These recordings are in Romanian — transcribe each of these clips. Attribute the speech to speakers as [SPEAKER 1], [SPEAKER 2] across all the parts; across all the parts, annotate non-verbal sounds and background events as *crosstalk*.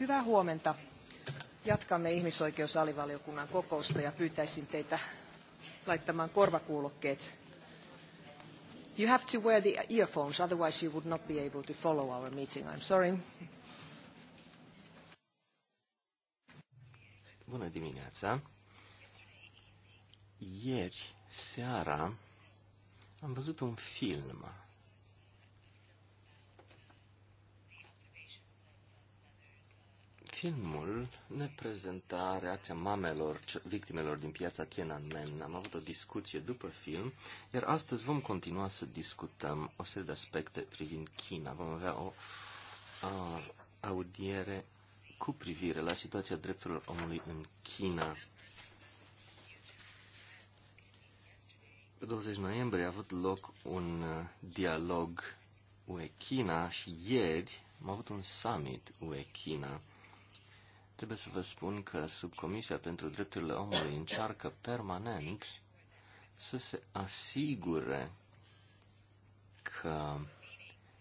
[SPEAKER 1] Hyvää huomenta. Jatkamme ihmisoikeusalivaliokunnan
[SPEAKER 2] kokousta ja pyytäisin teitä laittamaan korvakuulokkeet. You have to wear the earphones, otherwise you would not be able to follow our meeting. I'm sorry.
[SPEAKER 1] Bună dimineața. Ieri seara am văzut un film Filmul ne prezenta reacția mamelor victimelor din piața Tiananmen. Am avut o discuție după film, iar astăzi vom continua să discutăm o serie de aspecte privind China. Vom avea o a, audiere cu privire la situația drepturilor omului în China. Pe 20 noiembrie a avut loc un uh, dialog UE-China și ieri am avut un summit UE-China. Trebuie să vă spun că Subcomisia pentru Drepturile Omului încearcă permanent să se asigure că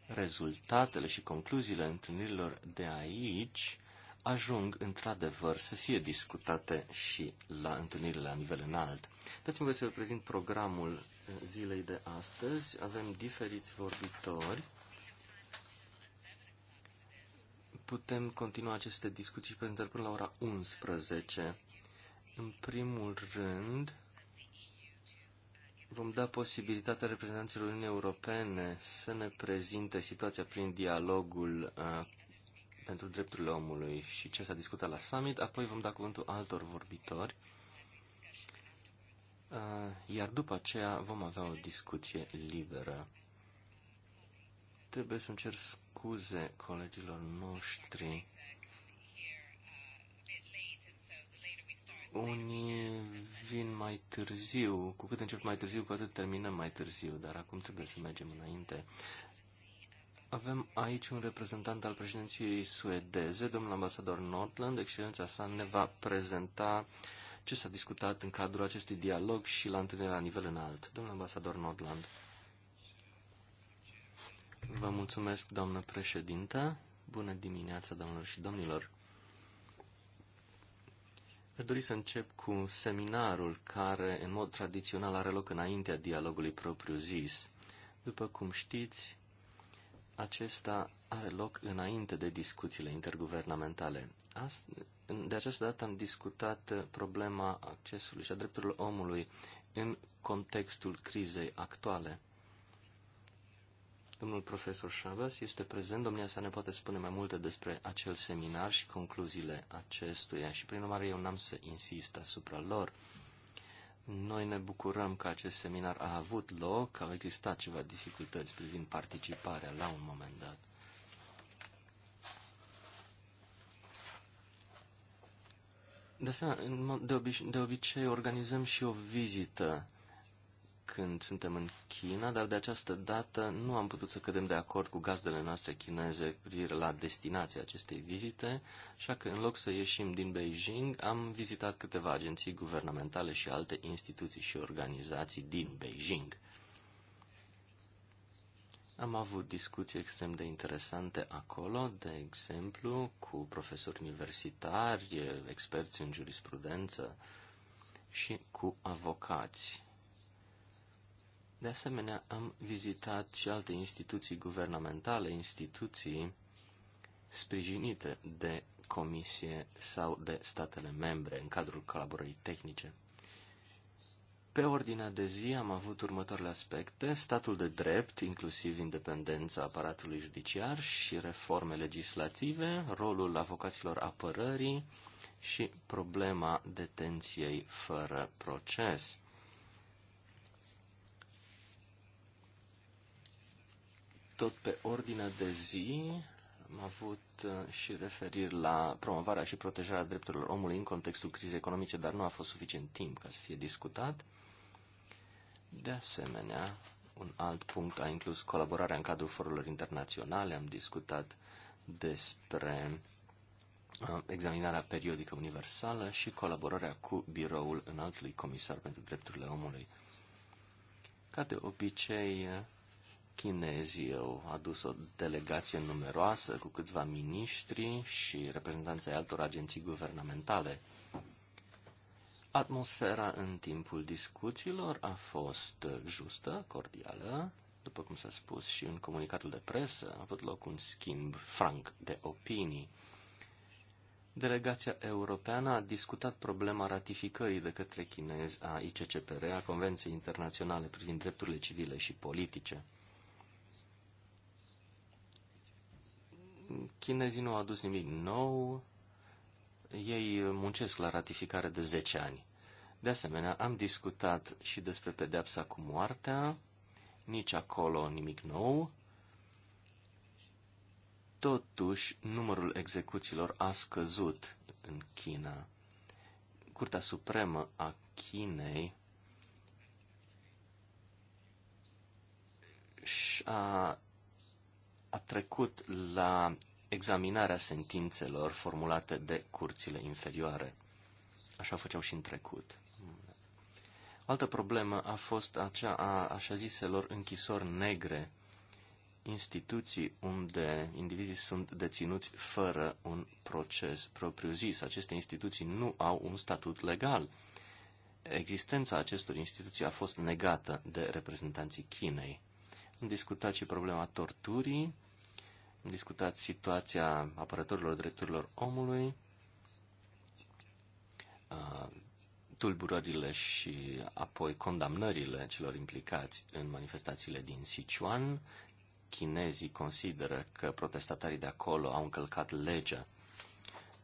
[SPEAKER 1] rezultatele și concluziile întâlnirilor de aici ajung într-adevăr să fie discutate și la întâlnirile la nivel înalt. Dați-mi voi să vă prezint programul zilei de astăzi. Avem diferiți vorbitori. Putem continua aceste discuții și prezentări până la ora 11. În primul rând, vom da posibilitatea reprezentanților Uniunii Europene să ne prezinte situația prin dialogul uh, pentru drepturile omului și ce s-a discutat la summit, apoi vom da cuvântul altor vorbitori, uh, iar după aceea vom avea o discuție liberă. Trebuie să încerc scuze colegilor noștri. Unii vin mai târziu, cu cât încep mai târziu, cu atât terminăm mai târziu, dar acum trebuie să mergem înainte. Avem aici un reprezentant al președinției suedeze, domnul ambasador Nordland. Excelența sa ne va prezenta ce s-a discutat în cadrul acestui dialog și la întâlnirea la nivel înalt. Domnul ambasador Nordland. Vă mulțumesc, doamnă președintă. Bună dimineața, doamnelor și domnilor. Aș dori să încep cu seminarul care, în mod tradițional, are loc înaintea dialogului propriu-zis. După cum știți, acesta are loc înainte de discuțiile interguvernamentale. De această dată am discutat problema accesului și a drepturilor omului în contextul crizei actuale. Domnul profesor Chavez este prezent. Domnia sa ne poate spune mai multe despre acel seminar și concluziile acestuia și, prin urmare, eu n-am să insist asupra lor. Noi ne bucurăm că acest seminar a avut loc, că au existat ceva dificultăți privind participarea la un moment dat. De asemenea, de, obiș- de obicei organizăm și o vizită când suntem în China, dar de această dată nu am putut să cădem de acord cu gazdele noastre chineze privire la destinația acestei vizite, așa că în loc să ieșim din Beijing, am vizitat câteva agenții guvernamentale și alte instituții și organizații din Beijing. Am avut discuții extrem de interesante acolo, de exemplu, cu profesori universitari, experți în jurisprudență și cu avocați de asemenea, am vizitat și alte instituții guvernamentale, instituții sprijinite de Comisie sau de statele membre în cadrul colaborării tehnice. Pe ordinea de zi am avut următoarele aspecte, statul de drept, inclusiv independența aparatului judiciar și reforme legislative, rolul avocaților apărării și problema detenției fără proces. Tot pe ordinea de zi am avut uh, și referiri la promovarea și protejarea drepturilor omului în contextul crizei economice, dar nu a fost suficient timp ca să fie discutat. De asemenea, un alt punct a inclus colaborarea în cadrul forurilor internaționale. Am discutat despre uh, examinarea periodică universală și colaborarea cu biroul înaltului comisar pentru drepturile omului. Ca de obicei, uh, Chinezii au adus o delegație numeroasă cu câțiva miniștri și reprezentanții altor agenții guvernamentale. Atmosfera în timpul discuțiilor a fost justă, cordială, după cum s-a spus și în comunicatul de presă, a avut loc un schimb franc de opinii. Delegația europeană a discutat problema ratificării de către chinezi a ICCPR, a Convenției Internaționale privind drepturile civile și politice. Chinezii nu au adus nimic nou, ei muncesc la ratificare de 10 ani. De asemenea, am discutat și despre pedepsa cu moartea, nici acolo nimic nou. Totuși, numărul execuțiilor a scăzut în China. Curtea Supremă a Chinei a a trecut la examinarea sentințelor formulate de curțile inferioare. Așa făceau și în trecut. O altă problemă a fost acea a așa ziselor închisori negre, instituții unde indivizii sunt deținuți fără un proces propriu-zis. Aceste instituții nu au un statut legal. Existența acestor instituții a fost negată de reprezentanții Chinei discutat și problema torturii, am discutat situația apărătorilor drepturilor omului, tulburările și apoi condamnările celor implicați în manifestațiile din Sichuan. Chinezii consideră că protestatarii de acolo au încălcat legea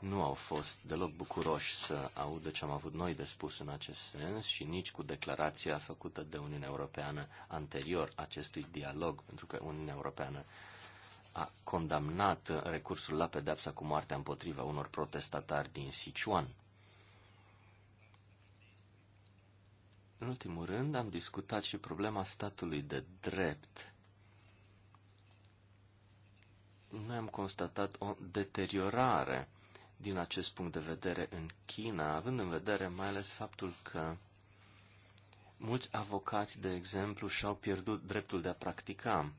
[SPEAKER 1] nu au fost deloc bucuroși să audă ce am avut noi de spus în acest sens și nici cu declarația făcută de Uniunea Europeană anterior acestui dialog, pentru că Uniunea Europeană a condamnat recursul la pedepsa cu moartea împotriva unor protestatari din Sichuan. În ultimul rând, am discutat și problema statului de drept. Noi am constatat o deteriorare din acest punct de vedere în China, având în vedere mai ales faptul că mulți avocați, de exemplu, și-au pierdut dreptul de a practica.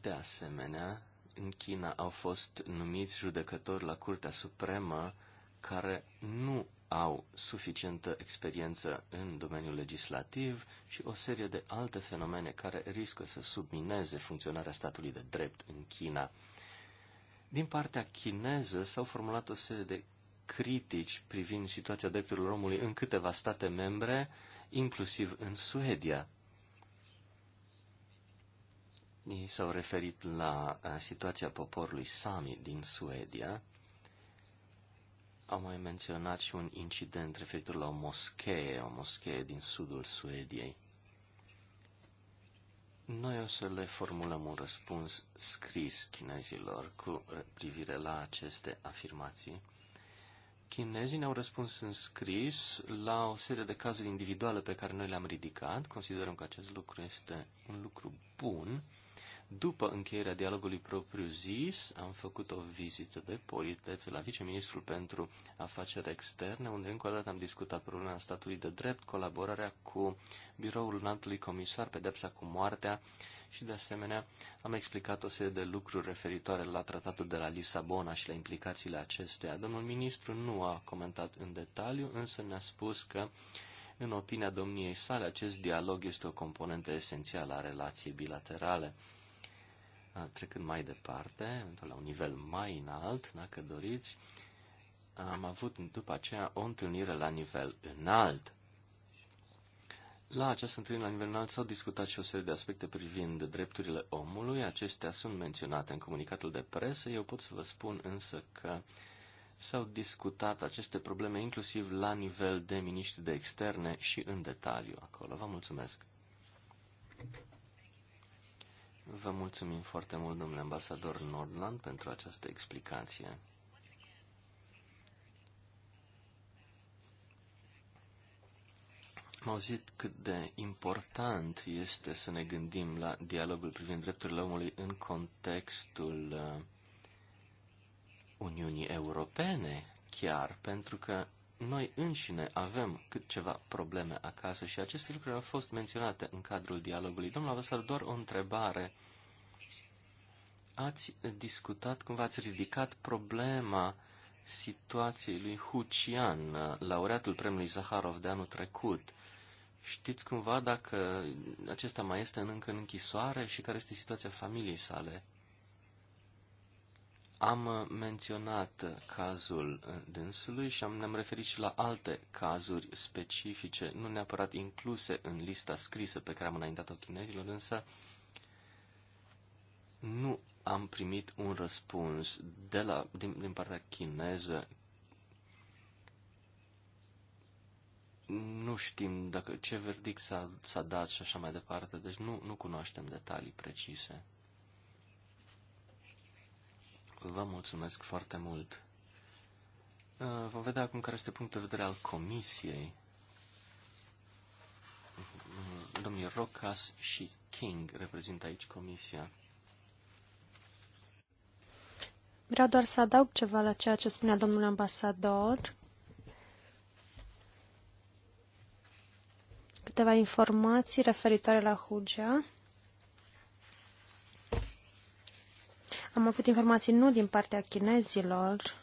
[SPEAKER 1] De asemenea, în China au fost numiți judecători la Curtea Supremă care nu au suficientă experiență în domeniul legislativ și o serie de alte fenomene care riscă să submineze funcționarea statului de drept în China. Din partea chineză s-au formulat o serie de critici privind situația drepturilor omului în câteva state membre, inclusiv în Suedia. Ei s-au referit la situația poporului Sami din Suedia, am mai menționat și un incident referitor la o moschee, o moschee din sudul Suediei. Noi o să le formulăm un răspuns scris chinezilor cu eh, privire la aceste afirmații. Chinezii ne-au răspuns în scris la o serie de cazuri individuale pe care noi le-am ridicat. Considerăm că acest lucru este un lucru bun după încheierea dialogului propriu-zis, am făcut o vizită de politețe la viceministrul pentru afaceri externe, unde încă o dată am discutat problema statului de drept, colaborarea cu biroul înaltului comisar, pedepsa cu moartea și, de asemenea, am explicat o serie de lucruri referitoare la tratatul de la Lisabona și la implicațiile acesteia. Domnul ministru nu a comentat în detaliu, însă ne-a spus că în opinia domniei sale, acest dialog este o componentă esențială a relației bilaterale. Trecând mai departe, la un nivel mai înalt, dacă doriți, am avut după aceea o întâlnire la nivel înalt. La această întâlnire la nivel înalt s-au discutat și o serie de aspecte privind drepturile omului. Acestea sunt menționate în comunicatul de presă. Eu pot să vă spun însă că s-au discutat aceste probleme inclusiv la nivel de miniștri de externe și în detaliu acolo. Vă mulțumesc! Vă mulțumim foarte mult, domnule ambasador Nordland, pentru această explicație. Am auzit cât de important este să ne gândim la dialogul privind drepturile omului în contextul uh, Uniunii Europene, chiar pentru că noi înșine avem cât ceva probleme acasă și aceste lucruri au fost menționate în cadrul dialogului. Domnul Avesar, doar o întrebare. Ați discutat cum v-ați ridicat problema situației lui Hucian, laureatul premiului Zaharov de anul trecut. Știți cumva dacă acesta mai este încă în închisoare și care este situația familiei sale? Am menționat cazul dânsului și am, ne-am referit și la alte cazuri specifice, nu neapărat incluse în lista scrisă pe care am înaintat-o chinezilor, însă nu am primit un răspuns de la, din, din partea chineză. Nu știm dacă ce verdict s-a, dat și așa mai departe, deci nu, nu cunoaștem detalii precise. Vă mulțumesc foarte mult. Uh, vom vedea acum care este punctul de vedere al Comisiei. Domnii Rocas și King reprezintă aici Comisia.
[SPEAKER 2] Vreau doar să adaug ceva la ceea ce spunea domnul ambasador. Câteva informații referitoare la Hugea. Am avut informații nu din partea chinezilor,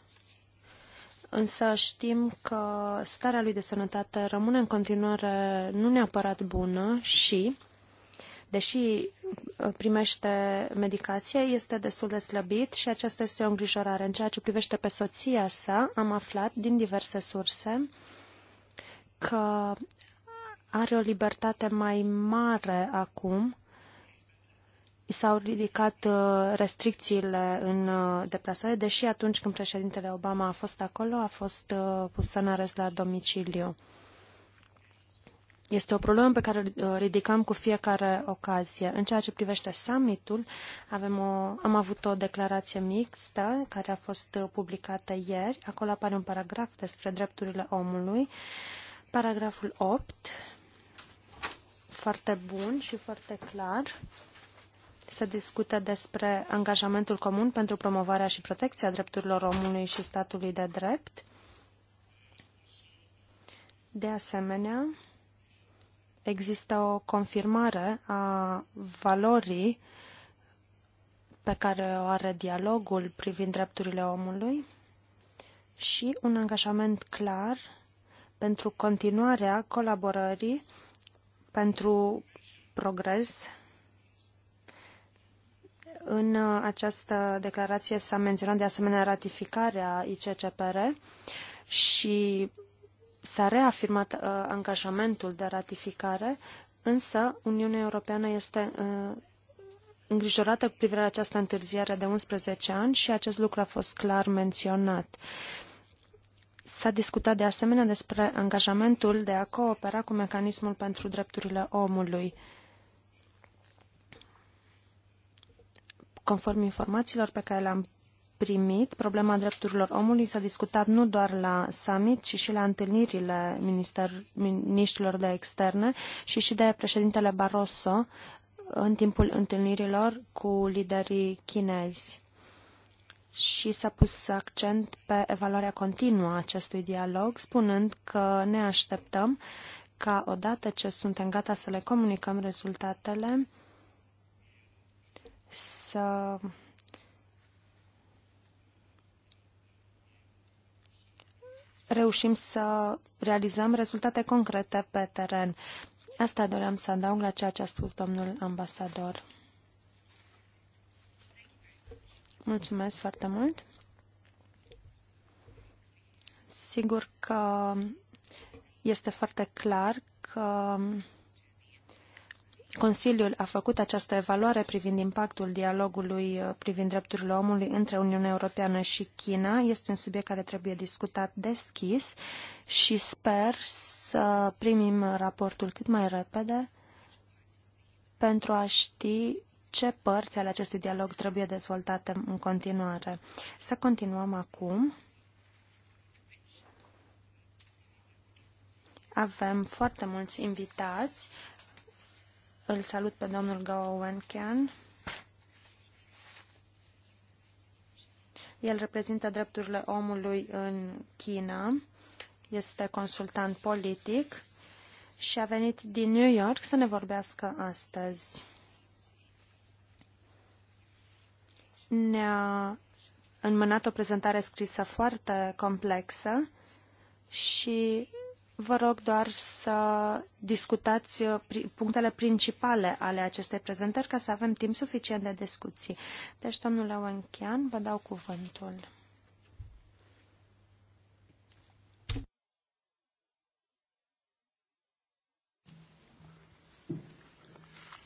[SPEAKER 2] însă știm că starea lui de sănătate rămâne în continuare nu neapărat bună și, deși uh, primește medicație, este destul de slăbit și aceasta este o îngrijorare. În ceea ce privește pe soția sa, am aflat din diverse surse că are o libertate mai mare acum i s-au ridicat uh, restricțiile în uh, deplasare, deși atunci când președintele Obama a fost acolo, a fost uh, pusă în arest la domiciliu. Este o problemă pe care o ridicăm cu fiecare ocazie. În ceea ce privește summitul, avem o, am avut o declarație mixtă care a fost publicată ieri. Acolo apare un paragraf despre drepturile omului. Paragraful 8, foarte bun și foarte clar se discută despre angajamentul comun pentru promovarea și protecția drepturilor omului și statului de drept. De asemenea, există o confirmare a valorii pe care o are dialogul privind drepturile omului și un angajament clar pentru continuarea colaborării pentru progres în uh, această declarație s-a menționat de asemenea ratificarea ICCPR și s-a reafirmat uh, angajamentul de ratificare, însă Uniunea Europeană este uh, îngrijorată cu privire la această întârziere de 11 ani și acest lucru a fost clar menționat. S-a discutat de asemenea despre angajamentul de a coopera cu mecanismul pentru drepturile omului. Uh, Conform informațiilor pe care le-am primit, problema drepturilor omului s-a discutat nu doar la summit, ci și la întâlnirile ministrilor de externe și și de președintele Barroso în timpul întâlnirilor cu liderii chinezi. Și s-a pus accent pe evaluarea continuă a acestui dialog, spunând că ne așteptăm ca odată ce suntem gata să le comunicăm rezultatele, să reușim să realizăm rezultate concrete pe teren. Asta doream să adaug la ceea ce a spus domnul ambasador. Mulțumesc foarte mult. Sigur că este foarte clar că Consiliul a făcut această evaluare privind impactul dialogului uh, privind drepturile omului între Uniunea Europeană și China. Este un subiect care trebuie discutat deschis și sper să primim raportul cât mai repede pentru a ști ce părți ale acestui dialog trebuie dezvoltate în continuare. Să continuăm acum. Avem foarte mulți invitați îl salut pe domnul Gao Wenkian. El reprezintă drepturile omului în China, este consultant politic și a venit din New York să ne vorbească astăzi. Ne-a înmânat o prezentare scrisă foarte complexă și Vă rog doar să discutați uh, punctele principale ale acestei prezentări ca să avem timp suficient de discuții. Deci, domnule Oenchean, vă dau cuvântul.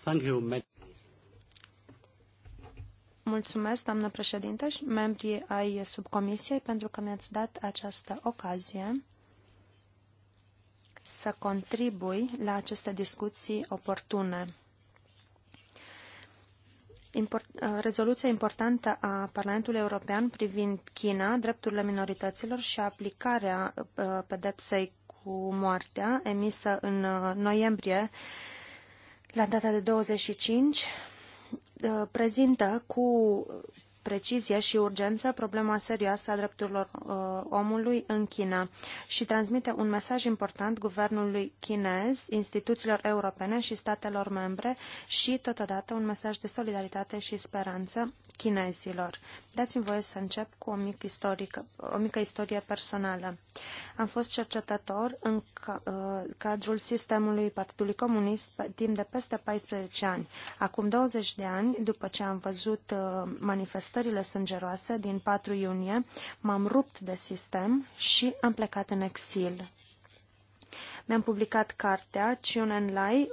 [SPEAKER 2] Thank you, Mulțumesc, doamnă președinte, și membrii ai subcomisiei, pentru că mi-ați dat această ocazie să contribui la aceste discuții oportune. Import, uh, rezoluția importantă a Parlamentului European privind China, drepturile minorităților și aplicarea uh, pedepsei cu moartea, emisă în uh, noiembrie la data de 25, prezintă cu precizie și urgență problema serioasă a drepturilor uh, omului în China și transmite un mesaj important guvernului chinez, instituțiilor europene și statelor membre și, totodată, un mesaj de solidaritate și speranță chinezilor. Dați-mi voie să încep cu o mică, istorică, o mică istorie personală. Am fost cercetător în uh, cadrul sistemului Partidului Comunist timp de peste 14 ani. Acum 20 de ani, după ce am văzut uh, manifestările sângeroase din 4 iunie, m-am rupt de sistem și am plecat în exil. Mi-am publicat cartea Chiun Lai,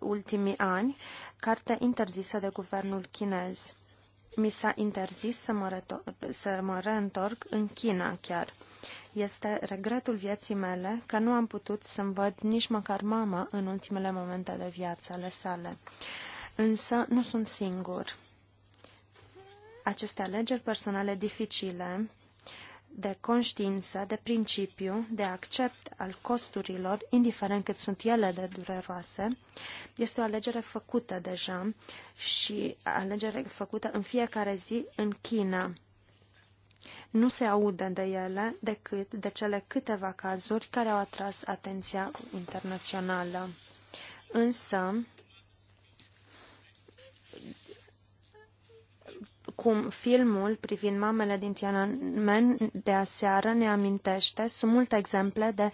[SPEAKER 2] ultimii ani, carte interzisă de guvernul chinez mi s-a interzis să mă, retor- să mă reîntorc în China chiar. Este regretul vieții mele că nu am putut să-mi văd nici măcar mama în ultimele momente de viață ale sale. Însă nu sunt singur. Aceste alegeri personale dificile de conștiință, de principiu, de accept al costurilor, indiferent cât sunt ele de dureroase, este o alegere făcută deja și alegere făcută în fiecare zi în China. Nu se aude de ele decât de cele câteva cazuri care au atras atenția internațională. Însă, cum filmul privind mamele din Tiananmen de aseară ne amintește, sunt multe exemple de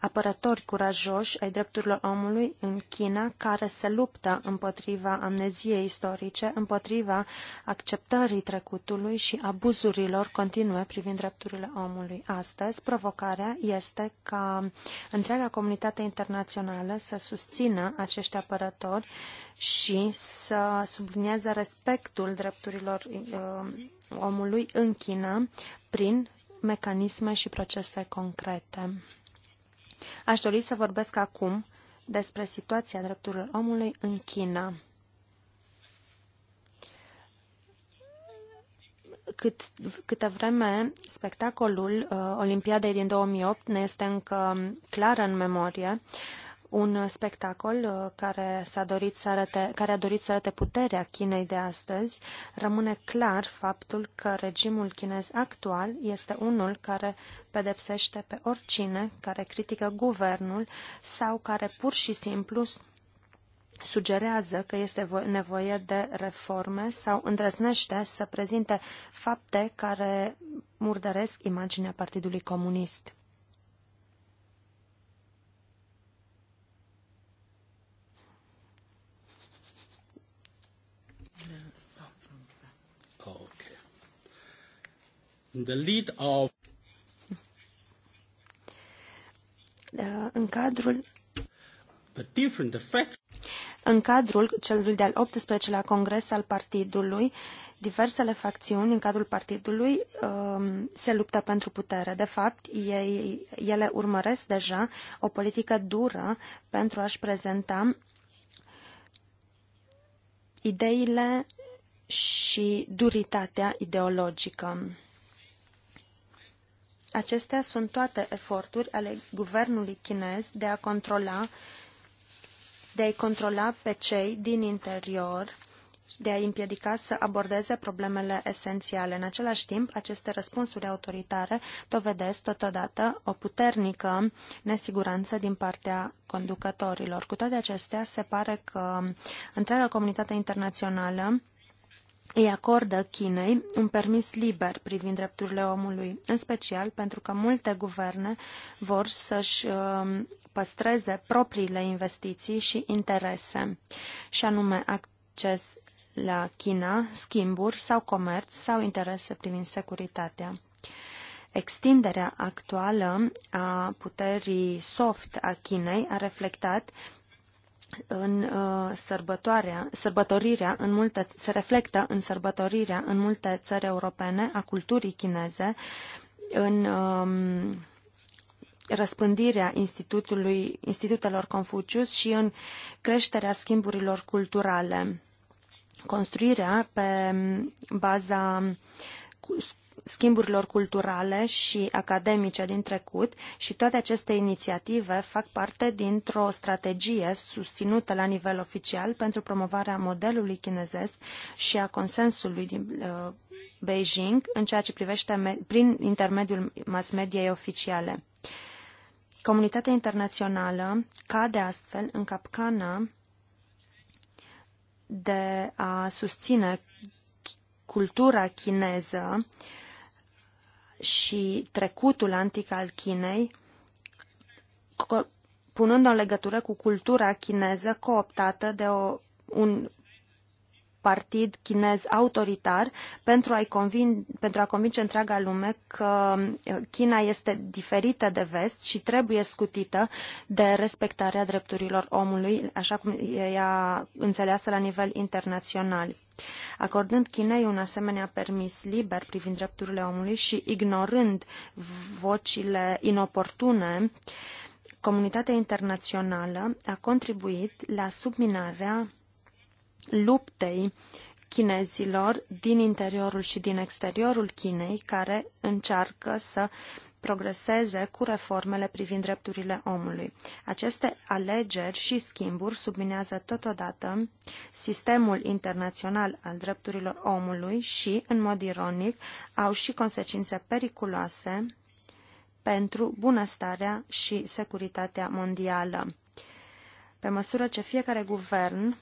[SPEAKER 2] apărători curajoși ai drepturilor omului în China care se luptă împotriva amneziei istorice, împotriva acceptării trecutului și abuzurilor continue privind drepturile omului. Astăzi, provocarea este ca întreaga comunitate internațională să susțină acești apărători și să sublinieze respectul drepturilor uh, omului în China prin mecanisme și procese concrete. Aș dori să vorbesc acum despre situația drepturilor omului în China. cât, câte vreme spectacolul uh, Olimpiadei din 2008 ne este încă clar în memorie, un spectacol uh, care, a dorit să arate, care a dorit să arate puterea Chinei de astăzi, rămâne clar faptul că regimul chinez actual este unul care pedepsește pe oricine care critică guvernul sau care pur și simplu sugerează că este nevoie de reforme sau îndrăznește să prezinte fapte care murdăresc imaginea Partidului Comunist.
[SPEAKER 1] the lead of
[SPEAKER 2] da, în cadrul
[SPEAKER 1] the different effect
[SPEAKER 2] în cadrul celui de-al 18-lea congres al partidului, diversele facțiuni în cadrul partidului um, se luptă pentru putere. De fapt, ei, ele urmăresc deja o politică dură pentru a-și prezenta ideile și duritatea ideologică. Acestea sunt toate eforturi ale guvernului chinez de a controla de a-i controla pe cei din interior de a împiedica să abordeze problemele esențiale. În același timp, aceste răspunsuri autoritare dovedesc totodată o puternică nesiguranță din partea conducătorilor. Cu toate acestea, se pare că întreaga comunitate internațională îi acordă Chinei un permis liber privind drepturile omului, în special pentru că multe guverne vor să-și um, păstreze propriile investiții și interese, și anume acces la China, schimburi sau comerț sau interese privind securitatea. Extinderea actuală a puterii soft a Chinei a reflectat în uh, sărbătoarea, sărbătorirea în multe, se reflectă în sărbătorirea în multe țări europene a culturii chineze, în um, răspândirea institutului, institutelor Confucius și în creșterea schimburilor culturale. Construirea pe baza schimburilor culturale și academice din trecut și toate aceste inițiative fac parte dintr-o strategie susținută la nivel oficial pentru promovarea modelului chinezesc și a consensului din uh, Beijing în ceea ce privește prin intermediul mass-mediei oficiale. Comunitatea internațională cade astfel în capcana de a susține cultura chineză uh, și trecutul antic al Chinei, punând-o în legătură cu cultura chineză cooptată de o, un partid chinez autoritar pentru, a convin, pentru a convinge întreaga lume că uh, China este diferită de vest și trebuie scutită de respectarea drepturilor omului, așa cum ea înțeleasă la nivel internațional. Acordând Chinei un asemenea permis liber privind drepturile omului și ignorând vocile inoportune, comunitatea internațională a contribuit la subminarea luptei chinezilor din interiorul și din exteriorul Chinei care încearcă să progreseze cu reformele privind drepturile omului. Aceste alegeri și schimburi subminează totodată sistemul internațional al drepturilor omului și, în mod ironic, au și consecințe periculoase pentru bunăstarea și securitatea mondială. Pe măsură ce fiecare guvern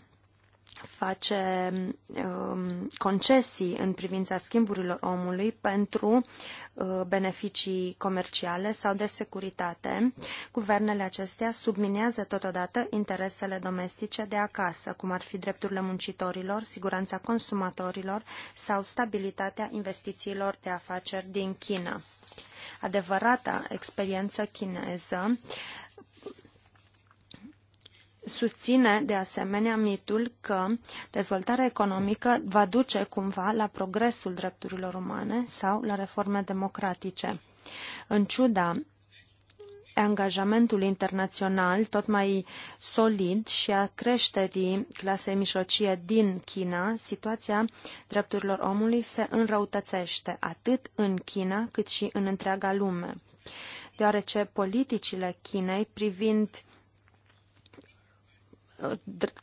[SPEAKER 2] face um, concesii în privința schimburilor omului pentru uh, beneficii comerciale sau de securitate. Guvernele acestea subminează totodată interesele domestice de acasă, cum ar fi drepturile muncitorilor, siguranța consumatorilor sau stabilitatea investițiilor de afaceri din China. Adevărata experiență chineză susține de asemenea mitul că dezvoltarea economică va duce cumva la progresul drepturilor umane sau la reforme democratice. În ciuda angajamentului internațional tot mai solid și a creșterii clasei mijlocie din China, situația drepturilor omului se înrăutățește atât în China cât și în întreaga lume, deoarece politicile Chinei privind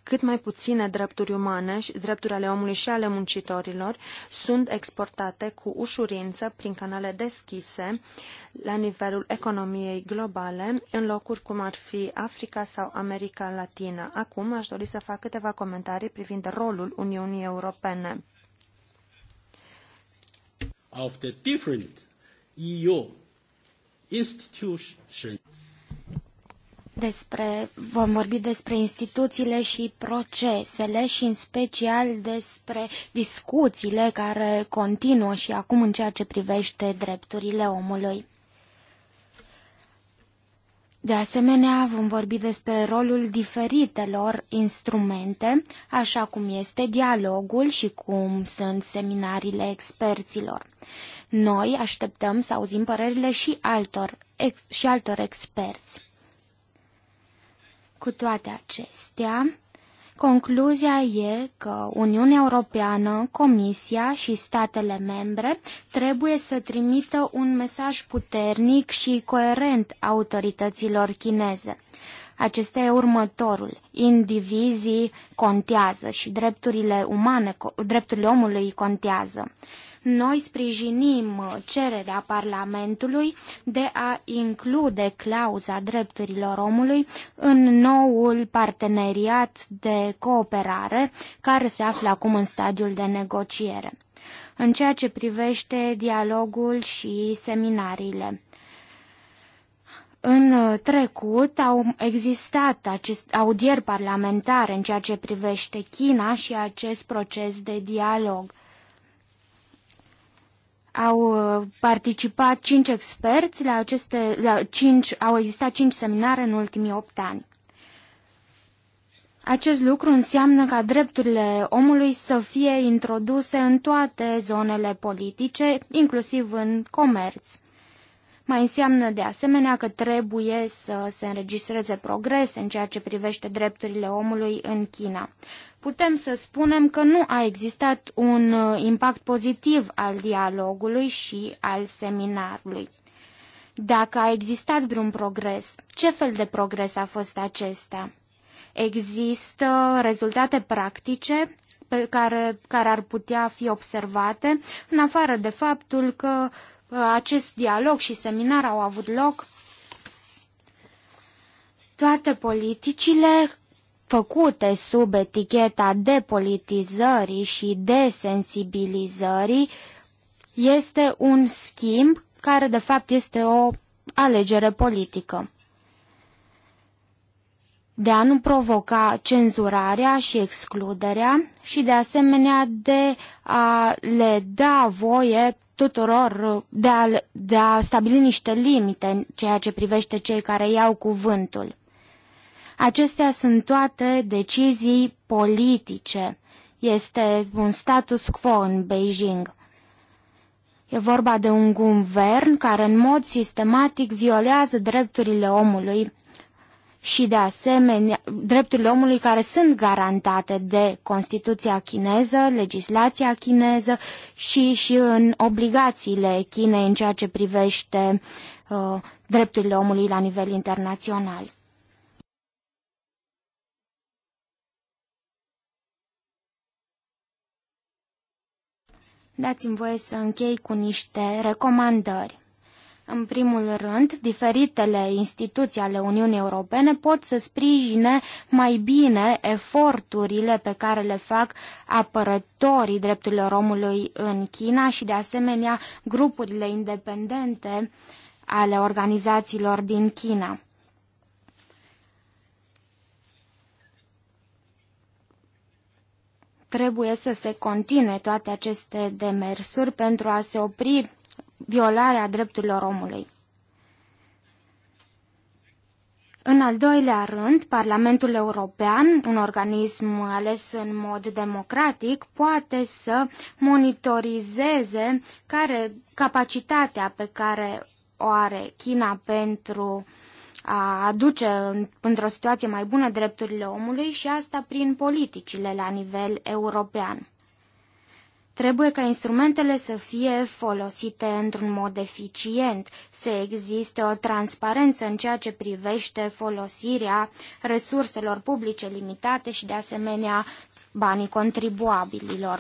[SPEAKER 2] cât mai puține drepturi umane, drepturi ale omului și ale muncitorilor, sunt exportate cu ușurință prin canale deschise la nivelul economiei globale, în locuri cum ar fi Africa sau America Latină. Acum aș dori să fac câteva comentarii privind rolul Uniunii Europene.
[SPEAKER 1] Of the different EU institutions
[SPEAKER 3] despre, vom vorbi despre instituțiile și procesele și în special despre discuțiile care continuă și acum în ceea ce privește drepturile omului. De asemenea, vom vorbi despre rolul diferitelor instrumente, așa cum este dialogul și cum sunt seminariile experților. Noi așteptăm să auzim părerile și altor, ex, și altor experți. Cu toate acestea, concluzia e că Uniunea Europeană, Comisia și statele membre trebuie să trimită un mesaj puternic și coerent autorităților chineze. Acesta e următorul. Indivizii contează și drepturile umane, drepturile omului contează. Noi sprijinim cererea Parlamentului de a include clauza drepturilor omului în noul parteneriat de cooperare care se află acum în stadiul de negociere. În ceea ce privește dialogul și seminariile. În trecut au existat acest audieri parlamentare în ceea ce privește China și acest proces de dialog. Au uh, participat cinci experți la aceste, la cinci, au existat cinci seminare în ultimii opt ani. Acest lucru înseamnă ca drepturile omului să fie introduse în toate zonele politice, inclusiv în comerț. Mai înseamnă de asemenea că trebuie să se înregistreze progrese în ceea ce privește drepturile omului în China putem să spunem că nu a existat un uh, impact pozitiv al dialogului și al seminarului. Dacă a existat vreun progres, ce fel de progres a fost acesta? Există rezultate practice pe care, care ar putea fi observate, în afară de faptul că uh, acest dialog și seminar au avut loc toate politicile făcute sub eticheta depolitizării și desensibilizării este un schimb care de fapt este o alegere politică de a nu provoca cenzurarea și excluderea și de asemenea de a le da voie tuturor de a, de a stabili niște limite în ceea ce privește cei care iau cuvântul. Acestea sunt toate decizii politice. Este un status quo în Beijing. E vorba de un guvern care în mod sistematic violează drepturile omului și de asemenea drepturile omului care sunt garantate de Constituția chineză, legislația chineză și, și în obligațiile Chinei în ceea ce privește uh, drepturile omului la nivel internațional. Dați-mi voie să închei cu niște recomandări. În primul rând, diferitele instituții ale Uniunii Europene pot să sprijine mai bine eforturile pe care le fac apărătorii drepturilor omului în China și, de asemenea, grupurile independente ale organizațiilor din China. Trebuie să se continue toate aceste demersuri pentru a se opri violarea drepturilor omului. În al doilea rând, Parlamentul European, un organism ales în mod democratic, poate să monitorizeze care capacitatea pe care o are China pentru uh, a aduce într-o situație mai bună drepturile omului și asta prin politicile la nivel european. Trebuie ca instrumentele să fie folosite într-un mod eficient, să existe o transparență în ceea ce privește folosirea resurselor publice limitate și de asemenea banii contribuabililor.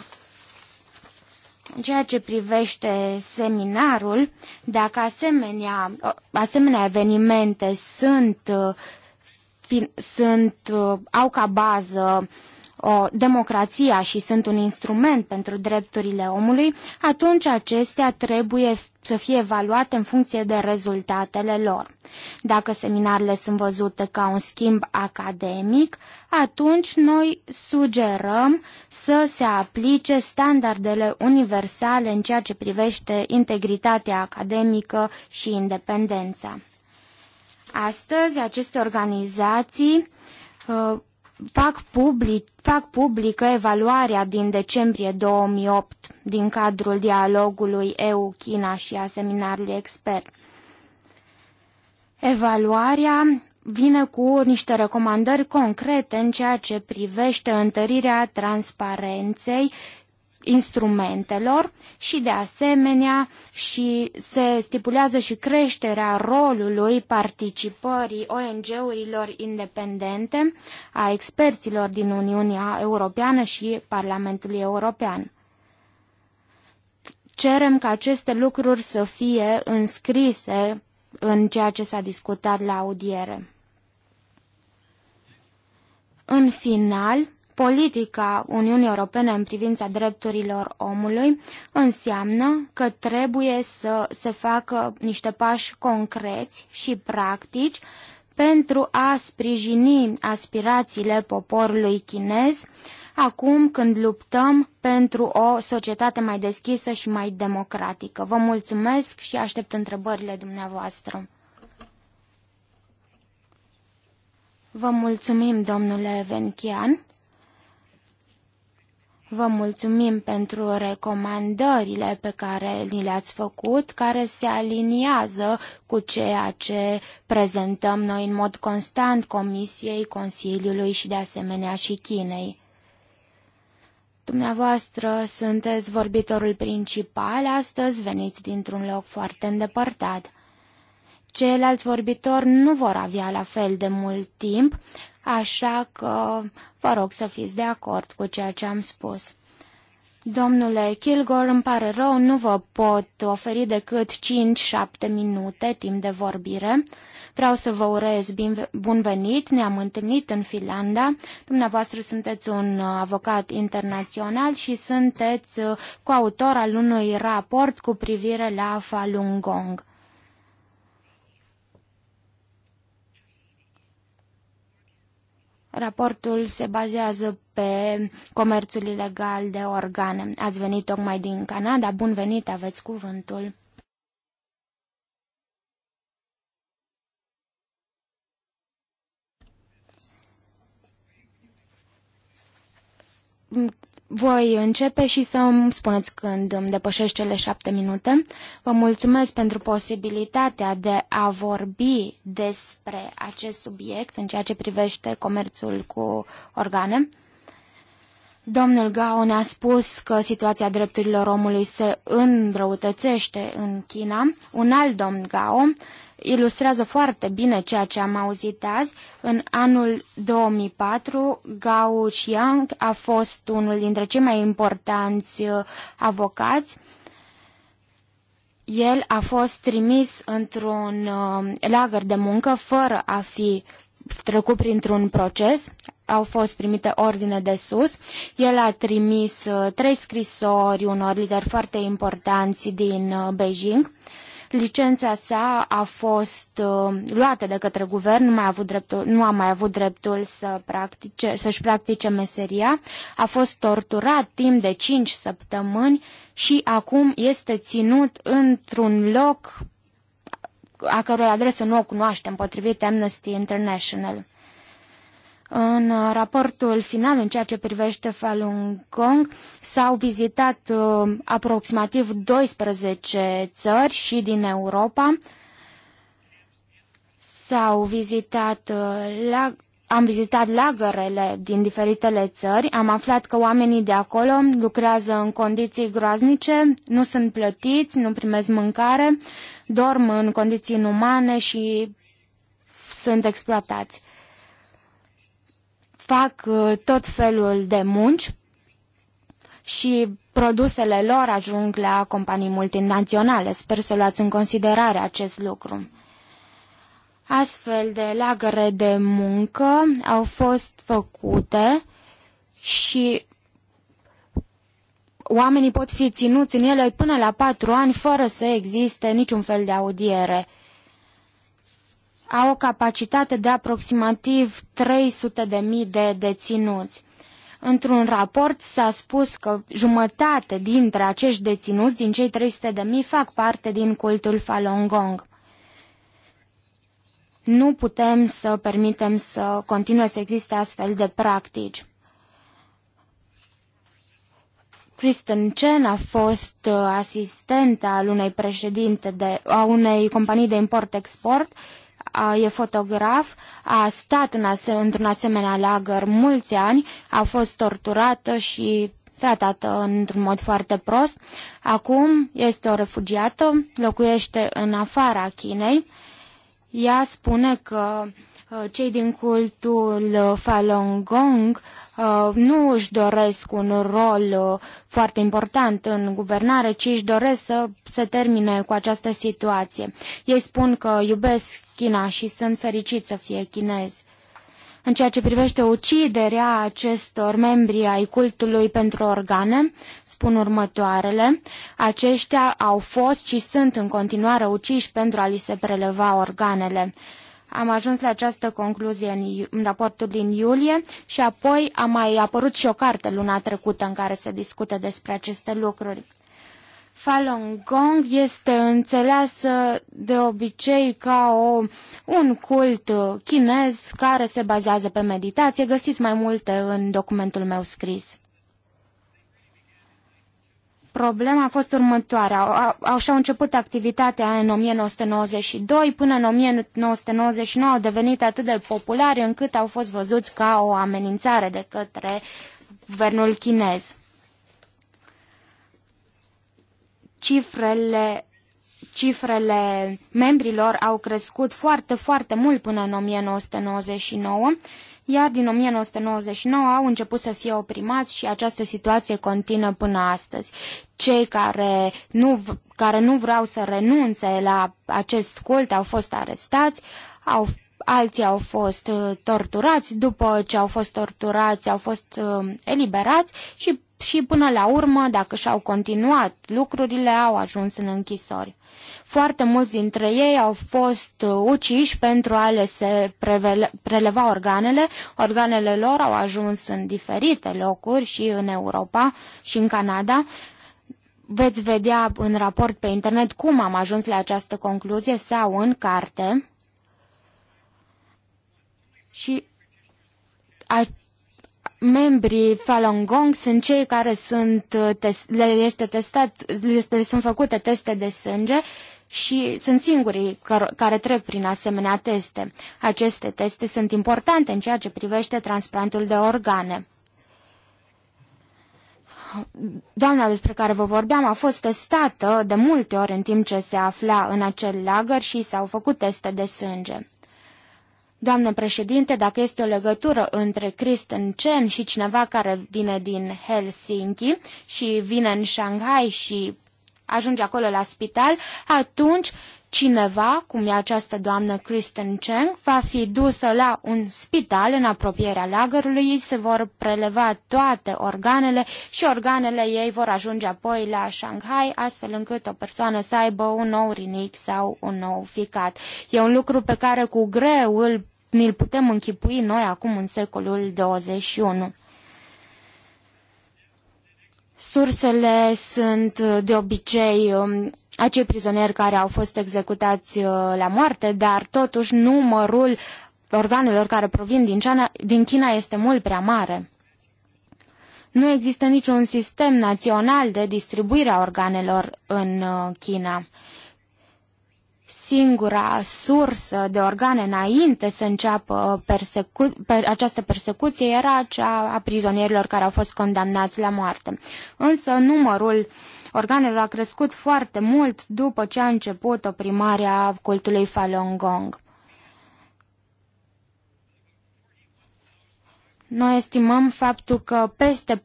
[SPEAKER 3] În ceea ce privește seminarul, dacă asemenea, asemenea evenimente sunt, uh, fi, sunt uh, au ca bază o democrația și sunt un instrument pentru drepturile omului, atunci acestea trebuie să fie evaluate în funcție de rezultatele lor. Dacă seminarele sunt văzute ca un schimb academic, atunci noi sugerăm să se aplice standardele universale în ceea ce privește integritatea academică și independența. Astăzi, aceste organizații uh, fac, public, fac publică evaluarea din decembrie 2008 din cadrul dialogului EU-China și a seminarului expert. Evaluarea vine cu niște recomandări concrete în ceea ce privește întărirea transparenței instrumentelor și de asemenea și se stipulează și creșterea rolului participării ONG-urilor independente, a experților din Uniunea Europeană și Parlamentului European. Cerem ca aceste lucruri să fie înscrise în ceea ce s-a discutat la audiere. În final, Politica Uniunii Europene în privința drepturilor omului înseamnă că trebuie să se facă niște pași concreți și practici pentru a sprijini aspirațiile poporului chinez acum când luptăm pentru o societate mai deschisă și mai democratică. Vă mulțumesc și aștept întrebările dumneavoastră. Vă mulțumim, domnule Venchian. Vă mulțumim pentru recomandările pe care ni le-ați făcut, care se aliniază cu ceea ce prezentăm noi în mod constant Comisiei, Consiliului și de asemenea și Chinei. Dumneavoastră sunteți vorbitorul principal, astăzi veniți dintr-un loc foarte îndepărtat. Ceilalți vorbitori nu vor avea la fel de mult timp, așa că vă rog să fiți de acord cu ceea ce am spus. Domnule Kilgore, îmi pare rău, nu vă pot oferi decât 5-7 minute timp de vorbire. Vreau să vă urez bun venit, ne-am întâlnit în Finlanda. Dumneavoastră sunteți un avocat internațional și sunteți uh, coautor al unui raport cu privire la Falun Gong. Raportul se bazează pe comerțul ilegal de organe. Ați venit tocmai din Canada, bun venit, aveți cuvântul voi începe și să îmi spuneți când îmi depășesc cele șapte minute. Vă mulțumesc pentru posibilitatea de a vorbi despre acest subiect în ceea ce privește comerțul cu organe. Domnul Gao ne-a spus că situația drepturilor omului se înrăutățește în China. Un alt domn Gao ilustrează foarte bine ceea ce am auzit azi. În anul 2004, Gao Xiang a fost unul dintre cei mai importanți uh, avocați. El a fost trimis într-un uh, lagăr de muncă fără a fi trecut printr-un proces, au fost primite ordine de sus. El a trimis uh, trei scrisori unor lideri foarte importanți din Beijing. Licența sa a fost uh, luată de către guvern, nu, mai a avut dreptul, nu a mai avut dreptul să practice, să-și practice meseria, a fost torturat timp de 5 săptămâni și acum este ținut într-un loc a cărui adresă nu o cunoaștem, potrivit Amnesty International. În raportul final, în ceea ce privește Falun Gong, s-au vizitat uh, aproximativ 12 țări și din Europa. S-au vizitat uh, la am vizitat lagărele din diferitele țări, am aflat că oamenii de acolo lucrează în condiții groaznice, nu sunt plătiți, nu primesc mâncare, dorm în condiții inumane și sunt exploatați fac uh, tot felul de munci și produsele lor ajung la companii multinaționale. Sper să luați în considerare acest lucru. Astfel de lagăre de muncă au fost făcute și oamenii pot fi ținuți în ele până la patru ani fără să existe niciun fel de audiere au o capacitate de aproximativ 300.000 de deținuți. Într-un raport s-a spus că jumătate dintre acești deținuți, din cei 300.000, fac parte din cultul Falun Gong. Nu putem să permitem să continue să existe astfel de practici. Kristen Chen a fost uh, asistentă al unei președinte de, a unei companii de import-export e fotograf, a stat în ase- într-un asemenea lagăr mulți ani, a fost torturată și tratată într-un mod foarte prost. Acum este o refugiată, locuiește în afara Chinei. Ea spune că ă, cei din cultul Falun Gong ă, nu își doresc un rol ă, foarte important în guvernare, ci își doresc să se termine cu această situație. Ei spun că iubesc China și sunt fericit să fie chinez. În ceea ce privește uciderea acestor membri ai cultului pentru organe, spun următoarele, aceștia au fost și sunt în continuare uciși pentru a li se preleva organele. Am ajuns la această concluzie în, în raportul din iulie și apoi a mai apărut și o carte luna trecută în care se discută despre aceste lucruri. Falun Gong este înțeleasă de obicei ca o, un cult uh, chinez care se bazează pe meditație. Găsiți mai multe în documentul meu scris. Problema a fost următoarea. și au început activitatea în 1992, până în 1999 au devenit atât de populare încât au fost văzuți ca o amenințare de către guvernul chinez. cifrele cifrele membrilor au crescut foarte, foarte mult până în 1999, iar din 1999 au început să fie oprimați și această situație continuă până astăzi. Cei care nu, care nu vreau să renunțe la acest cult au fost arestați, au, alții au fost uh, torturați, după ce au fost torturați au fost uh, eliberați și și până la urmă, dacă și-au continuat, lucrurile au ajuns în închisori. Foarte mulți dintre ei au fost uh, uciși pentru a le se preleva organele. Organele lor au ajuns în diferite locuri și în Europa și în Canada. Veți vedea în raport pe internet cum am ajuns la această concluzie sau în carte. Și membrii Falun Gong sunt cei care sunt, uh, le este testat, le sunt făcute teste de sânge și sunt singurii care trec prin asemenea teste. Aceste teste sunt importante în ceea ce privește transplantul de organe. Doamna despre care vă vorbeam a fost testată de multe ori în timp ce se afla în acel lagăr și s-au făcut teste de sânge. Doamnă președinte, dacă este o legătură între Kristen Chen și cineva care vine din Helsinki și vine în Shanghai și ajunge acolo la spital, atunci cineva, cum e această doamnă Kristen Cheng, va fi dusă la un spital în apropierea lagărului, ei se vor preleva toate organele și organele ei vor ajunge apoi la Shanghai, astfel încât o persoană să aibă un nou rinic sau un nou ficat. E un lucru pe care cu greu îl ne-l putem închipui noi acum în secolul 21. Sursele sunt uh, de obicei um, acei prizonieri care au fost executați uh, la moarte, dar totuși numărul organelor care provin din China, din China este mult prea mare. Nu există niciun sistem național de distribuire a organelor în uh, China singura sursă de organe înainte să înceapă persecu- per- această persecuție era cea a prizonierilor care au fost condamnați la moarte. Însă numărul organelor a crescut foarte mult după ce a început oprimarea cultului Falun Gong. Noi estimăm faptul că peste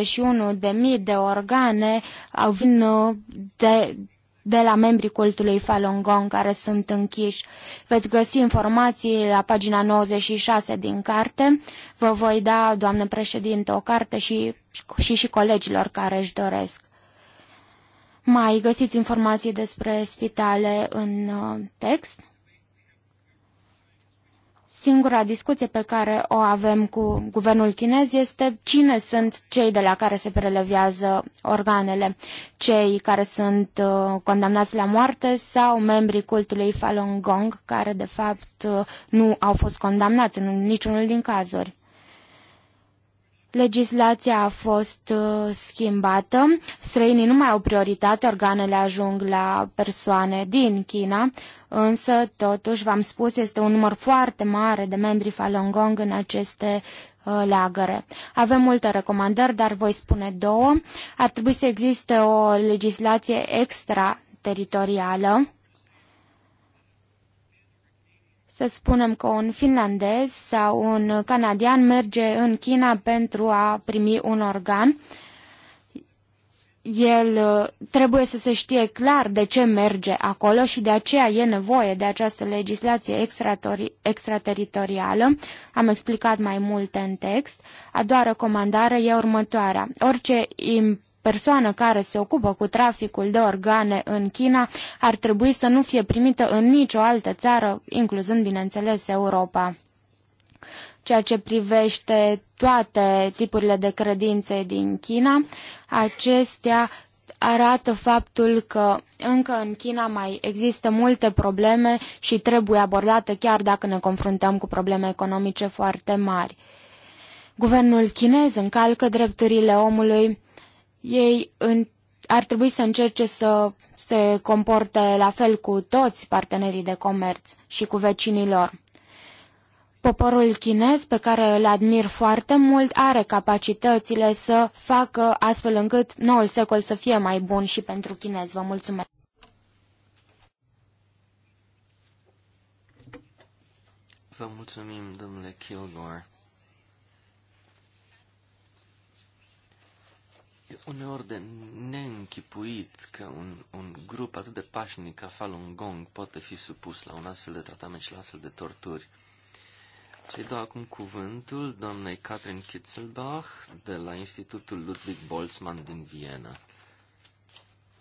[SPEAKER 3] 41.000 de mii de organe vin de, de la membrii cultului Falun Gong care sunt închiși. Veți găsi informații la pagina 96 din carte. Vă voi da, doamnă președinte, o carte și și, și colegilor care își doresc. Mai găsiți informații despre spitale în uh, text. Singura discuție pe care o avem cu guvernul chinez este cine sunt cei de la care se prelevează organele, cei care sunt uh, condamnați la moarte sau membrii cultului Falun Gong, care de fapt uh, nu au fost condamnați în niciunul din cazuri. Legislația a fost uh, schimbată, străinii nu mai au prioritate, organele ajung la persoane din China, însă totuși, v-am spus, este un număr foarte mare de membri Falun Gong în aceste uh, leagăre. Avem multe recomandări, dar voi spune două. Ar trebui să existe o legislație extrateritorială. Să spunem că un finlandez sau un canadian merge în China pentru a primi un organ. Uh, el uh, trebuie să se știe clar de ce merge acolo și de aceea e nevoie de această legislație extrateritorială. Am explicat mai multe în text. A doua recomandare e următoarea. Orice persoană care se ocupă cu traficul de organe în China ar trebui să nu fie primită în nicio altă țară, incluzând, bineînțeles, Europa ceea ce privește toate tipurile de credințe din China, acestea arată faptul că încă în China mai există multe probleme și trebuie abordate chiar dacă ne confruntăm cu probleme economice foarte mari. Guvernul chinez încalcă drepturile omului, ei în, ar trebui să încerce să se comporte la fel cu toți partenerii de comerț și cu vecinii lor. Poporul chinez, pe care îl admir foarte mult, are capacitățile să facă astfel încât noul secol să fie mai bun și pentru chinez. Vă mulțumesc!
[SPEAKER 1] Vă mulțumim, domnule Kilgore. E uneori de neînchipuit că un, un grup atât de pașnic ca Falun Gong poate fi supus la un astfel de tratament și la astfel de torturi. Și dau acum cuvântul doamnei Katrin Kitzelbach de la Institutul Ludwig Boltzmann din Viena.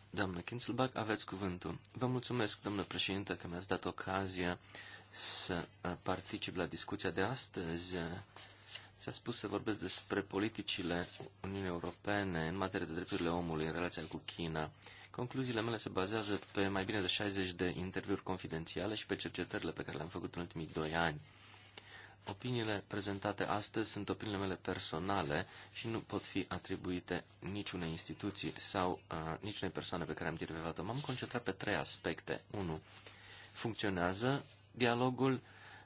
[SPEAKER 1] Doamna Kitzelbach, aveți cuvântul. Vă mulțumesc, domnule președinte, că mi-ați dat ocazia să uh, particip la discuția de astăzi. Și a spus să vorbesc despre politicile Uniunii Europene în materie de drepturile omului în relația cu China. Concluziile mele se bazează pe mai bine de 60 de interviuri confidențiale și pe cercetările pe care le-am făcut în ultimii doi ani. Opiniile prezentate astăzi sunt opiniile mele personale și nu pot fi atribuite niciunei instituții sau uh, niciunei persoane pe care am derivat-o. M-am concentrat pe trei aspecte. 1. Funcționează dialogul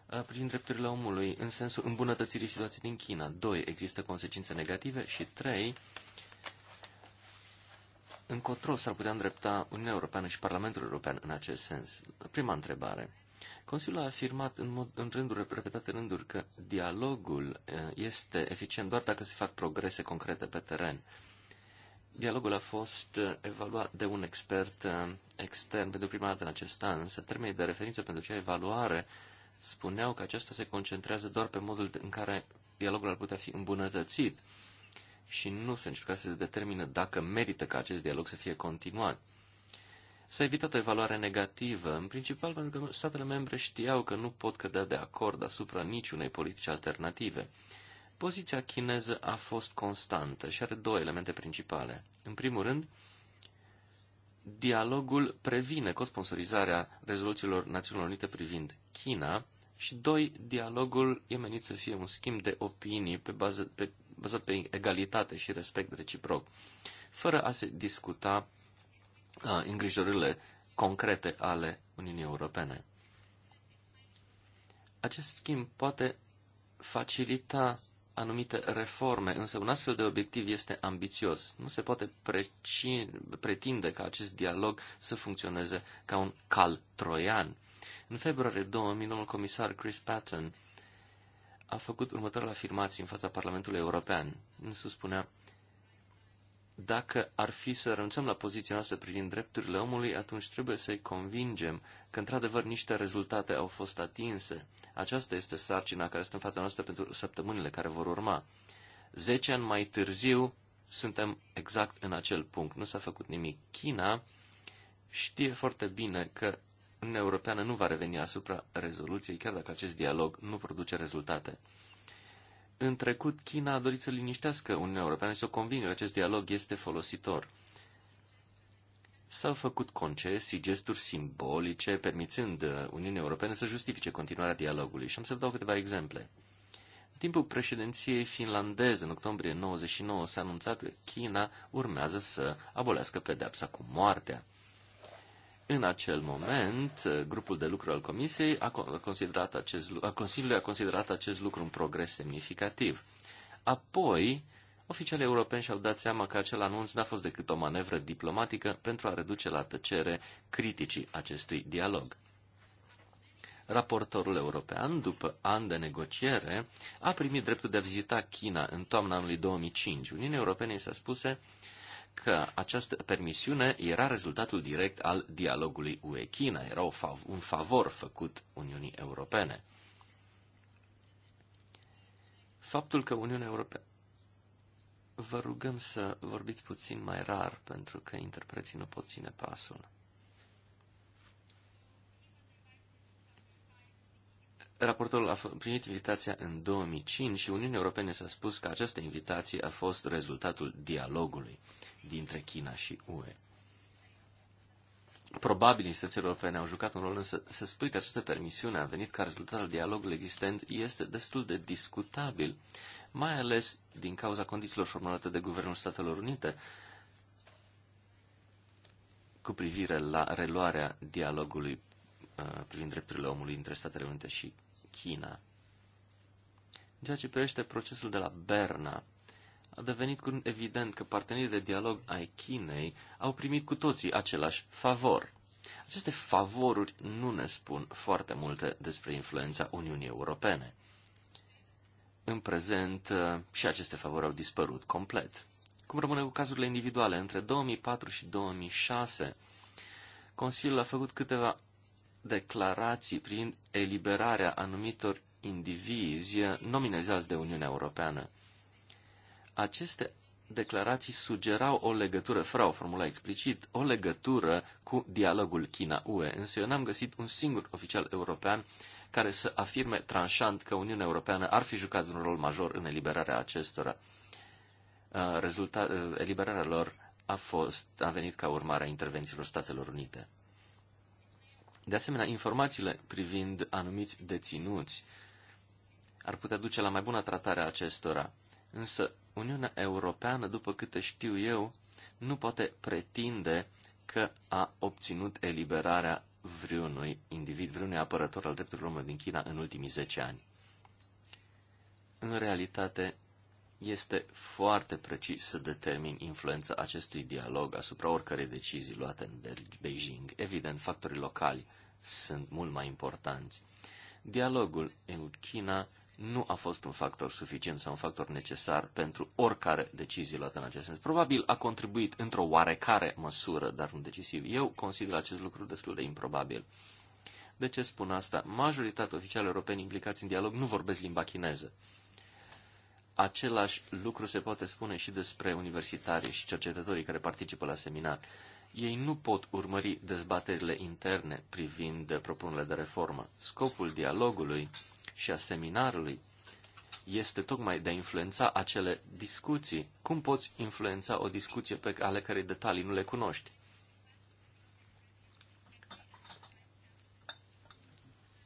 [SPEAKER 1] uh, prin drepturile omului în sensul îmbunătățirii situației din China. 2. Există consecințe negative. Și 3. Încotro s-ar putea îndrepta Uniunea Europeană și Parlamentul European în acest sens? Prima întrebare. Consiliul a afirmat în, mod, în rânduri, repetate rânduri că dialogul este eficient doar dacă se fac progrese concrete pe teren. Dialogul a fost evaluat de un expert extern pentru prima dată în acest an, însă termenii de referință pentru cea evaluare spuneau că acesta se concentrează doar pe modul în care dialogul ar putea fi îmbunătățit și nu se încerca să determină dacă merită ca acest dialog să fie continuat. S-a evitat o evaluare negativă, în principal pentru că statele membre știau că nu pot cădea de acord asupra niciunei politici alternative. Poziția chineză a fost constantă și are două elemente principale. În primul rând, dialogul previne cosponsorizarea rezoluțiilor Națiunilor Unite privind China și, doi, dialogul e menit să fie un schimb de opinii pe bază, pe, bază pe egalitate și respect reciproc, fără a se discuta îngrijorările concrete ale Uniunii Europene. Acest schimb poate facilita anumite reforme, însă un astfel de obiectiv este ambițios. Nu se poate pretinde ca acest dialog să funcționeze ca un cal troian. În februarie 2000, domnul comisar Chris Patton a făcut următoarele afirmații în fața Parlamentului European. Însu spunea, dacă ar fi să renunțăm la poziția noastră privind drepturile omului, atunci trebuie să-i convingem că, într-adevăr, niște rezultate au fost atinse. Aceasta este sarcina care stă în fața noastră pentru săptămânile care vor urma. Zece ani mai târziu, suntem exact în acel punct. Nu s-a făcut nimic. China știe foarte bine că Uniunea Europeană nu va reveni asupra rezoluției, chiar dacă acest dialog nu produce rezultate în trecut China a dorit să liniștească Uniunea Europeană și să o convingă că acest dialog este folositor. S-au făcut concesii, gesturi simbolice, permițând uh, Uniunii Europene să justifice continuarea dialogului. Și am să vă dau câteva exemple. În timpul președinției finlandeze, în octombrie 99, s-a anunțat că China urmează să abolească pedepsa cu moartea. În acel moment, grupul de lucru al Comisiei a considerat acest, a Consiliului a considerat acest lucru un progres semnificativ. Apoi, oficialii europeni și-au dat seama că acel anunț n-a fost decât o manevră diplomatică pentru a reduce la tăcere criticii acestui dialog. Raportorul european, după ani de negociere, a primit dreptul de a vizita China în toamna anului 2005. Uniunea Europene i s-a spuse că această permisiune era rezultatul direct al dialogului UE-China, era un favor făcut Uniunii Europene. Faptul că Uniunea Europeană. Vă rugăm să vorbiți puțin mai rar, pentru că interpreții nu pot ține pasul. Raportorul a primit invitația în 2005 și Uniunea Europeană s-a spus că această invitație a fost rezultatul dialogului dintre China și UE. Probabil instituțiile europene au jucat un rol, însă să spui că această permisiune a venit ca rezultat al dialogului existent este destul de discutabil, mai ales din cauza condițiilor formulate de Guvernul Statelor Unite cu privire la reluarea dialogului uh, privind drepturile omului între Statele Unite și China. În ceea ce privește procesul de la Berna, a devenit curând evident că partenerii de dialog ai Chinei au primit cu toții același favor. Aceste favoruri nu ne spun foarte multe despre influența Uniunii Europene. În prezent, uh, și aceste favori au dispărut complet. Cum rămâne cu cazurile individuale, între 2004 și 2006, Consiliul a făcut câteva declarații prin eliberarea anumitor indivizi uh, nominezați de Uniunea Europeană aceste declarații sugerau o legătură, fără o formula explicit, o legătură cu dialogul China-UE. Însă eu n-am găsit un singur oficial european care să afirme tranșant că Uniunea Europeană ar fi jucat un rol major în eliberarea acestora. Uh, rezulta, uh, eliberarea lor a, fost, a venit ca urmare a intervențiilor Statelor Unite. De asemenea, informațiile privind anumiți deținuți ar putea duce la mai bună tratare a acestora Însă Uniunea Europeană, după câte știu eu, nu poate pretinde că a obținut eliberarea vreunui individ, vreunui apărător al drepturilor omului din China în ultimii 10 ani. În realitate, este foarte precis să determin influența acestui dialog asupra oricărei decizii luate în Beijing. Evident, factorii locali sunt mult mai importanți. Dialogul în China nu a fost un factor suficient sau un factor necesar pentru oricare decizie luată în acest sens. Probabil a contribuit într-o oarecare măsură, dar nu decisiv. Eu consider acest lucru destul de improbabil. De ce spun asta? Majoritatea oficialilor europeni implicați în dialog nu vorbesc limba chineză. Același lucru se poate spune și despre universitarii și cercetătorii care participă la seminar. Ei nu pot urmări dezbaterile interne privind propunerile de reformă. Scopul dialogului și a seminarului este tocmai de a influența acele discuții. Cum poți influența o discuție pe ale cărei detalii nu le cunoști?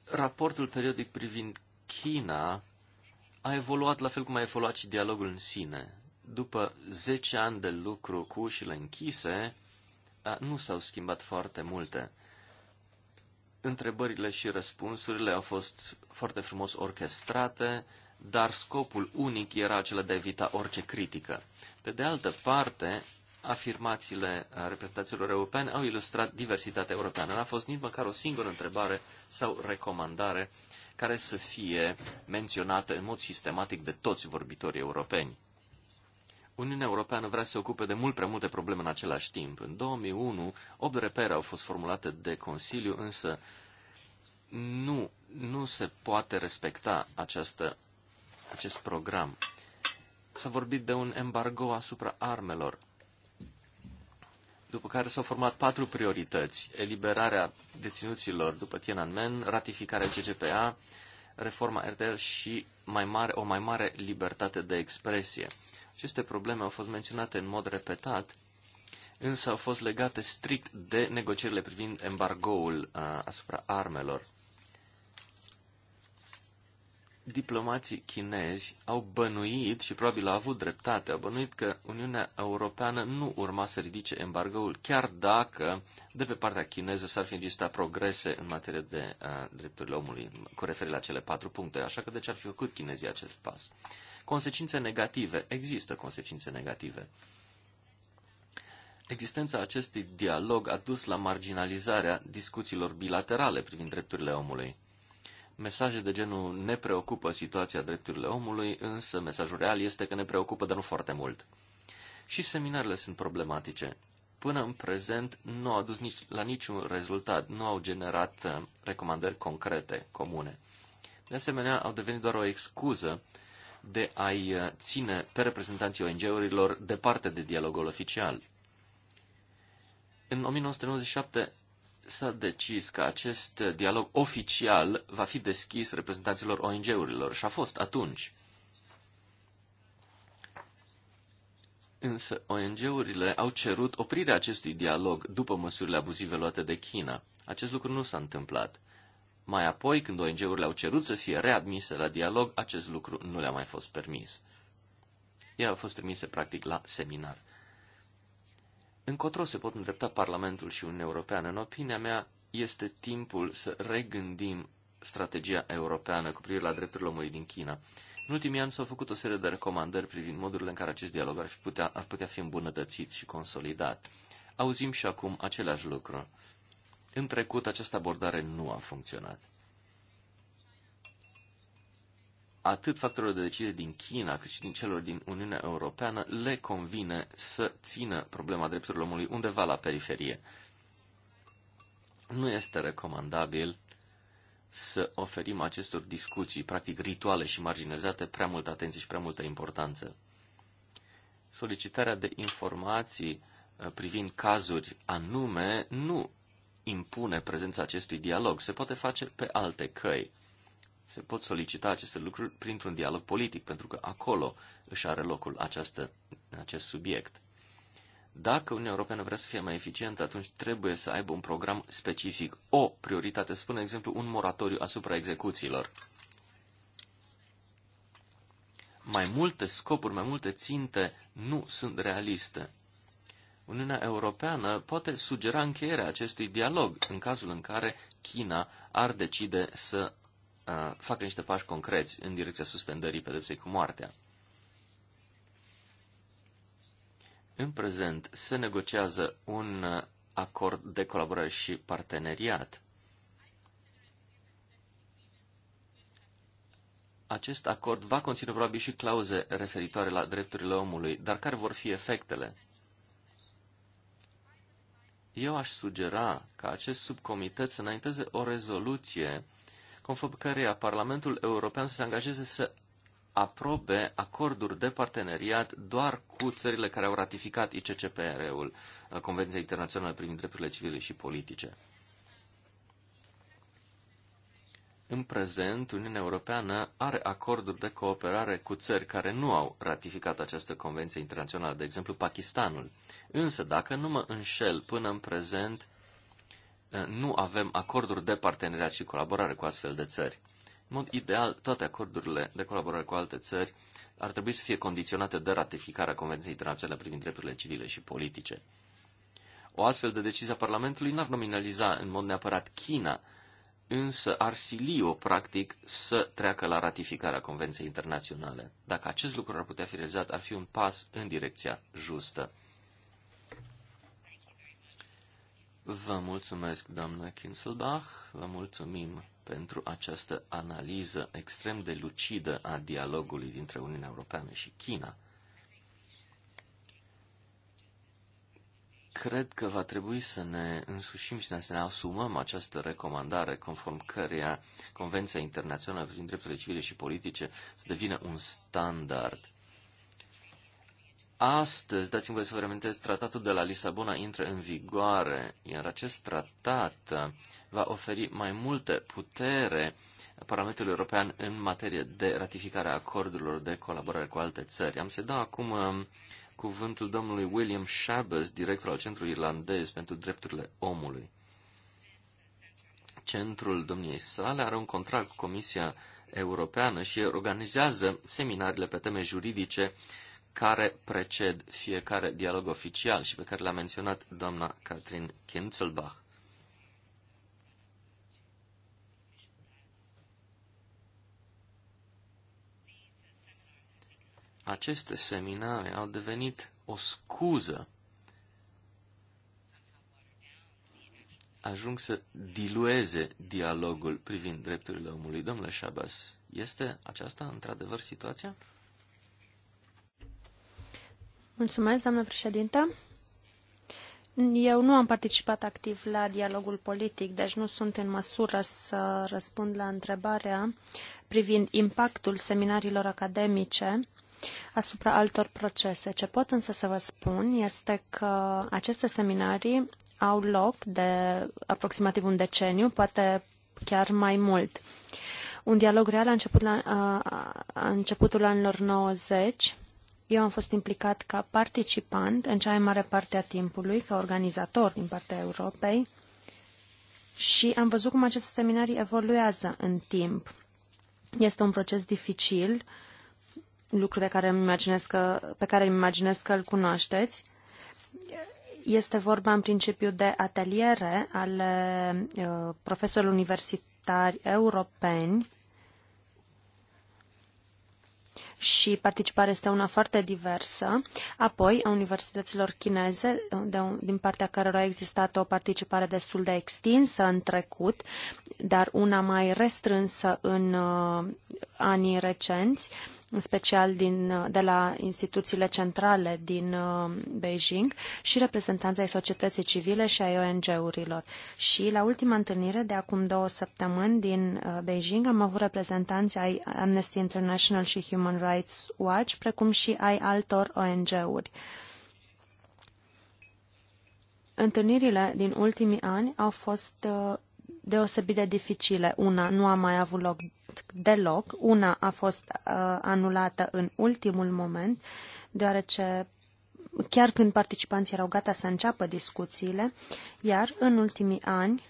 [SPEAKER 1] Raportul periodic privind China a evoluat la fel cum a evoluat și dialogul în sine. După 10 ani de lucru cu ușile închise, nu s-au schimbat foarte multe întrebările și răspunsurile au fost foarte frumos orchestrate, dar scopul unic era acela de a evita orice critică. Pe de altă parte, afirmațiile reprezentanților europene au ilustrat diversitatea europeană. N-a fost nici măcar o singură întrebare sau recomandare care să fie menționată în mod sistematic de toți vorbitorii europeni. Uniunea Europeană vrea să se ocupe de mult prea multe probleme în același timp. În 2001, 8 repere au fost formulate de Consiliu, însă nu, nu se poate respecta această, acest program. S-a vorbit de un embargo asupra armelor, după care s-au format patru priorități. Eliberarea deținuților după Tiananmen, ratificarea GGPA, reforma RTL și mai mare, o mai mare libertate de expresie. Aceste probleme au fost menționate în mod repetat, însă au fost legate strict de negocierile privind embargoul uh, asupra armelor. Diplomații chinezi au bănuit, și probabil au avut dreptate, au bănuit că Uniunea Europeană nu urma să ridice embargoul, chiar dacă de pe partea chineză s-ar fi înregistrat progrese în materie de uh, drepturile omului, cu referire la cele patru puncte. Așa că de ce ar fi făcut chinezii acest pas? Uh, Consecințe negative. Există consecințe negative. Existența acestui dialog a dus la marginalizarea discuțiilor bilaterale privind drepturile omului. Mesaje de genul ne preocupă situația drepturile omului, însă mesajul real este că ne preocupă, dar nu foarte mult. Și seminarele sunt problematice. Până în prezent nu au dus nici, la niciun rezultat, nu au generat eh, recomandări concrete, comune. De asemenea, au devenit doar o excuză de a-i uh, ține pe reprezentanții ONG-urilor departe de dialogul oficial. În 1997 s-a decis că acest dialog oficial va fi deschis reprezentanților ONG-urilor și a fost atunci. Însă ONG-urile au cerut oprirea acestui dialog după măsurile abuzive luate de China. Acest lucru nu s-a întâmplat. Mai apoi, când ONG-urile au cerut să fie readmise la dialog, acest lucru nu le-a mai fost permis. Ele au fost trimise practic la seminar. Încotro se pot îndrepta Parlamentul și Uniunea Europeană. În opinia mea, este timpul să regândim strategia europeană cu privire la drepturile omului din China. În ultimii ani s-au făcut o serie de recomandări privind modurile în care acest dialog ar, fi putea, ar putea fi îmbunătățit și consolidat. Auzim și acum același lucru. În trecut, această abordare nu a funcționat. Atât factorilor de decizie din China, cât și din celor din Uniunea Europeană, le convine să țină problema drepturilor omului undeva la periferie. Nu este recomandabil să oferim acestor discuții, practic rituale și marginalizate, prea multă atenție și prea multă importanță. Solicitarea de informații uh, privind cazuri anume nu impune prezența acestui dialog. Se poate face pe alte căi. Se pot solicita aceste lucruri printr-un dialog politic, pentru că acolo își are locul această, acest subiect. Dacă Uniunea Europeană vrea să fie mai eficientă, atunci trebuie să aibă un program specific, o prioritate, spun de exemplu, un moratoriu asupra execuțiilor. Mai multe scopuri, mai multe ținte nu sunt realiste. Uniunea Europeană poate sugera încheierea acestui dialog în cazul în care China ar decide să uh, facă niște pași concreți în direcția suspendării pedepsei cu moartea. În prezent se negociază un acord de colaborare și parteneriat. Acest acord va conține probabil și clauze referitoare la drepturile omului, dar care vor fi efectele? eu aș sugera ca acest subcomitet să înainteze o rezoluție conform căreia Parlamentul European să se angajeze să aprobe acorduri de parteneriat doar cu țările care au ratificat ICCPR-ul, uh, Convenția Internațională privind drepturile civile și politice. În prezent, Uniunea Europeană are acorduri de cooperare cu țări care nu au ratificat această convenție internațională, de exemplu Pakistanul. Însă, dacă nu mă înșel, până în prezent eh, nu avem acorduri de parteneriat și colaborare cu astfel de țări. În mod ideal, toate acordurile de colaborare cu alte țări ar trebui să fie condiționate de ratificarea Convenției Internaționale privind drepturile civile și politice. O astfel de decizie a Parlamentului n-ar nominaliza în mod neapărat China însă ar sili-o, practic, să treacă la ratificarea Convenției Internaționale. Dacă acest lucru ar putea fi realizat, ar fi un pas în direcția justă. Vă mulțumesc, doamnă Kinselbach, vă mulțumim pentru această analiză extrem de lucidă a dialogului dintre Uniunea Europeană și China. Cred că va trebui să ne însușim și să ne asumăm această recomandare conform căreia Convenția Internațională privind drepturile civile și politice să devină un standard. Astăzi, dați-mi voie să vă reamintesc, tratatul de la Lisabona intră în vigoare, iar acest tratat uh, va oferi mai multe putere Parlamentului European în materie de ratificare a acordurilor de colaborare cu alte țări. Am să dau acum um, cuvântul domnului William Shabbos, director al Centrului Irlandez pentru Drepturile Omului. Centrul domniei sale are un contract cu Comisia Europeană și organizează seminariile pe teme juridice care preced fiecare dialog oficial și pe care l-a menționat doamna Catherine Kinzelbach. aceste seminare au devenit o scuză. Ajung să dilueze dialogul privind drepturile omului. Domnule Shabas, este aceasta într-adevăr situația?
[SPEAKER 2] Mulțumesc, doamnă președintă. Eu nu am participat activ la dialogul politic, deci nu sunt în măsură să răspund la întrebarea privind impactul seminarilor academice asupra altor procese. Ce pot însă să vă spun este că aceste seminarii au loc de aproximativ un deceniu, poate chiar mai mult. Un dialog real a început la a, începutul anilor 90. Eu am fost implicat ca participant în cea mai mare parte a timpului, ca organizator din partea Europei și am văzut cum aceste seminarii evoluează în timp. Este un proces dificil uh, lucru pe care îmi imaginez că, pe care îmi imaginez că îl cunoașteți. Este vorba în principiu de ateliere ale uh, profesorilor universitari europeni și participarea este una foarte diversă. Apoi, a universităților chineze, de, din partea cărora a existat o participare destul de extinsă în trecut, dar una mai restrânsă în uh, anii recenți. Uh, în special din, de la instituțiile centrale din uh, Beijing și reprezentanța ai societății civile și ai ONG-urilor. Și la ultima întâlnire de acum două săptămâni din uh, Beijing am avut reprezentanți ai Amnesty International și Human Rights Watch, precum și ai altor ONG-uri. Întâlnirile din ultimii ani au fost uh, deosebit de dificile. Una nu a mai avut loc deloc. Una a fost uh, anulată în ultimul moment, deoarece chiar când participanții erau gata să înceapă discuțiile, iar în ultimii ani,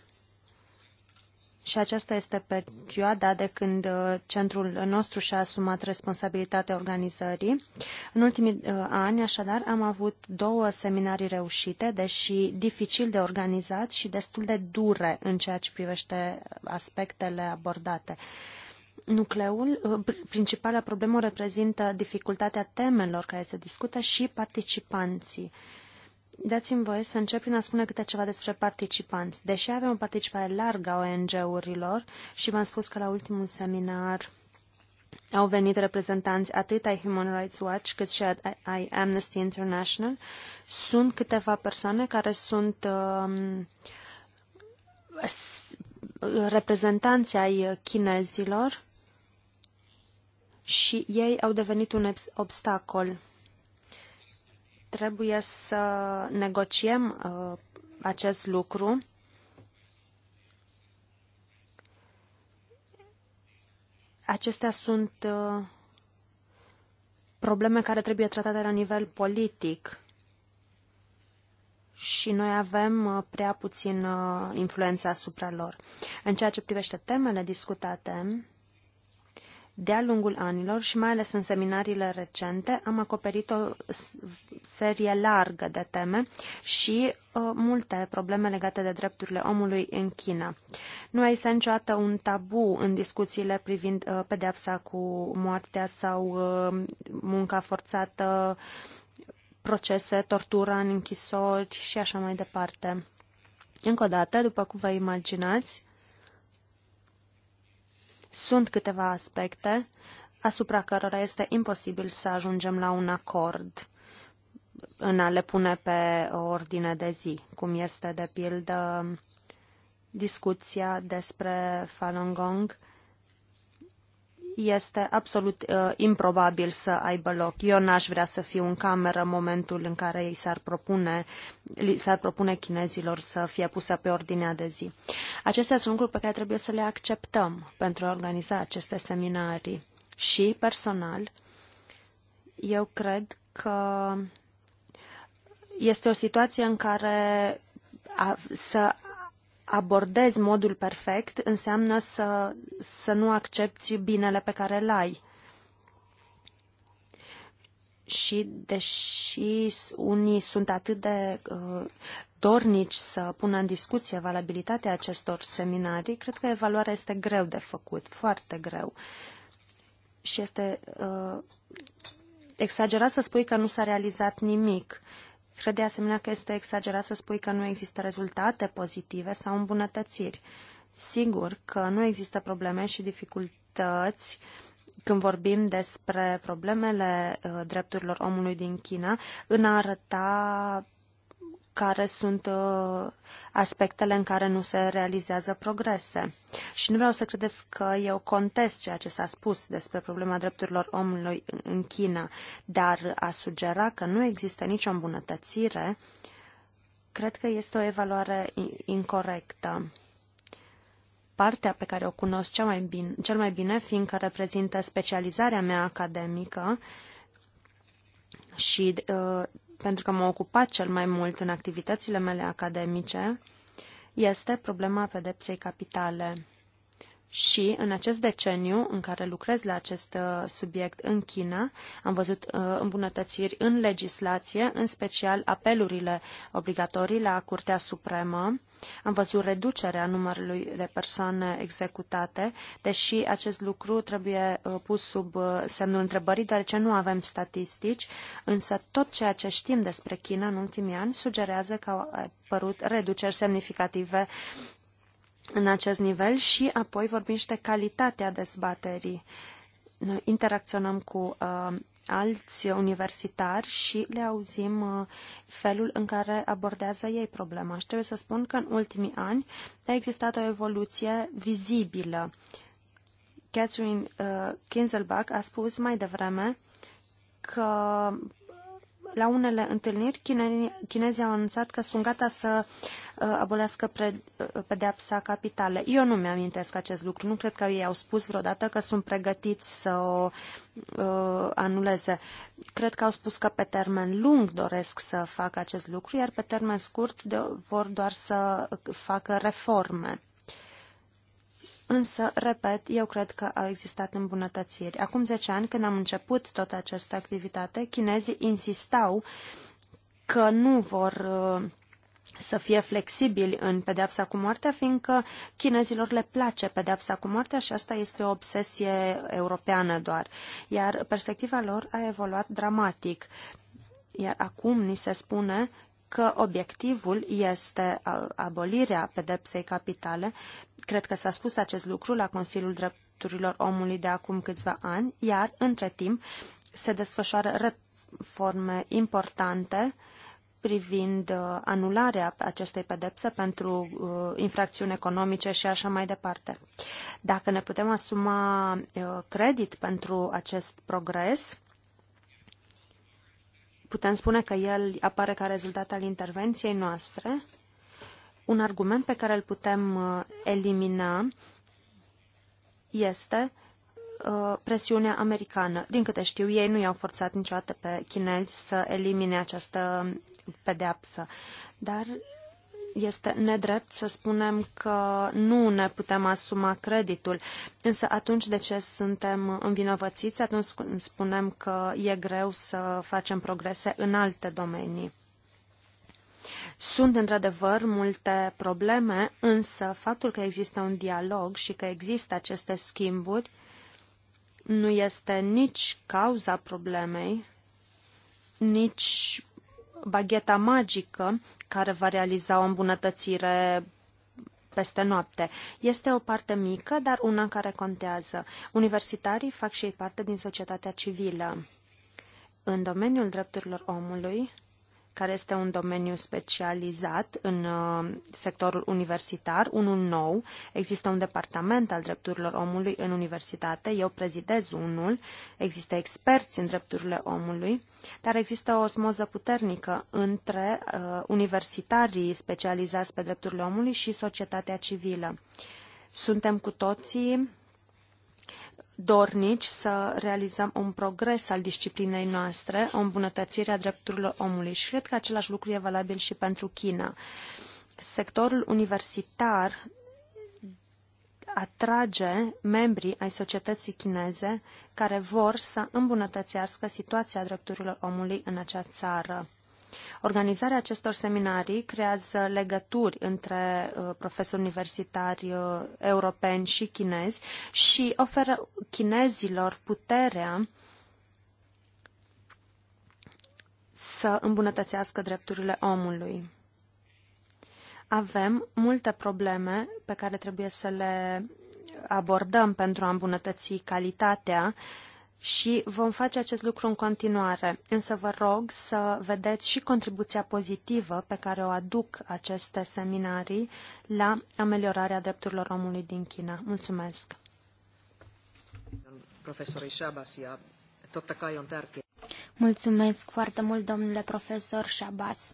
[SPEAKER 2] și aceasta este perioada de când uh, centrul nostru și-a asumat responsabilitatea organizării. În ultimii uh, ani, așadar, am avut două seminarii reușite, deși dificil de organizat și destul de dure în ceea ce privește aspectele abordate nucleul, uh, principala problemă reprezintă dificultatea temelor care se discută și participanții. Dați-mi voie să încep prin a spune câte ceva despre participanți. Deși avem o participare largă a ONG-urilor și v-am spus că la ultimul seminar au venit reprezentanți atât ai Human Rights Watch cât și ai Amnesty International, sunt câteva persoane care sunt uh, reprezentanți ai chinezilor și ei au devenit un obstacol. Trebuie să negociem uh, acest lucru. Acestea sunt uh, probleme care trebuie tratate la nivel politic și noi avem uh, prea puțin uh, influență asupra lor. În ceea ce privește temele discutate, de-a lungul anilor și mai ales în seminariile recente am acoperit o serie largă de teme și uh, multe probleme legate de drepturile omului în China. Nu există niciodată un tabu în discuțiile privind uh, pedeapsa cu moartea sau uh, munca forțată, procese, tortură în închisori și așa mai departe. Încă o dată, după cum vă imaginați, sunt câteva aspecte asupra cărora este imposibil să ajungem la un acord în a le pune pe ordine de zi, cum este, de pildă, discuția despre Falun Gong este absolut uh, improbabil să aibă loc. Eu n-aș vrea să fiu în cameră momentul în care ei s-ar propune, s-ar propune chinezilor să fie pusă pe ordinea de zi. Acestea sunt lucruri pe care trebuie să le acceptăm pentru a organiza aceste seminarii. Și, personal, eu cred că este o situație în care a, să abordezi modul perfect înseamnă să, să nu accepti binele pe care îl ai. Și deși unii sunt atât de uh, dornici să pună în discuție valabilitatea acestor seminarii, cred că evaluarea este greu de făcut, foarte greu. Și este uh, exagerat să spui că nu s-a realizat nimic. Uh, Cred de asemenea că este exagerat să spui că nu există rezultate pozitive sau îmbunătățiri. Sigur că nu există probleme și dificultăți când vorbim despre problemele uh, drepturilor omului din China, în a arăta care sunt uh, aspectele în care nu se realizează progrese. Și nu vreau să credeți că eu contest ceea ce s-a spus despre problema drepturilor omului în China, dar a sugera că nu există nicio îmbunătățire, cred că este o evaluare incorrectă partea pe care o cunosc cel mai bine, cel mai bine fiindcă reprezintă specializarea mea academică și uh, pentru că m-a ocupat cel mai mult în activitățile mele academice, este problema pedepsei capitale. Și în acest deceniu în care lucrez la acest uh, subiect în China, am văzut uh, îmbunătățiri în legislație, în special apelurile obligatorii la Curtea Supremă. Am văzut reducerea numărului de persoane executate, deși acest lucru trebuie uh, pus sub semnul întrebării, deoarece nu avem statistici, însă tot ceea ce știm despre China în ultimii ani sugerează că au apărut reduceri semnificative în acest nivel și apoi vorbim și de calitatea dezbaterii. Noi interacționăm cu uh, alți universitari și le auzim uh, felul în care abordează ei problema. Și trebuie să spun că în ultimii ani a existat o evoluție vizibilă. Catherine uh, Kinzelbach a spus mai devreme că la unele întâlniri, chinezii au anunțat că sunt gata să uh, abolească uh, pedeapsa capitală. Eu nu mi-amintesc acest lucru. Nu cred că ei au spus vreodată că sunt pregătiți să o uh, anuleze. Cred că au spus că pe termen lung doresc să facă acest lucru, iar pe termen scurt vor doar să facă reforme. Însă, repet, eu cred că au existat îmbunătățiri. Acum 10 ani, când am început toată această activitate, chinezii insistau că nu vor uh, să fie flexibili în pedeapsa cu moartea, fiindcă chinezilor le place pedeapsa cu moartea și asta este o obsesie europeană doar. Iar perspectiva lor a evoluat dramatic. Iar acum ni se spune că obiectivul este abolirea pedepsei capitale. Cred că s-a spus acest lucru la Consiliul Drepturilor Omului de acum câțiva ani, iar, între timp, se desfășoară reforme importante privind uh, anularea acestei pedepse pentru uh, infracțiuni economice și așa mai departe. Dacă ne putem asuma uh, credit pentru acest progres, putem spune că el apare ca rezultat al intervenției noastre. Un argument pe care îl putem uh, elimina este uh, presiunea americană. Din câte știu, ei nu i-au forțat niciodată pe chinezi să elimine această pedeapsă. Dar este nedrept să spunem că nu ne putem asuma creditul, însă atunci de ce suntem învinovățiți? Atunci spunem că e greu să facem progrese în alte domenii. Sunt într-adevăr multe probleme, însă faptul că există un dialog și că există aceste schimburi nu este nici cauza problemei, nici bagheta magică care va realiza o îmbunătățire peste noapte. Este o parte mică, dar una care contează. Universitarii fac și ei parte din societatea civilă. În domeniul drepturilor omului, care este un domeniu specializat în uh, sectorul universitar, unul nou. Există un departament al drepturilor omului în universitate, eu prezidez unul, există experți în drepturile omului, dar există o osmoză puternică între uh, universitarii specializați pe drepturile omului și societatea civilă. Suntem cu toții dornici să realizăm un progres al disciplinei noastre, o îmbunătățire a drepturilor omului și cred că același lucru e valabil și pentru China. Sectorul universitar atrage membrii ai societății chineze care vor să îmbunătățească situația drepturilor omului în acea țară. Organizarea acestor seminarii creează legături între uh, profesori universitari uh, europeni și chinezi și oferă chinezilor puterea să îmbunătățească drepturile omului. Avem multe probleme pe care trebuie să le abordăm pentru a îmbunătăți calitatea uh, și vom face acest lucru în continuare. Însă vă rog să vedeți și contribuția pozitivă pe care o aduc aceste seminarii la ameliorarea drepturilor omului din China. Mulțumesc!
[SPEAKER 3] Mulțumesc foarte mult, domnule profesor Shabas.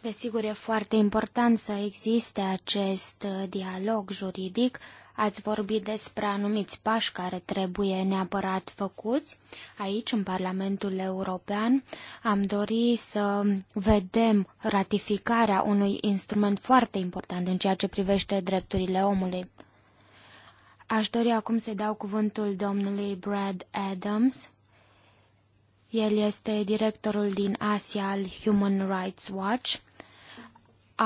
[SPEAKER 3] Desigur, e foarte important să existe acest dialog juridic Ați vorbit despre anumiți pași care trebuie neapărat făcuți. Aici, în Parlamentul European, am dorit să vedem ratificarea unui instrument foarte important în ceea ce privește drepturile omului. Aș dori acum să dau cuvântul domnului Brad Adams. El este directorul din Asia al Human Rights Watch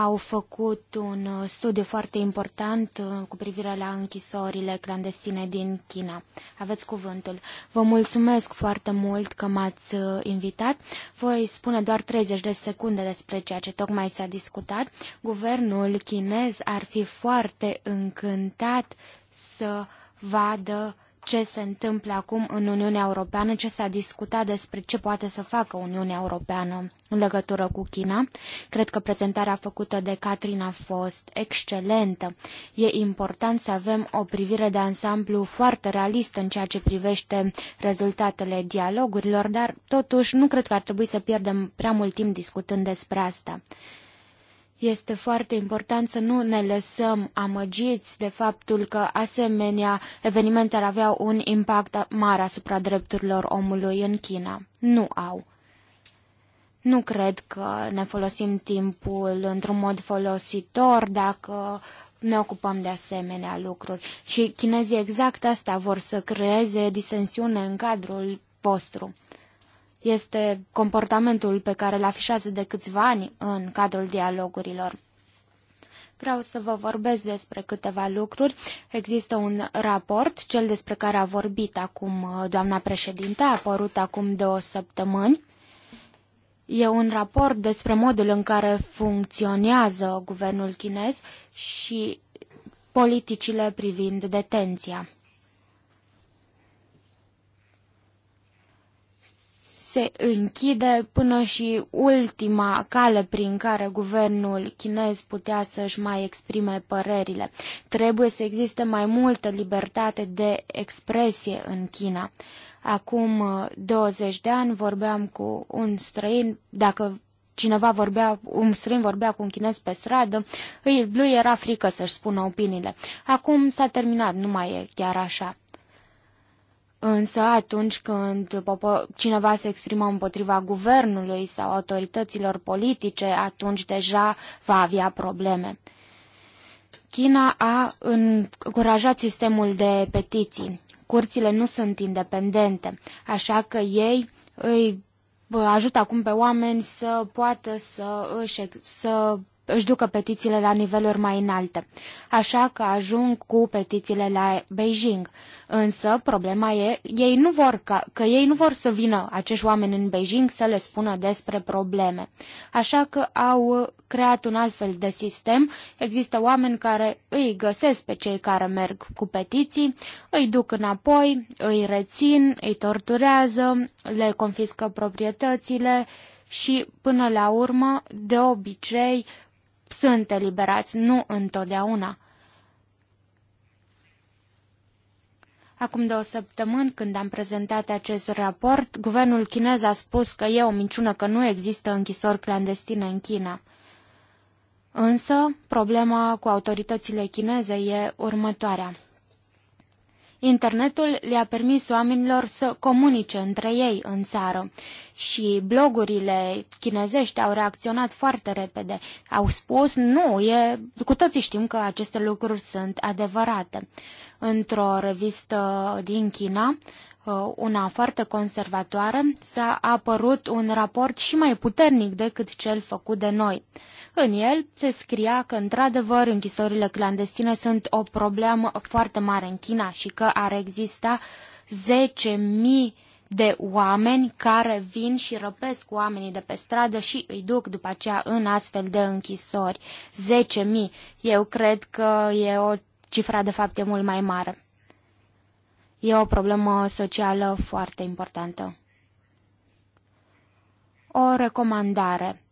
[SPEAKER 3] au făcut un uh, studiu foarte important uh, cu privire la închisorile clandestine din China. Aveți cuvântul. Vă mulțumesc foarte mult că m-ați uh, invitat. Voi spune doar 30 de secunde despre ceea ce tocmai s-a discutat. Guvernul chinez ar fi foarte încântat să vadă ce se întâmplă acum în Uniunea Europeană, ce s-a discutat despre ce poate să facă Uniunea Europeană în legătură cu China. Cred că prezentarea făcută de Catrin a fost excelentă. E important să avem o privire de ansamblu foarte realistă în ceea ce privește rezultatele dialogurilor, dar totuși nu cred că ar trebui să pierdem prea mult timp discutând despre asta. Este foarte important să nu ne lăsăm amăgiți de faptul că asemenea evenimente ar avea un impact mare asupra drepturilor omului în China. Nu au. Nu cred că ne folosim timpul într-un mod folositor dacă ne ocupăm de asemenea lucruri. Și chinezii exact asta vor să creeze disensiune în cadrul vostru este comportamentul pe care îl afișează de câțiva ani în cadrul dialogurilor. Vreau să vă vorbesc despre câteva lucruri. Există un raport, cel despre care a vorbit acum uh, doamna președinte, a apărut acum două săptămâni. E un raport despre modul în care funcționează guvernul chinez și politicile privind detenția. se închide până și ultima cale prin care guvernul chinez putea să-și mai exprime părerile. Trebuie să existe mai multă libertate de expresie în China. Acum 20 uh, de ani vorbeam cu un străin, dacă cineva vorbea, un străin vorbea cu un chinez pe stradă, îi, lui era frică să-și spună opiniile. Acum s-a terminat, nu mai e chiar așa. Însă atunci când cineva se exprimă împotriva guvernului sau autorităților politice, atunci deja va avea probleme. China a încurajat sistemul de petiții. Curțile nu sunt independente, așa că ei îi ajută acum pe oameni să poată să, își, să își ducă petițiile la niveluri mai înalte, așa că ajung cu petițiile la Beijing. Însă problema e ei nu vor ca, că ei nu vor să vină acești oameni în Beijing să le spună despre probleme. Așa că au creat un alt fel de sistem. Există oameni care îi găsesc pe cei care merg cu petiții, îi duc înapoi, îi rețin, îi torturează, le confiscă proprietățile și, până la urmă, de obicei, sunt eliberați, nu întotdeauna. Acum două săptămâni, când am prezentat acest raport, guvernul chinez a spus că e o minciună că nu există închisori clandestine în China. Însă, problema cu autoritățile chineze e următoarea. Internetul le-a permis oamenilor să comunice între ei în țară și blogurile chinezești au reacționat foarte repede. Au spus, nu, e, cu toții știm că aceste lucruri sunt adevărate. Într-o revistă din China, uh, Uh, una foarte conservatoare, s-a apărut un raport și mai puternic decât cel făcut de noi. În el se scria că, într-adevăr, închisorile clandestine sunt o problemă foarte mare în China și că ar exista 10.000 de oameni care vin și răpesc oamenii de pe stradă și îi duc după aceea în astfel de închisori. 10.000. Eu cred că e o cifra de fapt e mult mai mare. E o problemă socială foarte importantă. O recomandare.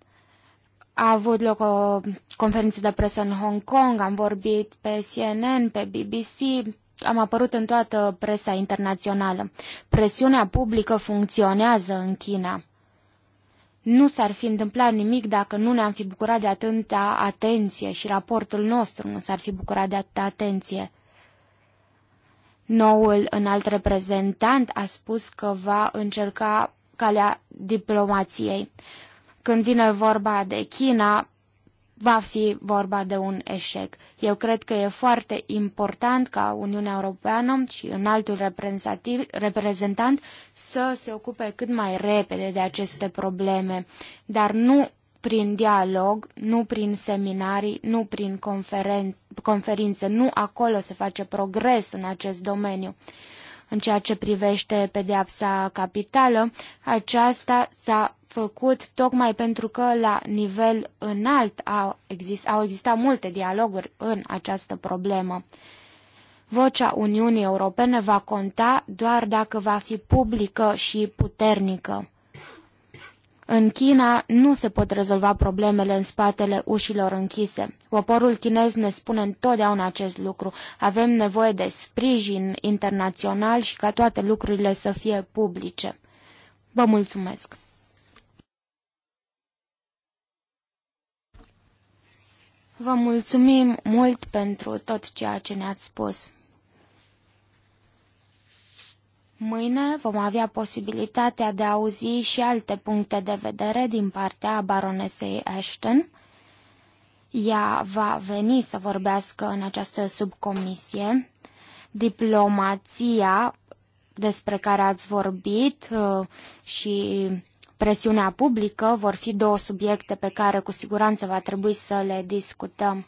[SPEAKER 3] A avut loc o conferință de presă în Hong Kong, am vorbit pe CNN, pe BBC, am apărut în toată presa internațională. Presiunea publică funcționează în China. Nu s-ar fi întâmplat nimic dacă nu ne-am fi bucurat de atâta atenție și raportul nostru nu s-ar fi bucurat de atâta atenție. Noul înalt reprezentant a spus că va încerca calea diplomației. Când vine vorba de China, va fi vorba de un eșec. Eu cred că e foarte important ca Uniunea Europeană și înaltul reprezentant să se ocupe cât mai repede de aceste probleme, dar nu prin dialog, nu prin seminarii, nu prin conferen- conferințe. Nu acolo se face progres în acest domeniu. În ceea ce privește pedeapsa capitală, aceasta s-a făcut tocmai pentru că la nivel înalt au, exist, au existat multe dialoguri în această problemă. Vocea Uniunii Europene va conta doar dacă va fi publică și puternică. În China nu se pot rezolva problemele în spatele ușilor închise. Poporul chinez ne spune întotdeauna acest lucru. Avem nevoie de sprijin internațional și ca toate lucrurile să fie publice. Vă mulțumesc! Vă mulțumim mult pentru tot ceea ce ne-ați spus. Mâine vom avea posibilitatea de a auzi și alte puncte de vedere din partea baronesei Ashton. Ea va veni să vorbească în această subcomisie. Diplomația despre care ați vorbit uh, și presiunea publică vor fi două subiecte pe care cu siguranță va trebui să le discutăm.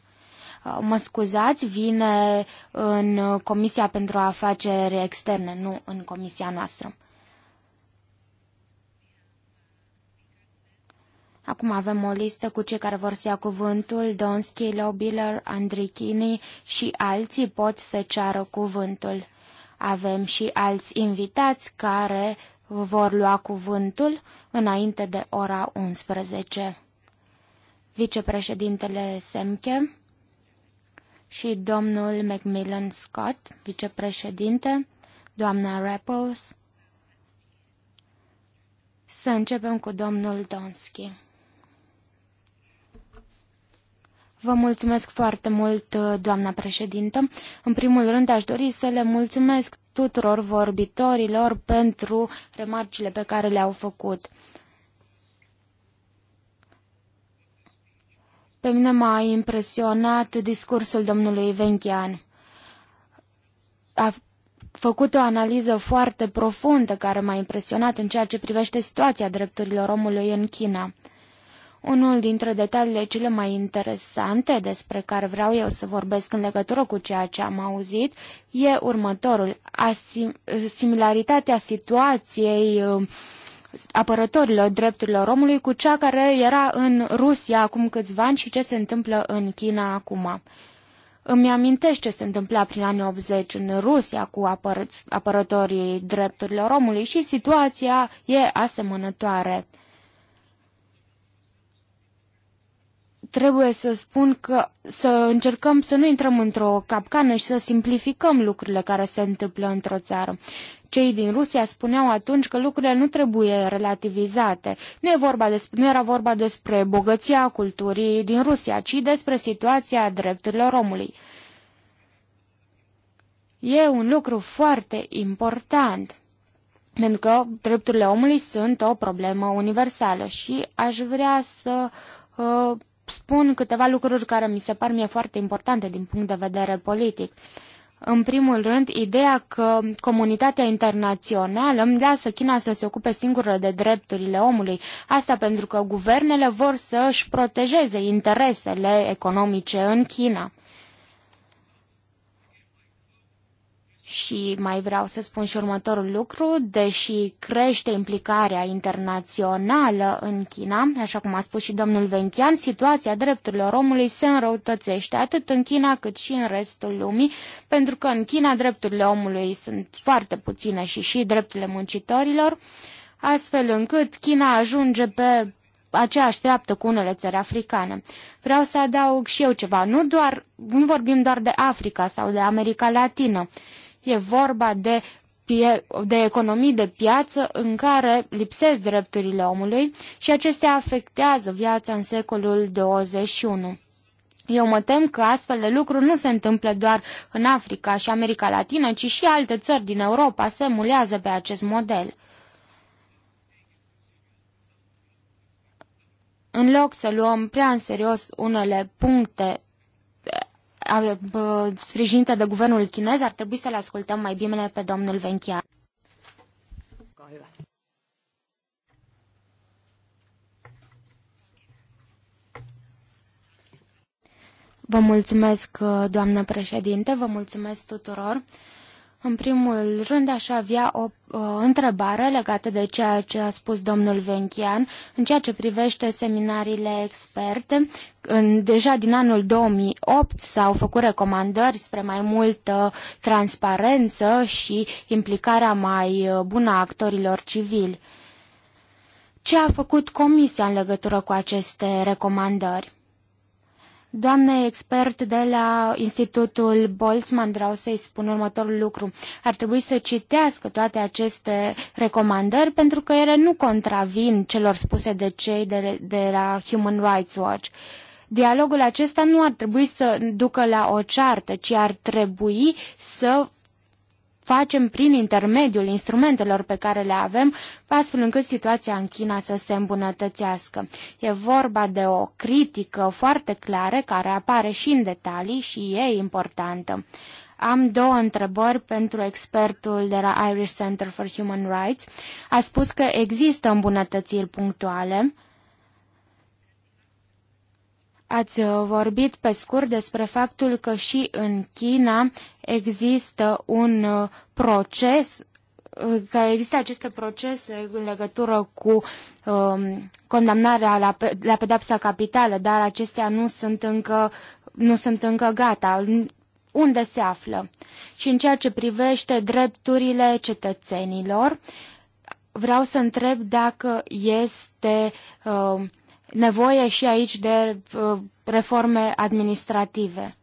[SPEAKER 3] Uh, mă scuzați, vine în Comisia pentru Afaceri Externe, nu în Comisia noastră. Acum avem o listă cu cei care vor să ia cuvântul. Donski, Lobiller, Andrichini și alții pot să ceară cuvântul. Avem și alți invitați care vor lua cuvântul înainte de ora 11. Vicepreședintele Semche și domnul Macmillan Scott, vicepreședinte, doamna Rapples. Să începem cu domnul Donski. Vă mulțumesc foarte mult, doamna președintă. În primul rând, aș dori să le mulțumesc tuturor vorbitorilor pentru remarcile pe care le-au făcut. Pe mine m-a impresionat discursul domnului Venchian. A făcut o analiză foarte profundă care m-a impresionat în ceea ce privește situația drepturilor omului în China. Unul dintre detaliile cele mai interesante despre care vreau eu să vorbesc în legătură cu ceea ce am auzit e următorul. Asim- similaritatea situației uh, apărătorilor drepturilor omului cu cea care era în Rusia acum câțiva ani și ce se întâmplă în China acum. Îmi amintesc ce se întâmpla prin anii 80 în Rusia cu apăr apărătorii drepturilor omului și situația e asemănătoare. Trebuie să spun că să încercăm să nu intrăm într-o capcană și să simplificăm lucrurile care se întâmplă într-o țară. Cei din Rusia spuneau atunci că lucrurile nu trebuie relativizate. Nu, e vorba despre, nu era vorba despre bogăția culturii din Rusia, ci despre situația drepturilor omului. E un lucru foarte important pentru că drepturile omului sunt o problemă universală și aș vrea să uh, spun câteva lucruri care mi se par mie foarte importante din punct de vedere politic. Uh, în primul rând, ideea că comunitatea internațională lasă China să se ocupe singură de drepturile omului. Asta pentru că guvernele vor să își protejeze interesele economice în China. Și mai vreau să spun și următorul lucru, deși crește implicarea internațională în China, așa cum a spus și domnul Venchian, situația drepturilor omului se înrăutățește atât în China cât și în restul lumii, pentru că în China drepturile omului sunt foarte puține și și drepturile muncitorilor, astfel încât China ajunge pe aceeași treaptă cu unele țări africane. Vreau să adaug și eu ceva, nu doar, nu vorbim doar de Africa sau de America Latină. E vorba de, de economii de piață în care lipsesc drepturile omului și acestea afectează viața în secolul 21. Eu mă tem că astfel de lucruri nu se întâmplă doar în Africa și America Latină, ci și alte țări din Europa se mulează pe acest model. În loc să luăm prea în serios unele puncte sprijinită de guvernul chinez, ar trebui să le ascultăm mai bine pe domnul Venchia. Vă mulțumesc, doamnă președinte, vă mulțumesc tuturor. În primul rând, aș avea o uh, întrebare legată de ceea ce a spus domnul Venchian în ceea ce privește seminariile experte. În, deja din anul 2008 s-au făcut recomandări spre mai multă transparență și implicarea mai uh, bună a actorilor civili. Ce a făcut Comisia în legătură cu aceste recomandări? Doamne expert de la Institutul Boltzmann, vreau să-i spun următorul lucru. Ar trebui să citească toate aceste recomandări pentru că ele nu contravin celor spuse de cei de, de la Human Rights Watch. Dialogul acesta nu ar trebui să ducă la o ceartă, ci ar trebui să facem prin intermediul instrumentelor pe care le avem, astfel încât situația în China să se îmbunătățească. E vorba de o critică foarte clară care apare și în detalii și e importantă. Am două întrebări pentru expertul de la Irish Center for Human Rights. A spus că există îmbunătățiri punctuale, Ați uh, vorbit pe scurt despre faptul că și în China există un uh, proces uh, că există acest proces în legătură cu um, condamnarea la, pe, la pedapsa capitală, dar acestea nu sunt încă, nu sunt încă gata. Unde se află? Și în ceea ce privește drepturile cetățenilor, vreau să întreb dacă este um, nevoie și aici de uh, reforme administrative.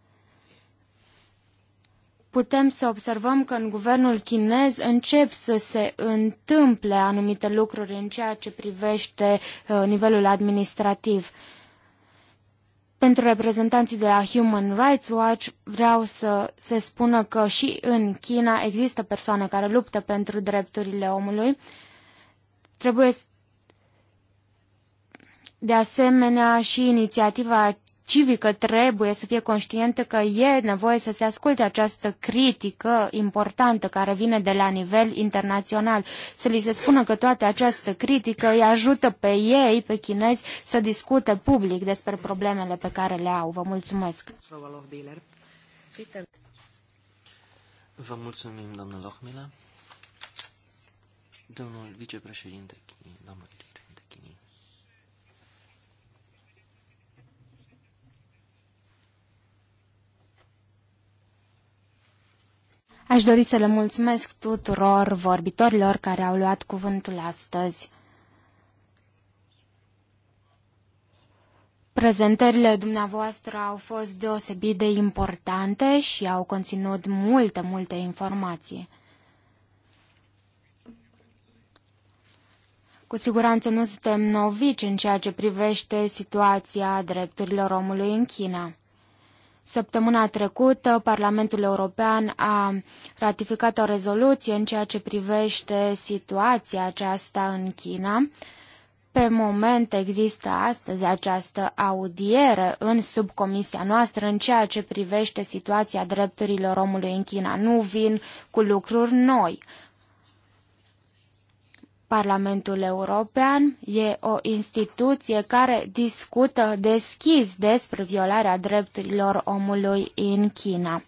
[SPEAKER 3] Putem să observăm că în guvernul chinez încep să se întâmple anumite lucruri în ceea ce privește uh, nivelul administrativ. Pentru reprezentanții de la Human Rights Watch vreau să se spună că și în China există persoane care luptă pentru drepturile omului. Trebuie de asemenea, și inițiativa civică trebuie să fie conștientă că e nevoie să se asculte această critică importantă care vine de la nivel internațional, să li se spună că toată această critică îi ajută pe ei, pe chinezi, să discute public despre problemele pe care le au. Vă mulțumesc!
[SPEAKER 1] Vă mulțumim, doamnă Lohmila. Domnul vicepreședinte, domnul
[SPEAKER 3] Aș dori să le mulțumesc tuturor vorbitorilor care au luat cuvântul astăzi. Prezentările dumneavoastră au fost deosebit de importante și au conținut multe, multe informații. Cu siguranță nu suntem novici în ceea ce privește situația drepturilor omului în China. Săptămâna trecută, Parlamentul European a ratificat o rezoluție în ceea ce privește situația aceasta în China. Pe moment există astăzi această audiere în subcomisia noastră în ceea ce privește situația drepturilor omului în China. Nu vin cu lucruri noi Parlamentul European e o instituție care discută deschis despre violarea drepturilor omului în China.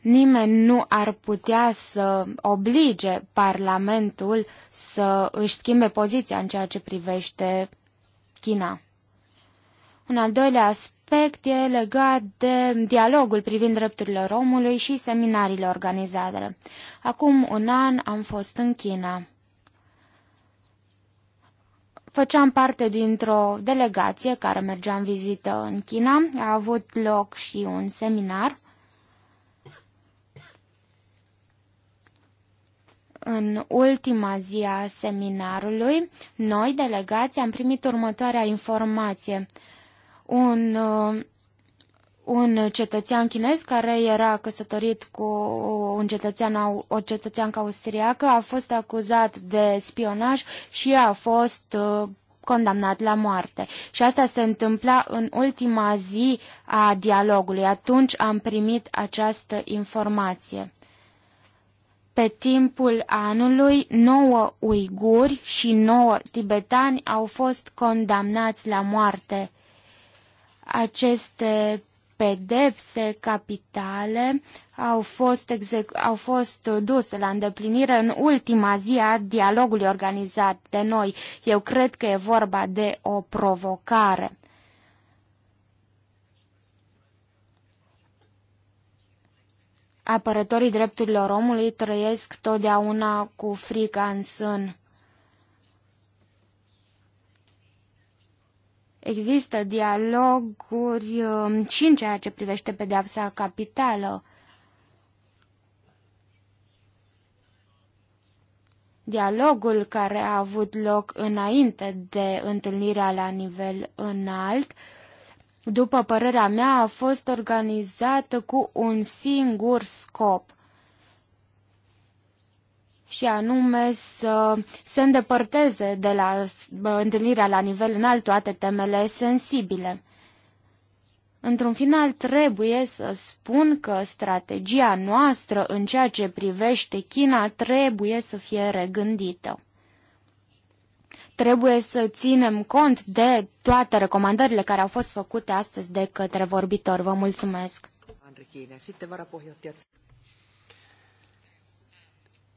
[SPEAKER 3] Nimeni nu ar putea să oblige Parlamentul să își schimbe poziția în ceea ce privește China. Un al doilea aspect aspect e legat de dialogul privind drepturile omului și seminariile organizate. Acum un an am fost în China. Făceam parte dintr-o delegație care mergea în vizită în China. A avut loc și un seminar. În ultima zi a seminarului, noi, delegații, am primit următoarea informație – un, uh, un cetățean chinez care era căsătorit cu un cetățean, o cetățeancă austriacă, a fost acuzat de spionaj și a fost uh, condamnat la moarte. Și asta se întâmpla în ultima zi a dialogului. Atunci am primit această informație. Pe timpul anului, nouă uiguri și nouă tibetani au fost condamnați la moarte aceste pedepse capitale au fost, au fost duse la îndeplinire în ultima zi a dialogului organizat de noi. Eu cred că e vorba de o provocare. Apărătorii drepturilor omului trăiesc totdeauna cu frica în sân. Există dialoguri um, și în ceea ce privește pedeapsa capitală. Dialogul care a avut loc înainte de întâlnirea la nivel înalt după părerea mea, a fost organizat cu un singur scop și anume să se îndepărteze de la întâlnirea la nivel înalt toate temele sensibile. Într-un final, trebuie să spun că strategia noastră în ceea ce privește China trebuie să fie regândită. Trebuie să ținem cont de toate recomandările care au fost făcute astăzi de către vorbitor. Vă mulțumesc!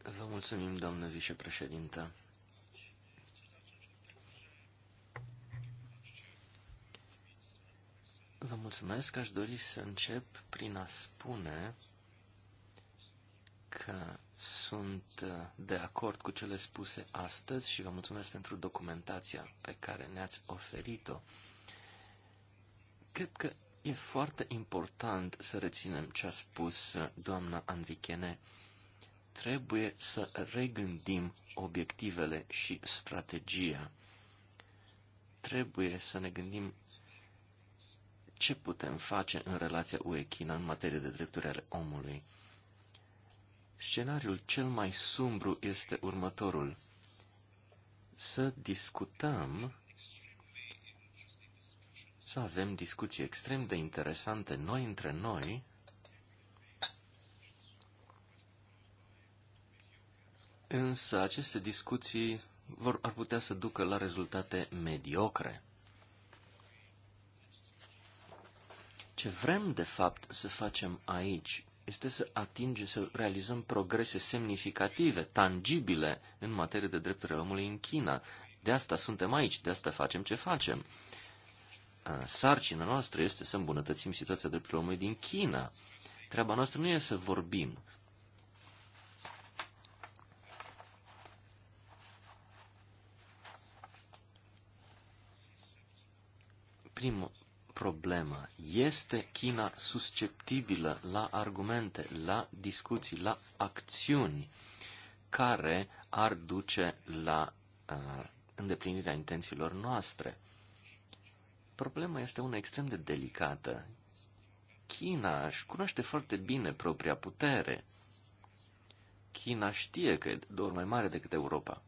[SPEAKER 1] Vă mulțumim, doamnă vicepreședintă. Vă mulțumesc. Aș dori să încep prin a spune că sunt de acord cu cele spuse astăzi și vă mulțumesc pentru documentația pe care ne-ați oferit-o. Cred că e foarte important să reținem ce a spus doamna Andrichene trebuie să regândim obiectivele și strategia. Trebuie să ne gândim ce putem face în relația UE-China în materie de drepturi ale omului. Scenariul cel mai sumbru este următorul. Să discutăm, să avem discuții extrem de interesante noi între noi, Însă aceste discuții vor, ar putea să ducă la rezultate mediocre. Ce vrem, de fapt, să facem aici este să atingem, să realizăm progrese semnificative, tangibile în materie de drepturile omului în China. De asta suntem aici, de asta facem ce facem. Sarcina noastră este să îmbunătățim situația drepturilor omului din China. Treaba noastră nu e să vorbim, primă problemă. Este China susceptibilă la argumente, la discuții, la acțiuni care ar duce la uh, îndeplinirea intențiilor noastre? Problema este una extrem de delicată. China își cunoaște foarte bine propria putere. China știe că e de ori mai mare decât Europa.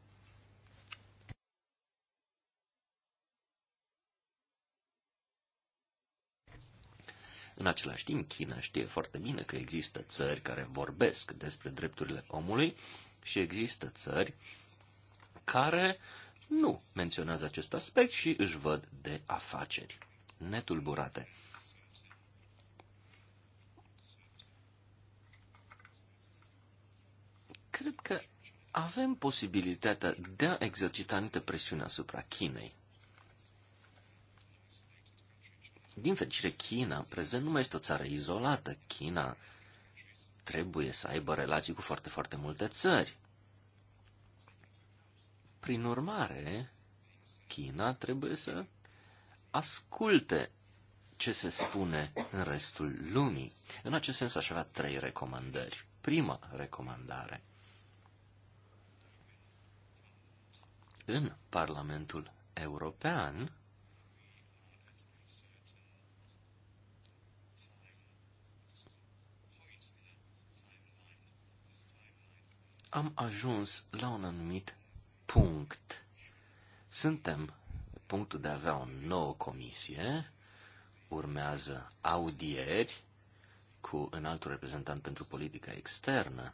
[SPEAKER 1] În același timp, China știe foarte bine că există țări care vorbesc despre drepturile omului și există țări care nu menționează acest aspect și își văd de afaceri netulburate. Cred că avem posibilitatea de a exercita anumite presiuni asupra Chinei. Din fericire, China, prezent, nu mai este o țară izolată. China trebuie să aibă relații cu foarte, foarte multe țări. Prin urmare, China trebuie să asculte ce se spune în restul lumii. În acest sens aș avea trei recomandări. Prima recomandare. În Parlamentul European am ajuns la un anumit punct. Suntem punctul de a avea o nouă comisie, urmează audieri cu înaltul reprezentant pentru politica externă.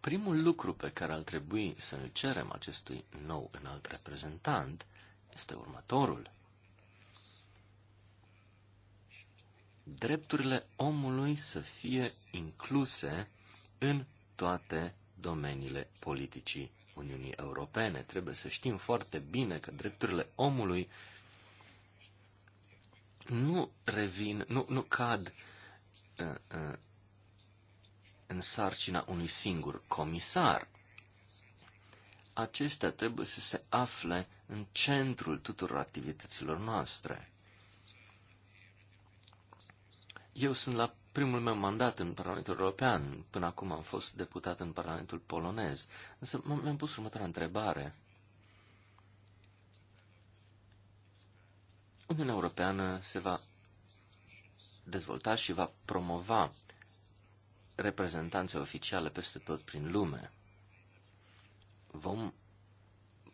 [SPEAKER 1] Primul lucru pe care ar trebui să l cerem acestui nou înalt reprezentant este următorul. drepturile omului să fie incluse în toate domeniile politicii Uniunii Europene. Trebuie să știm foarte bine că drepturile omului nu revin, nu, nu cad uh, uh, în sarcina unui singur comisar. Acestea trebuie să se afle în centrul tuturor activităților noastre. Eu sunt la primul meu mandat în Parlamentul European. Până acum am fost deputat în Parlamentul polonez. Însă mi-am pus următoarea întrebare. Uniunea Europeană se va dezvolta și va promova reprezentanțe oficiale peste tot prin lume. Vom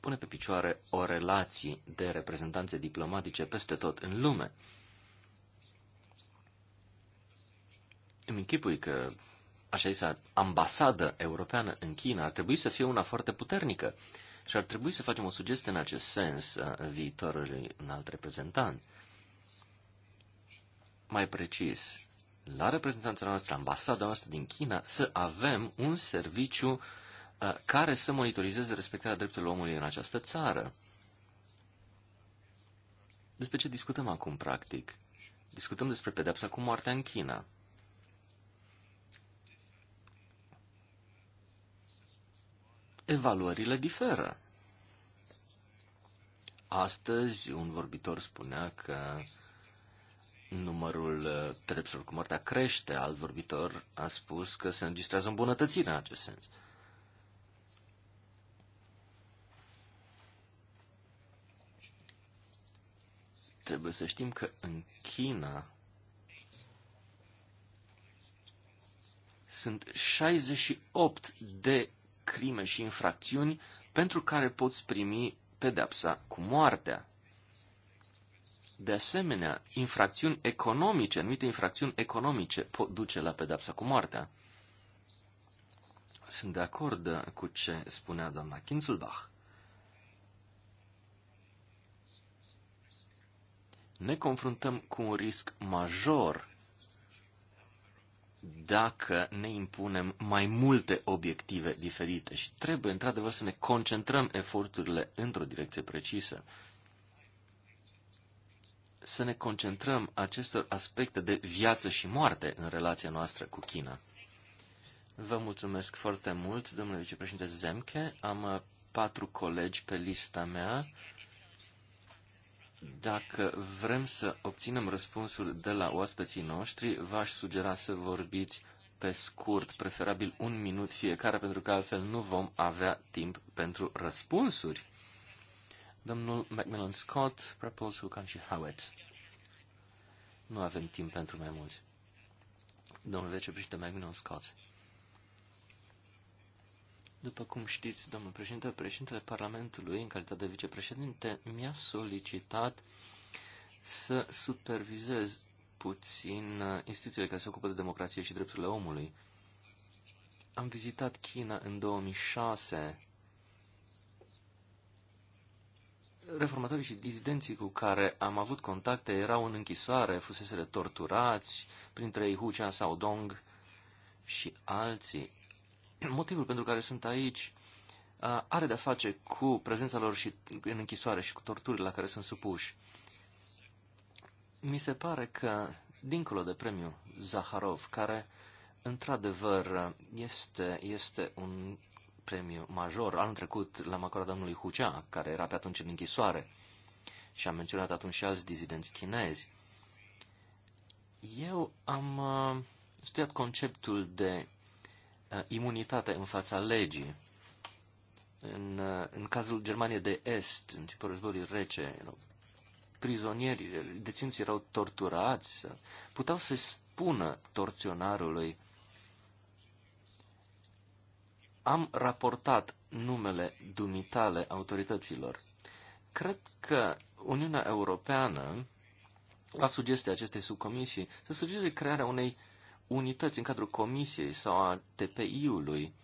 [SPEAKER 1] pune pe picioare o relație de reprezentanțe diplomatice peste tot în lume. Îmi închipui că așa zisă ambasadă europeană în China ar trebui să fie una foarte puternică și ar trebui să facem o sugestie în acest sens viitorului un alt reprezentant. Mai precis, la reprezentanța noastră, ambasada noastră din China, să avem un serviciu care să monitorizeze respectarea drepturilor omului în această țară. Despre ce discutăm acum, practic? Discutăm despre pedepsa cu moartea în China. evaluările diferă. Astăzi, un vorbitor spunea că numărul uh, pedepselor cu moartea crește, alt vorbitor a spus că se înregistrează îmbunătățire în acest sens. Trebuie să știm că în China sunt 68 de crime și infracțiuni pentru care poți primi pedepsa cu moartea. De asemenea, infracțiuni economice, anumite infracțiuni economice pot duce la pedepsa cu moartea. Sunt de acord cu ce spunea doamna Kinzelbach. Ne confruntăm cu un risc major dacă ne impunem mai multe obiective diferite și trebuie, într-adevăr, să ne concentrăm eforturile într-o direcție precisă. Să ne concentrăm acestor aspecte de viață și moarte în relația noastră cu China. Vă mulțumesc foarte mult, domnule vicepreședinte Zemke. Am uh, patru colegi pe lista mea dacă vrem să obținem răspunsul de la oaspeții noștri, v-aș sugera să vorbiți pe scurt, preferabil un minut fiecare, pentru că altfel nu vom avea timp pentru răspunsuri. Domnul Macmillan Scott, Proposal Country și Howard. Nu avem timp pentru mai mulți. Domnul vicepreședinte Macmillan Scott. După cum știți, domnul președinte, președintele Parlamentului, în calitate de vicepreședinte, mi-a solicitat să supervizez puțin uh, instituțiile care se ocupă de democrație și drepturile omului. Am vizitat China în 2006. Reformatorii și dizidenții cu care am avut contacte erau în închisoare, fusese torturați, printre ei Hu Chan Dong și alții. Motivul pentru care sunt aici are de-a face cu prezența lor și în închisoare și cu torturile la care sunt supuși. Mi se pare că, dincolo de premiul Zaharov, care într-adevăr este, este un premiu major, anul trecut l-am acordat domnului Hucea, care era pe atunci în închisoare și am menționat atunci și alți dizidenți chinezi, eu am uh, studiat conceptul de Uh, imunitate în fața legii. În, uh, în cazul Germaniei de Est, în timpul războiului rece, prizonieri, deținții erau torturați, puteau să spună torționarului am raportat numele dumitale autorităților. Cred că Uniunea Europeană, a sugestie acestei subcomisii, să sugeze crearea unei unități în cadrul comisiei sau a TPI-ului.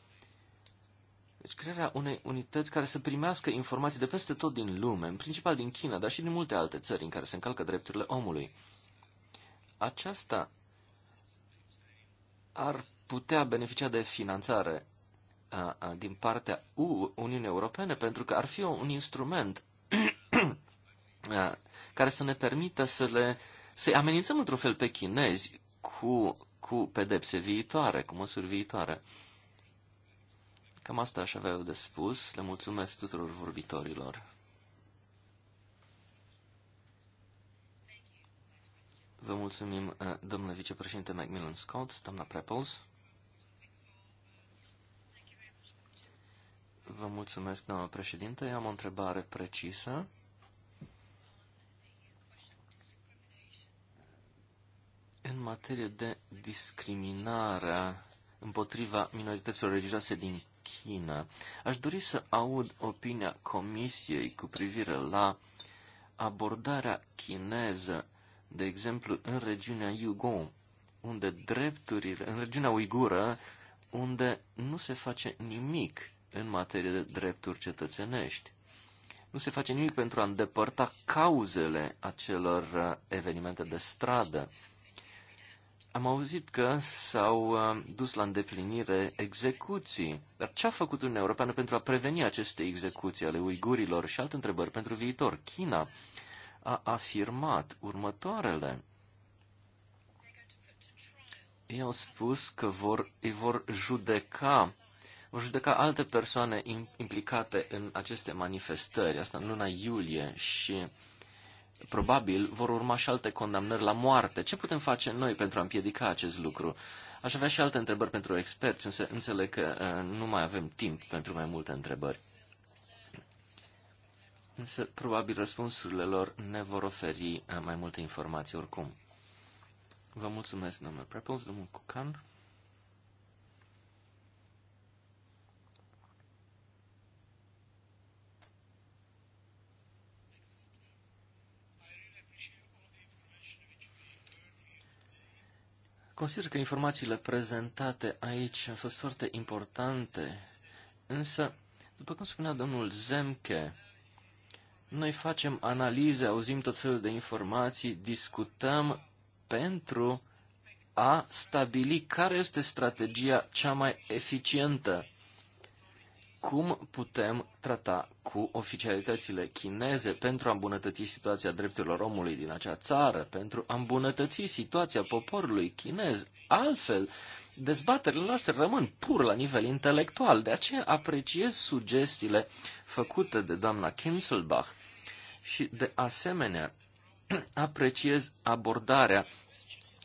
[SPEAKER 1] Deci crearea unei unități care să primească informații de peste tot din lume, în principal din China, dar și din multe alte țări în care se încalcă drepturile omului. Aceasta ar putea beneficia de finanțare a, a, din partea U, Uniunii Europene, pentru că ar fi un instrument *clears throat* a, care să ne permită să le să amenințăm într-un fel pe chinezi cu cu pedepse viitoare, cu măsuri viitoare. Cam asta aș avea eu de spus. Le mulțumesc tuturor vorbitorilor. Vă mulțumim, eh, domnule vicepreședinte Macmillan Scott, doamna Preples. Vă mulțumesc, doamnă președinte. Eu am o întrebare precisă. În materie de discriminarea împotriva minorităților religioase din China, aș dori să aud opinia Comisiei cu privire la abordarea chineză, de exemplu, în regiunea Yugong, unde drepturile, în regiunea uigură, unde nu se face nimic în materie de drepturi cetățenești. Nu se face nimic pentru a îndepărta cauzele acelor uh, evenimente de stradă. Am auzit că s-au uh, dus la îndeplinire execuții. Dar ce a făcut Uniunea Europeană pentru a preveni aceste execuții ale uigurilor? Și alte întrebări pentru viitor. China a afirmat următoarele. Ei au spus că vor, îi vor judeca, vor judeca alte persoane implicate în aceste manifestări, asta în luna iulie, și probabil vor urma și alte condamnări la moarte. Ce putem face noi pentru a împiedica acest lucru? Aș avea și alte întrebări pentru experți, însă înțeleg că uh, nu mai avem timp pentru mai multe întrebări. Însă, probabil, răspunsurile lor ne vor oferi uh, mai multe informații oricum. Vă mulțumesc, domnule Prepons, domnul Cucan. Consider că informațiile prezentate aici au fost foarte importante, însă, după cum spunea domnul Zemke, noi facem analize, auzim tot felul de informații, discutăm pentru a stabili care este strategia cea mai eficientă cum putem trata cu oficialitățile chineze pentru a îmbunătăți situația drepturilor omului din acea țară, pentru a îmbunătăți situația poporului chinez. Altfel, dezbaterile noastre rămân pur la nivel intelectual. De aceea apreciez sugestiile făcute de doamna Kinselbach și, de asemenea, *clears throat* apreciez abordarea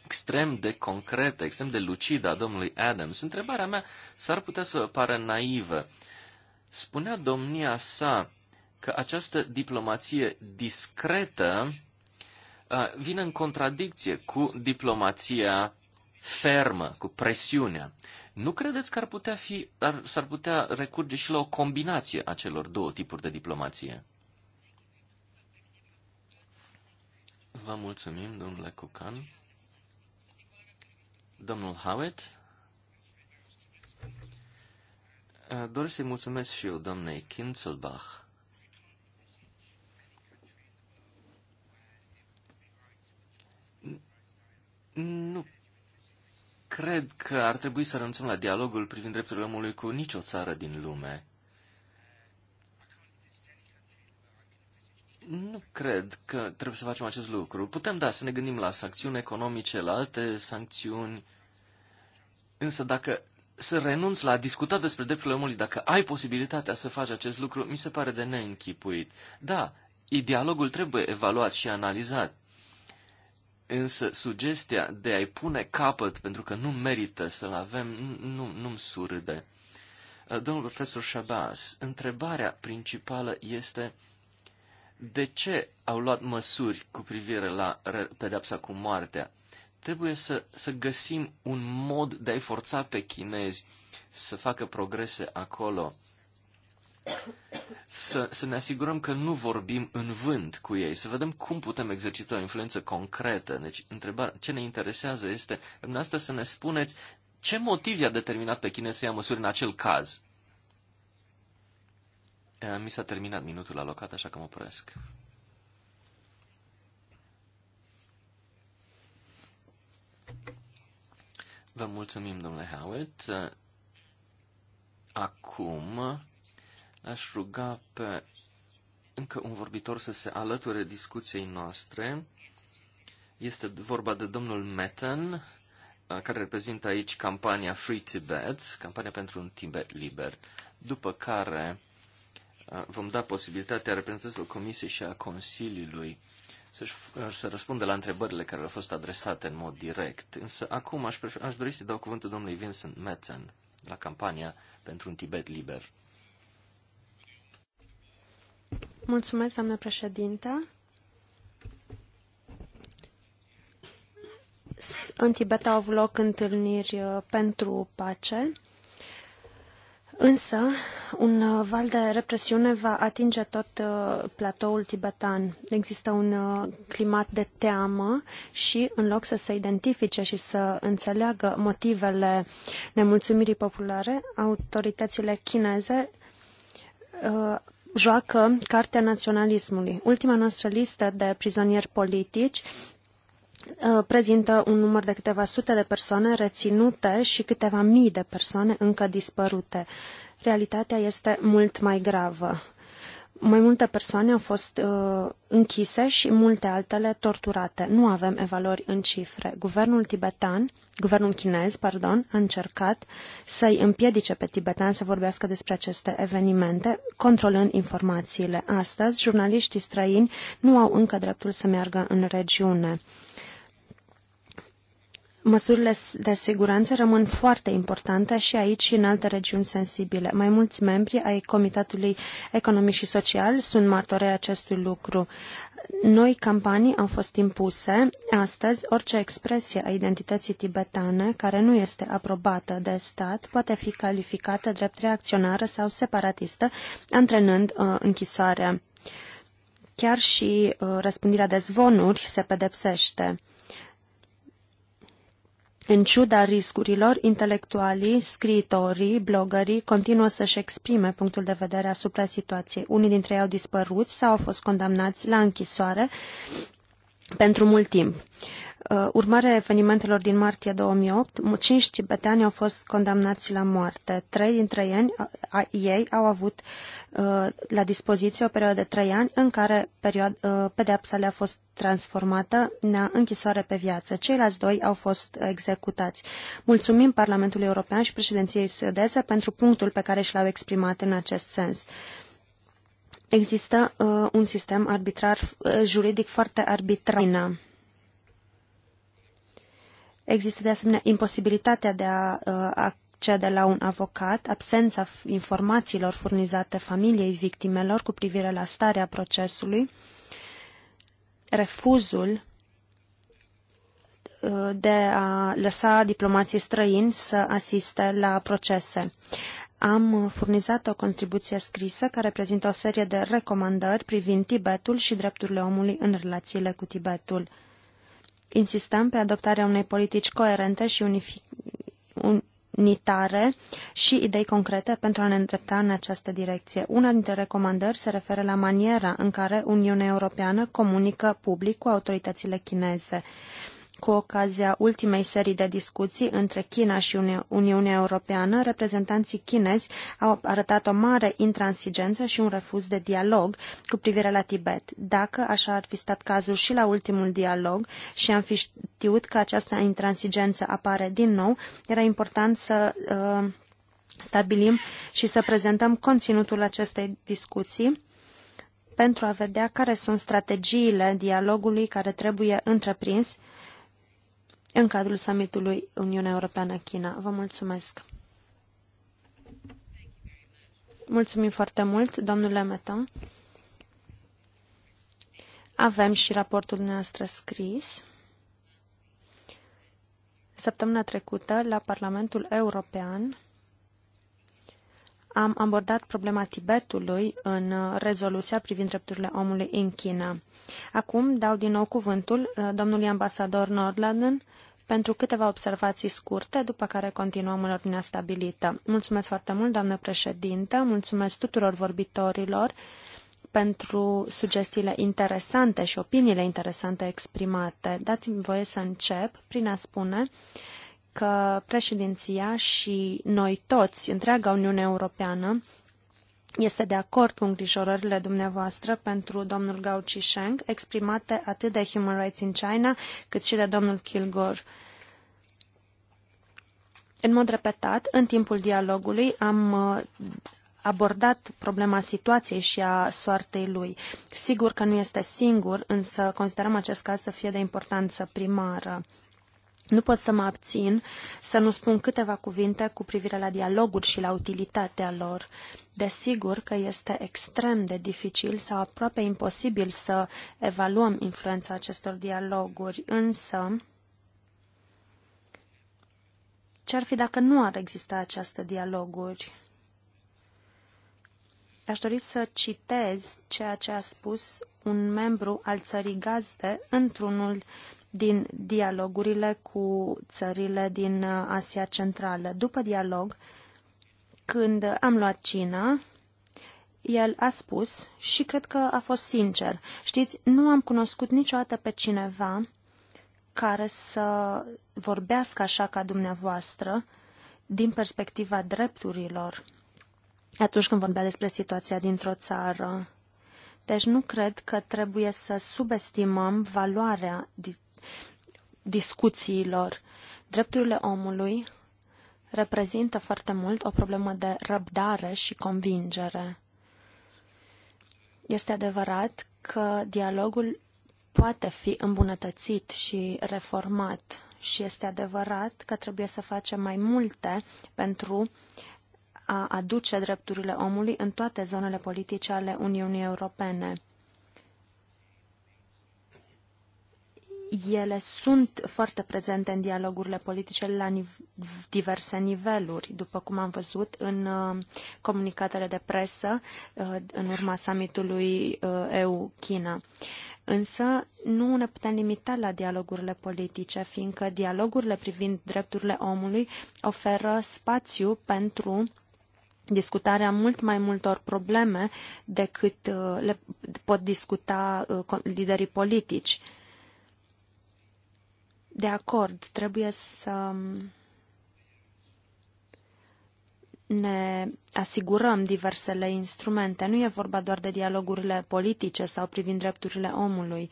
[SPEAKER 1] extrem de concretă, extrem de lucidă a domnului Adams. Întrebarea mea s-ar putea să pară naivă, Spunea domnia sa că această diplomație discretă vine în contradicție cu diplomația fermă, cu presiunea. Nu credeți că ar putea fi, ar, s-ar putea recurge și la o combinație a celor două tipuri de diplomație? Vă mulțumim, domnule Cucan. Domnul Howitt. Eh, doresc să-i mulțumesc și eu, doamnei Kinzelbach. Nu cred că ar trebui să renunțăm la dialogul privind drepturile omului cu nicio țară din lume. Nu cred că trebuie să facem acest lucru. Putem, da, să ne gândim la sancțiuni economice, la alte sancțiuni, însă dacă să renunți la a discuta despre drepturile omului, dacă ai posibilitatea să faci acest lucru, mi se pare de neînchipuit. Da, dialogul trebuie evaluat și analizat. Însă sugestia de a-i pune capăt, pentru că nu merită să-l avem, nu, nu-mi surâde. Uh, domnul profesor Shabazz, întrebarea principală este de ce au luat măsuri cu privire la pedepsa cu moartea? Trebuie să, să găsim un mod de a-i forța pe chinezi să facă progrese acolo. Să, să ne asigurăm că nu vorbim în vânt cu ei, să vedem cum putem exercita o influență concretă. Deci, întrebarea ce ne interesează este, dumneavoastră, să ne spuneți ce motiv i-a determinat pe chinezi să ia măsuri în acel caz. Eh, mi s-a terminat minutul alocat, așa că mă opresc. Vă mulțumim, domnule Howard. Acum aș ruga pe încă un vorbitor să se alăture discuției noastre. Este vorba de domnul Metten, care reprezintă aici campania Free Tibet, campania pentru un Tibet liber, după care uh, vom da posibilitatea reprezentanților Comisiei și a Consiliului Uh, să răspundă la întrebările care au fost adresate în mod direct. Însă acum aș, prefer, aș dori să dau cuvântul domnului Vincent Metzen la campania pentru un Tibet liber.
[SPEAKER 2] Mulțumesc, doamnă președinte. În Tibet au avut loc întâlniri uh, pentru pace Însă, un uh, val de represiune va atinge tot uh, platoul tibetan. Există un uh, climat de teamă și, în loc să se identifice și să înțeleagă motivele nemulțumirii populare, autoritățile chineze joacă cartea naționalismului. Ultima noastră listă de prizonieri politici Uh, prezintă un număr de câteva sute de persoane reținute și câteva mii de persoane încă dispărute. Realitatea este mult mai gravă. Mai multe persoane au fost uh, închise și multe altele torturate. Nu avem evaluări în cifre. Guvernul tibetan, guvernul chinez, pardon, a încercat să-i împiedice pe tibetani să vorbească despre aceste evenimente, controlând informațiile. Astăzi, jurnaliștii străini nu au încă dreptul să meargă în regiune măsurile de siguranță rămân foarte importante și aici și în alte regiuni sensibile. Mai mulți membri ai Comitatului Economic și Social sunt martorei acestui lucru. Noi campanii au fost impuse. Astăzi, orice expresie a identității tibetane care nu este aprobată de stat poate fi calificată drept reacționară sau separatistă, antrenând uh, închisoarea. Chiar și uh, răspândirea de zvonuri se pedepsește. În ciuda riscurilor, intelectualii, scriitorii, blogării continuă să-și exprime punctul de vedere asupra situației. Unii dintre ei au dispărut sau au fost condamnați la închisoare pentru mult timp. Uh, Uh, urmare a evenimentelor din martie 2008, cinci tibetani au fost condamnați la moarte. Trei dintre ei, uh, a, ei au avut a, uh, la dispoziție o perioadă de trei ani în care perioad, a, pedeapsa le-a fost transformată în închisoare pe viață. Ceilalți doi au fost executați. Mulțumim Parlamentului European și președinției suedeze pentru punctul pe care și l-au exprimat în acest sens există uh, un sistem arbitrar, uh, juridic foarte arbitrar. Există de asemenea imposibilitatea de a uh, accede la un avocat, absența informațiilor furnizate familiei victimelor cu privire la starea procesului, refuzul uh, de a lăsa diplomații străini să asiste la procese. Am furnizat o contribuție scrisă care prezintă o serie de recomandări privind Tibetul și drepturile omului în relațiile cu Tibetul insistăm pe adoptarea unei politici coerente și unitare și idei concrete pentru a ne îndrepta în această direcție. Una dintre recomandări se referă la maniera în care Uniunea Europeană comunică public cu autoritățile chineze. Uh, cu ocazia ultimei serii de discuții între China și Uni Uniunea Europeană, reprezentanții chinezi au arătat o mare intransigență și un refuz de dialog cu privire la Tibet. Dacă așa ar fi stat cazul și la ultimul dialog și am fi știut că această intransigență apare din nou, era important să uh, stabilim și să prezentăm conținutul acestei discuții pentru a vedea care sunt strategiile dialogului care trebuie întreprins în cadrul summitului Uniunea Europeană-China. Vă mulțumesc! Mulțumim foarte mult, domnule Meton. Avem și raportul dumneavoastră scris. Săptămâna trecută, la Parlamentul European, am abordat problema Tibetului în uh, rezoluția privind drepturile omului în China. Acum dau din nou cuvântul uh, domnului ambasador Norlanden pentru câteva observații scurte, după care continuăm în ordinea stabilită. Mulțumesc foarte mult, doamnă președintă, mulțumesc tuturor vorbitorilor pentru sugestiile interesante și opiniile interesante exprimate. Dați-mi voie să încep prin a spune uh, că președinția și noi toți, întreaga Uniune Europeană, este de acord cu îngrijorările dumneavoastră pentru domnul Gao Chisheng, exprimate atât de Human Rights in China, cât și de domnul Kilgore. În mod repetat, în timpul dialogului am uh, abordat problema situației și a soartei lui. Sigur că nu este singur, însă considerăm acest caz să fie de importanță primară. Nu pot să mă abțin să nu spun câteva cuvinte cu privire la dialoguri și la utilitatea lor. Desigur că este extrem de dificil sau aproape imposibil să evaluăm influența acestor dialoguri, însă ce-ar fi dacă nu ar exista aceste dialoguri? Aș dori să citez ceea ce a spus un membru al țării gazde într-unul din dialogurile cu țările din Asia Centrală. După dialog, când am luat China, el a spus și cred că a fost sincer. Știți, nu am cunoscut niciodată pe cineva care să vorbească așa ca dumneavoastră din perspectiva drepturilor atunci când vorbea despre situația dintr-o țară. Deci nu cred că trebuie să subestimăm valoarea discuțiilor. Drepturile omului reprezintă foarte mult o problemă de răbdare și convingere. Este adevărat că dialogul poate fi îmbunătățit și reformat și este adevărat că trebuie să facem mai multe pentru a aduce drepturile omului în toate zonele politice ale Uniunii Europene. ele sunt foarte prezente în dialogurile politice la nive diverse niveluri, după cum am văzut în uh, comunicatele de presă uh, în urma summitului uh, EU-China. Însă nu ne putem limita la dialogurile politice, fiindcă dialogurile privind drepturile omului oferă spațiu pentru discutarea mult mai multor probleme decât le pot discuta liderii politici de acord, trebuie să um, ne asigurăm diversele instrumente. Nu e vorba doar de dialogurile politice sau privind drepturile omului.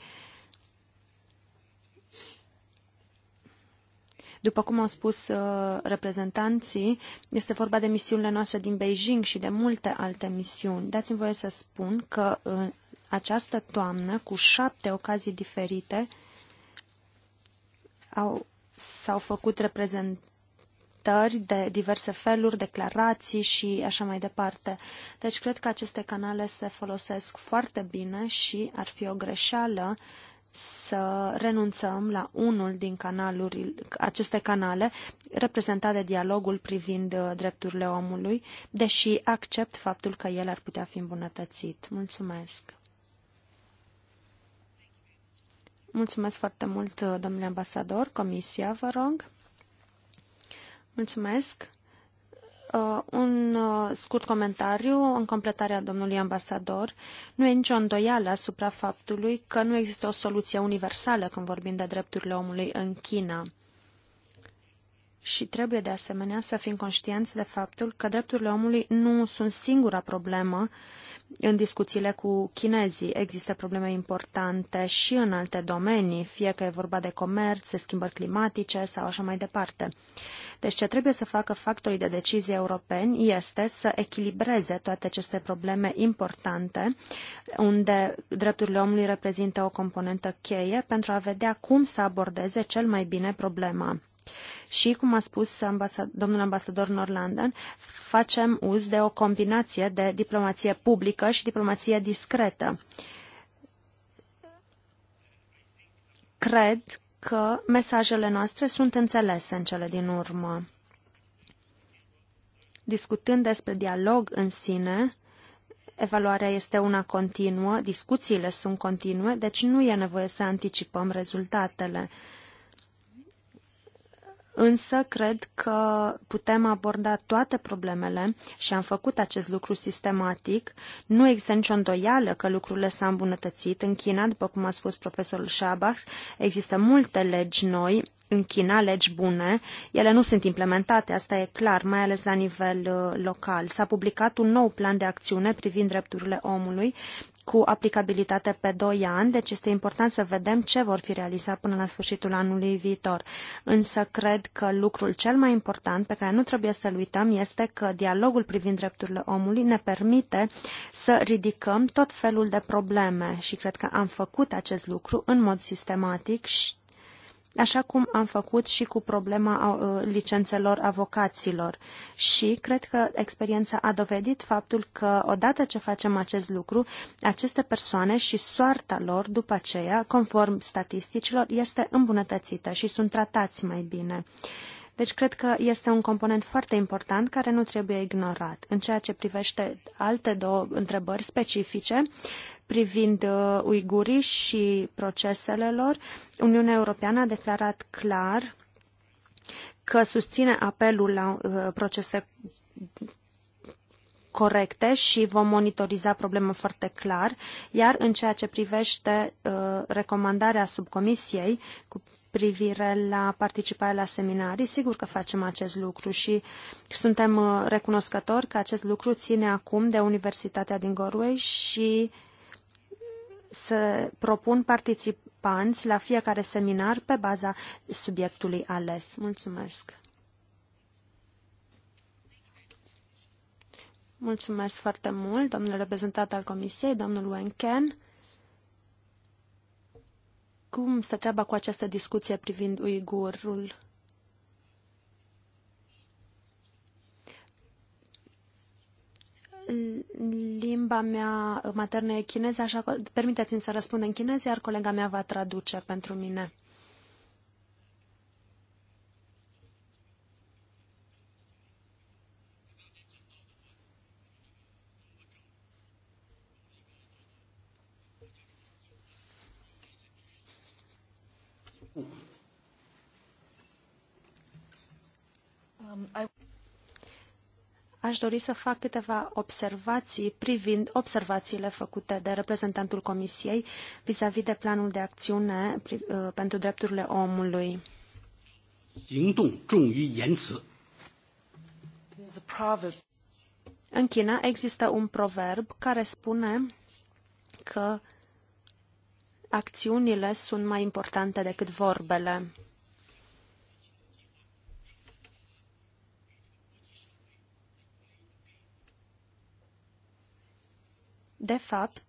[SPEAKER 2] După cum au spus uh, reprezentanții, este vorba de misiunile noastre din Beijing și de multe alte misiuni. Dați-mi voie să spun că în această toamnă, cu șapte ocazii diferite, uh, au, s-au făcut reprezentări de diverse feluri, declarații și așa mai departe. Deci cred că aceste canale se folosesc foarte bine și ar fi o greșeală să renunțăm la unul din canaluri, aceste canale reprezentate de dialogul privind uh, drepturile omului, deși accept faptul că el ar putea fi îmbunătățit. Mulțumesc! Mulțumesc foarte mult, uh, domnule ambasador. Comisia, vă rog. Mulțumesc. Uh, un uh, scurt comentariu în completarea domnului ambasador. Nu e nicio îndoială asupra faptului că nu există o soluție universală când vorbim de drepturile omului în China. Și trebuie de asemenea să fim conștienți de faptul că drepturile omului nu sunt singura problemă în discuțiile cu chinezii există probleme importante și în alte domenii, fie că e vorba de comerț, de schimbări climatice sau așa mai departe. Deci ce trebuie să facă factorii de decizie europeni este să echilibreze toate aceste probleme importante, unde drepturile omului reprezintă o componentă cheie pentru a vedea cum să abordeze cel mai bine problema. Și, cum a spus ambasad- domnul ambasador Norlanden, facem uz de o combinație de diplomație publică și diplomație discretă. Cred că mesajele noastre sunt înțelese în cele din urmă. Discutând despre dialog în sine, evaluarea este una continuă, discuțiile sunt continue, deci nu e nevoie să anticipăm rezultatele. Uh, însă cred că putem aborda toate problemele și am făcut acest lucru sistematic. Nu există nicio îndoială că lucrurile s-au îmbunătățit. În China, după cum a spus profesorul Shabach, există multe legi noi, în China legi bune, ele nu sunt implementate, asta e clar, mai ales la nivel uh, local. S-a publicat un nou plan de acțiune privind drepturile omului cu aplicabilitate pe 2 ani, deci este important să vedem ce vor fi realizat până la sfârșitul anului viitor. Însă cred că lucrul cel mai important pe care nu trebuie să-l uităm este că dialogul privind drepturile omului ne permite să ridicăm tot felul de probleme și cred că am făcut acest lucru în mod sistematic și așa cum am făcut și cu problema licențelor avocaților. Și cred că experiența a dovedit faptul că odată ce facem acest lucru, aceste persoane și soarta lor după aceea, conform statisticilor, este îmbunătățită și sunt tratați mai bine. Uh, deci cred că este un component foarte important care nu trebuie ignorat. În ceea ce privește alte două întrebări specifice, privind uh, uigurii și procesele lor, Uniunea Europeană a declarat clar că susține apelul la uh, procese corecte și vom monitoriza problema foarte clar, iar în ceea ce privește uh, recomandarea subcomisiei cu privire la participarea la seminarii. Sigur că facem acest lucru și suntem uh, recunoscători că acest lucru ține acum de Universitatea din Gorway și să propun participanți la fiecare seminar pe baza subiectului ales. Mulțumesc! Mulțumesc foarte mult, domnule reprezentant al Comisiei, domnul Wenken. Cum se treaba cu această discuție privind uigurul? limba mea maternă e chineză, așa că permiteți-mi să răspund în chineză, iar colega mea va traduce pentru mine. Um, Aș dori să fac câteva observații privind observațiile făcute de reprezentantul Comisiei vis-a-vis -vis de planul de acțiune uh, pentru drepturile omului. în China există un proverb care spune că acțiunile sunt mai importante decât vorbele. De fapt,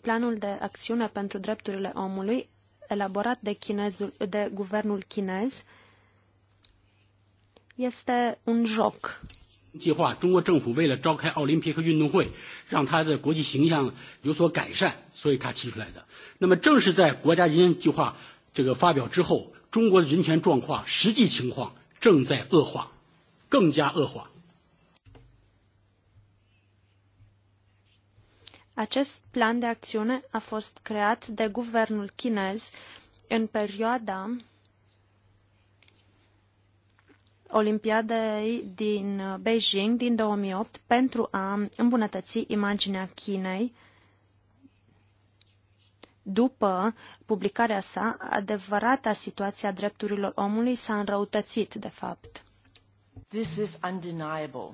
[SPEAKER 2] planul de acțiune pentru drepturile omului, elaborat de, chinezul, de guvernul chinez, este un joc.
[SPEAKER 1] 计划，中国政府为了召开奥林匹克运动会，让它的国际形象有所改善，所以他提出来的。那么，正是在国家人权计划这个发表之后，中国的人权状况实际情况正在恶化，更加恶化。
[SPEAKER 2] Acest plan de acțiune a fost creat de guvernul chinez în perioada Olimpiadei din Beijing din 2008 pentru a îmbunătăți imaginea Chinei după publicarea sa, adevărata situație a drepturilor omului s-a înrăutățit, de fapt.
[SPEAKER 1] This is undeniable.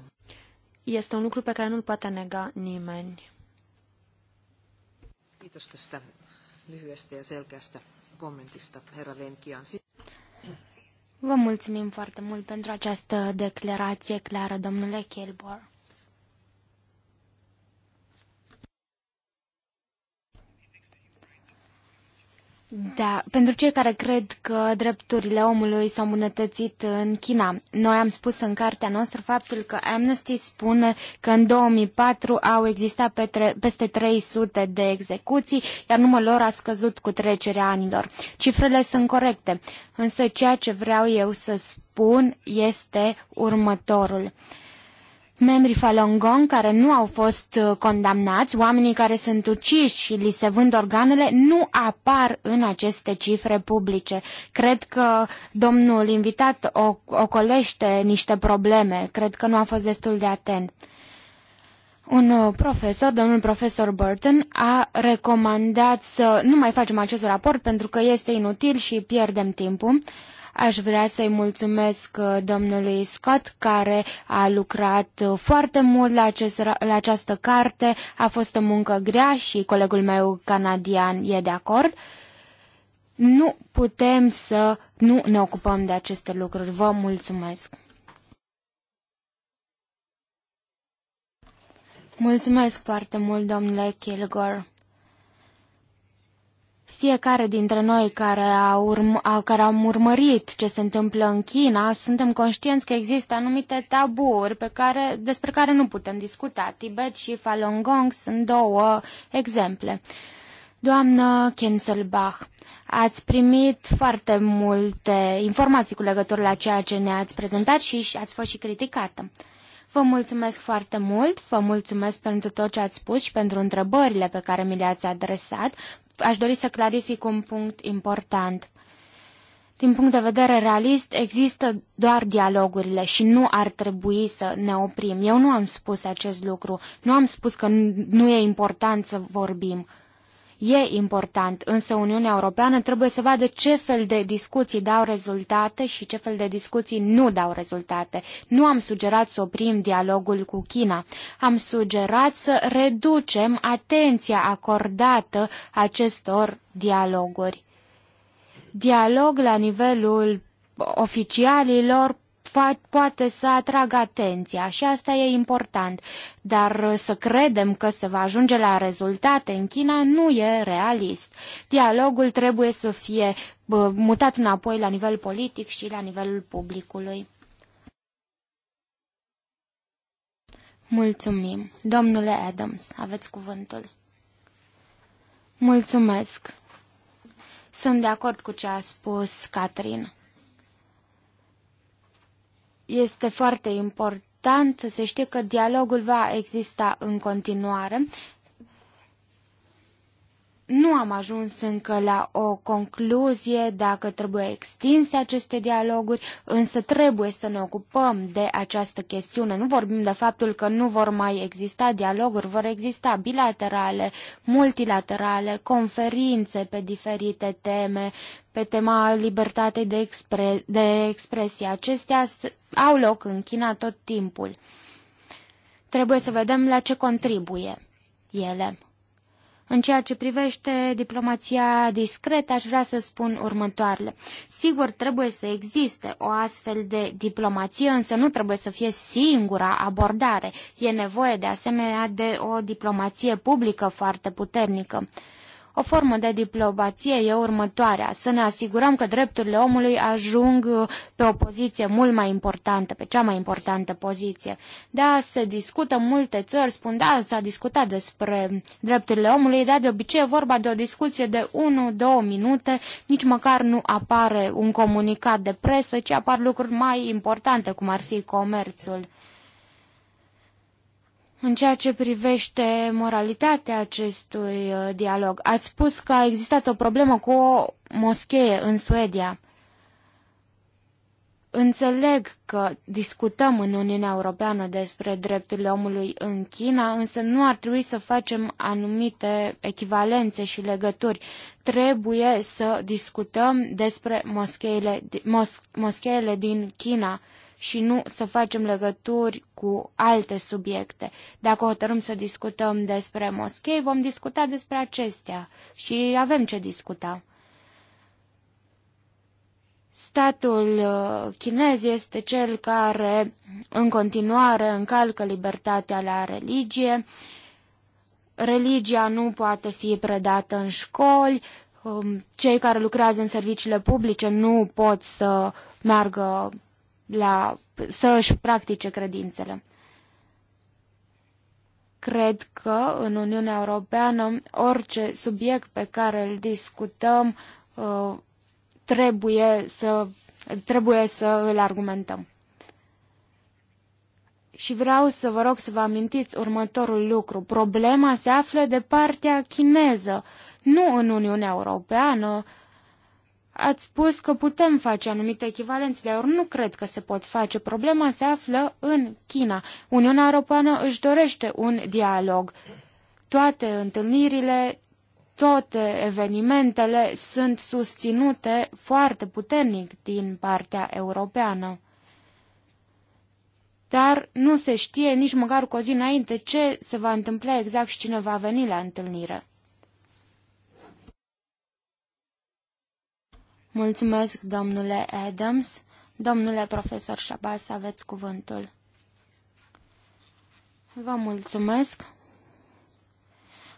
[SPEAKER 2] Este un lucru pe care nu-l poate nega nimeni.
[SPEAKER 1] Kiitos tästä lyhyestä ja selkeästä kommentista, herra Venkian.
[SPEAKER 3] Vă mulțumim foarte mult pentru această declarație clară, domnule Kilbor. Da, pentru cei care cred că drepturile omului s-au îmbunătățit în China, noi am spus în cartea noastră faptul că Amnesty spune că în 2004 au existat petre, peste 300 de execuții, iar numărul lor a scăzut cu trecerea anilor. Cifrele sunt corecte, însă ceea ce vreau eu să spun este următorul. Uh, membrii Falun Gong care nu au fost uh, condamnați, oamenii care sunt uciși și li se vând organele, nu apar în aceste cifre publice. Cred că domnul invitat o, ocolește niște probleme. Cred că nu a fost destul de atent. Un uh, profesor, domnul profesor Burton, a recomandat să nu mai facem acest raport pentru că este inutil și pierdem timpul. Aș vrea să-i mulțumesc uh, domnului Scott, care a lucrat uh, foarte mult la, acest, la această carte. A fost o muncă grea și colegul meu canadian e de acord. Nu putem să nu ne ocupăm de aceste lucruri. Vă mulțumesc! Mulțumesc foarte mult, domnule Kilgore. Fiecare dintre noi care, a urm- care am urmărit ce se întâmplă în China, suntem conștienți că există anumite taburi pe care, despre care nu putem discuta. Tibet și Falun Gong sunt două exemple. Doamnă Kenzelbach, ați primit foarte multe informații cu legătură la ceea ce ne-ați prezentat și ați fost și criticată. Vă mulțumesc foarte mult, vă mulțumesc pentru tot ce ați spus și pentru întrebările pe care mi le-ați adresat. Aș dori să clarific un punct important. Din punct de vedere realist, există doar dialogurile și nu ar trebui să ne oprim. Eu nu am spus acest lucru, nu am spus că nu e important să vorbim. E important, însă Uniunea Europeană trebuie să vadă ce fel de discuții dau rezultate și ce fel de discuții nu dau rezultate. Nu am sugerat să oprim dialogul cu China. Am sugerat să reducem atenția acordată acestor dialoguri. Dialog la nivelul oficialilor poate să atragă atenția și asta e important. Dar să credem că se va ajunge la rezultate în China nu e realist. Dialogul trebuie să fie mutat înapoi la nivel politic și la nivelul publicului. Mulțumim. Domnule Adams, aveți cuvântul. Mulțumesc. Sunt de acord cu ce a spus Catherine. Este foarte important să se știe că dialogul va exista în continuare nu am ajuns încă la o concluzie dacă trebuie extinse aceste dialoguri, însă trebuie să ne ocupăm de această chestiune. Nu vorbim de faptul că nu vor mai exista dialoguri, vor exista bilaterale, multilaterale, conferințe pe diferite teme, pe tema libertatei de, expre- de expresie. Acestea au loc în China tot timpul. Trebuie să vedem la ce contribuie ele. În ceea ce privește diplomația discretă, aș vrea să spun următoarele. Sigur, trebuie să existe o astfel de diplomație, însă nu trebuie să fie singura abordare. E nevoie de asemenea de o diplomație publică foarte puternică. O formă de diplomație e următoarea, să ne asigurăm că drepturile omului ajung pe o poziție mult mai importantă, pe cea mai importantă poziție. Da, se discută multe țări, spun, da, s-a discutat despre drepturile omului, dar de obicei e vorba de o discuție de 1-2 minute, nici măcar nu apare un comunicat de presă, ci apar lucruri mai importante, cum ar fi comerțul. În ceea ce privește moralitatea acestui uh, dialog, ați spus că a existat o problemă cu o moschee în Suedia. Înțeleg că discutăm în Uniunea Europeană despre drepturile omului în China, însă nu ar trebui să facem anumite echivalențe și legături. Trebuie să discutăm despre moscheile, mos, moscheile din China și nu să facem legături cu alte subiecte. Dacă hotărâm să discutăm despre moschei, vom discuta despre acestea și avem ce discuta. Statul uh, chinez este cel care în continuare încalcă libertatea la religie. Religia nu poate fi predată în școli, um, cei care lucrează în serviciile publice nu pot să meargă la, să își practice credințele. Cred că în Uniunea Europeană orice subiect pe care îl discutăm uh, trebuie să, trebuie să îl argumentăm. Și vreau să vă rog să vă amintiți următorul lucru. Problema se află de partea chineză, nu în Uniunea Europeană, Ați spus că putem face anumite echivalenți, dar nu cred că se pot face. Problema se află în China. Uniunea Europeană își dorește un dialog. Toate întâlnirile, toate evenimentele sunt susținute foarte puternic din partea europeană. Dar nu se știe nici măcar cu o zi înainte ce se va întâmpla exact și cine va veni la întâlnire. Mulțumesc, domnule Adams. Domnule profesor Șabas, aveți cuvântul. Vă mulțumesc.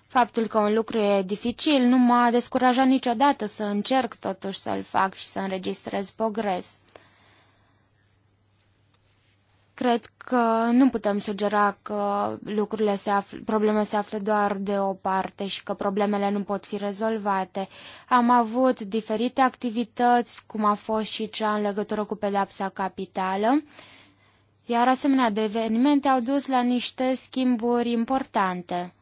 [SPEAKER 3] Faptul că un lucru e dificil nu m-a descurajat niciodată să încerc totuși să-l fac și să înregistrez progres. Cred că nu putem sugera că lucrurile se află, probleme se află doar de o parte și că problemele nu pot fi rezolvate. Am avut diferite activități, cum a fost și cea în legătură cu pedapsa capitală, iar asemenea de evenimente au dus la niște schimburi importante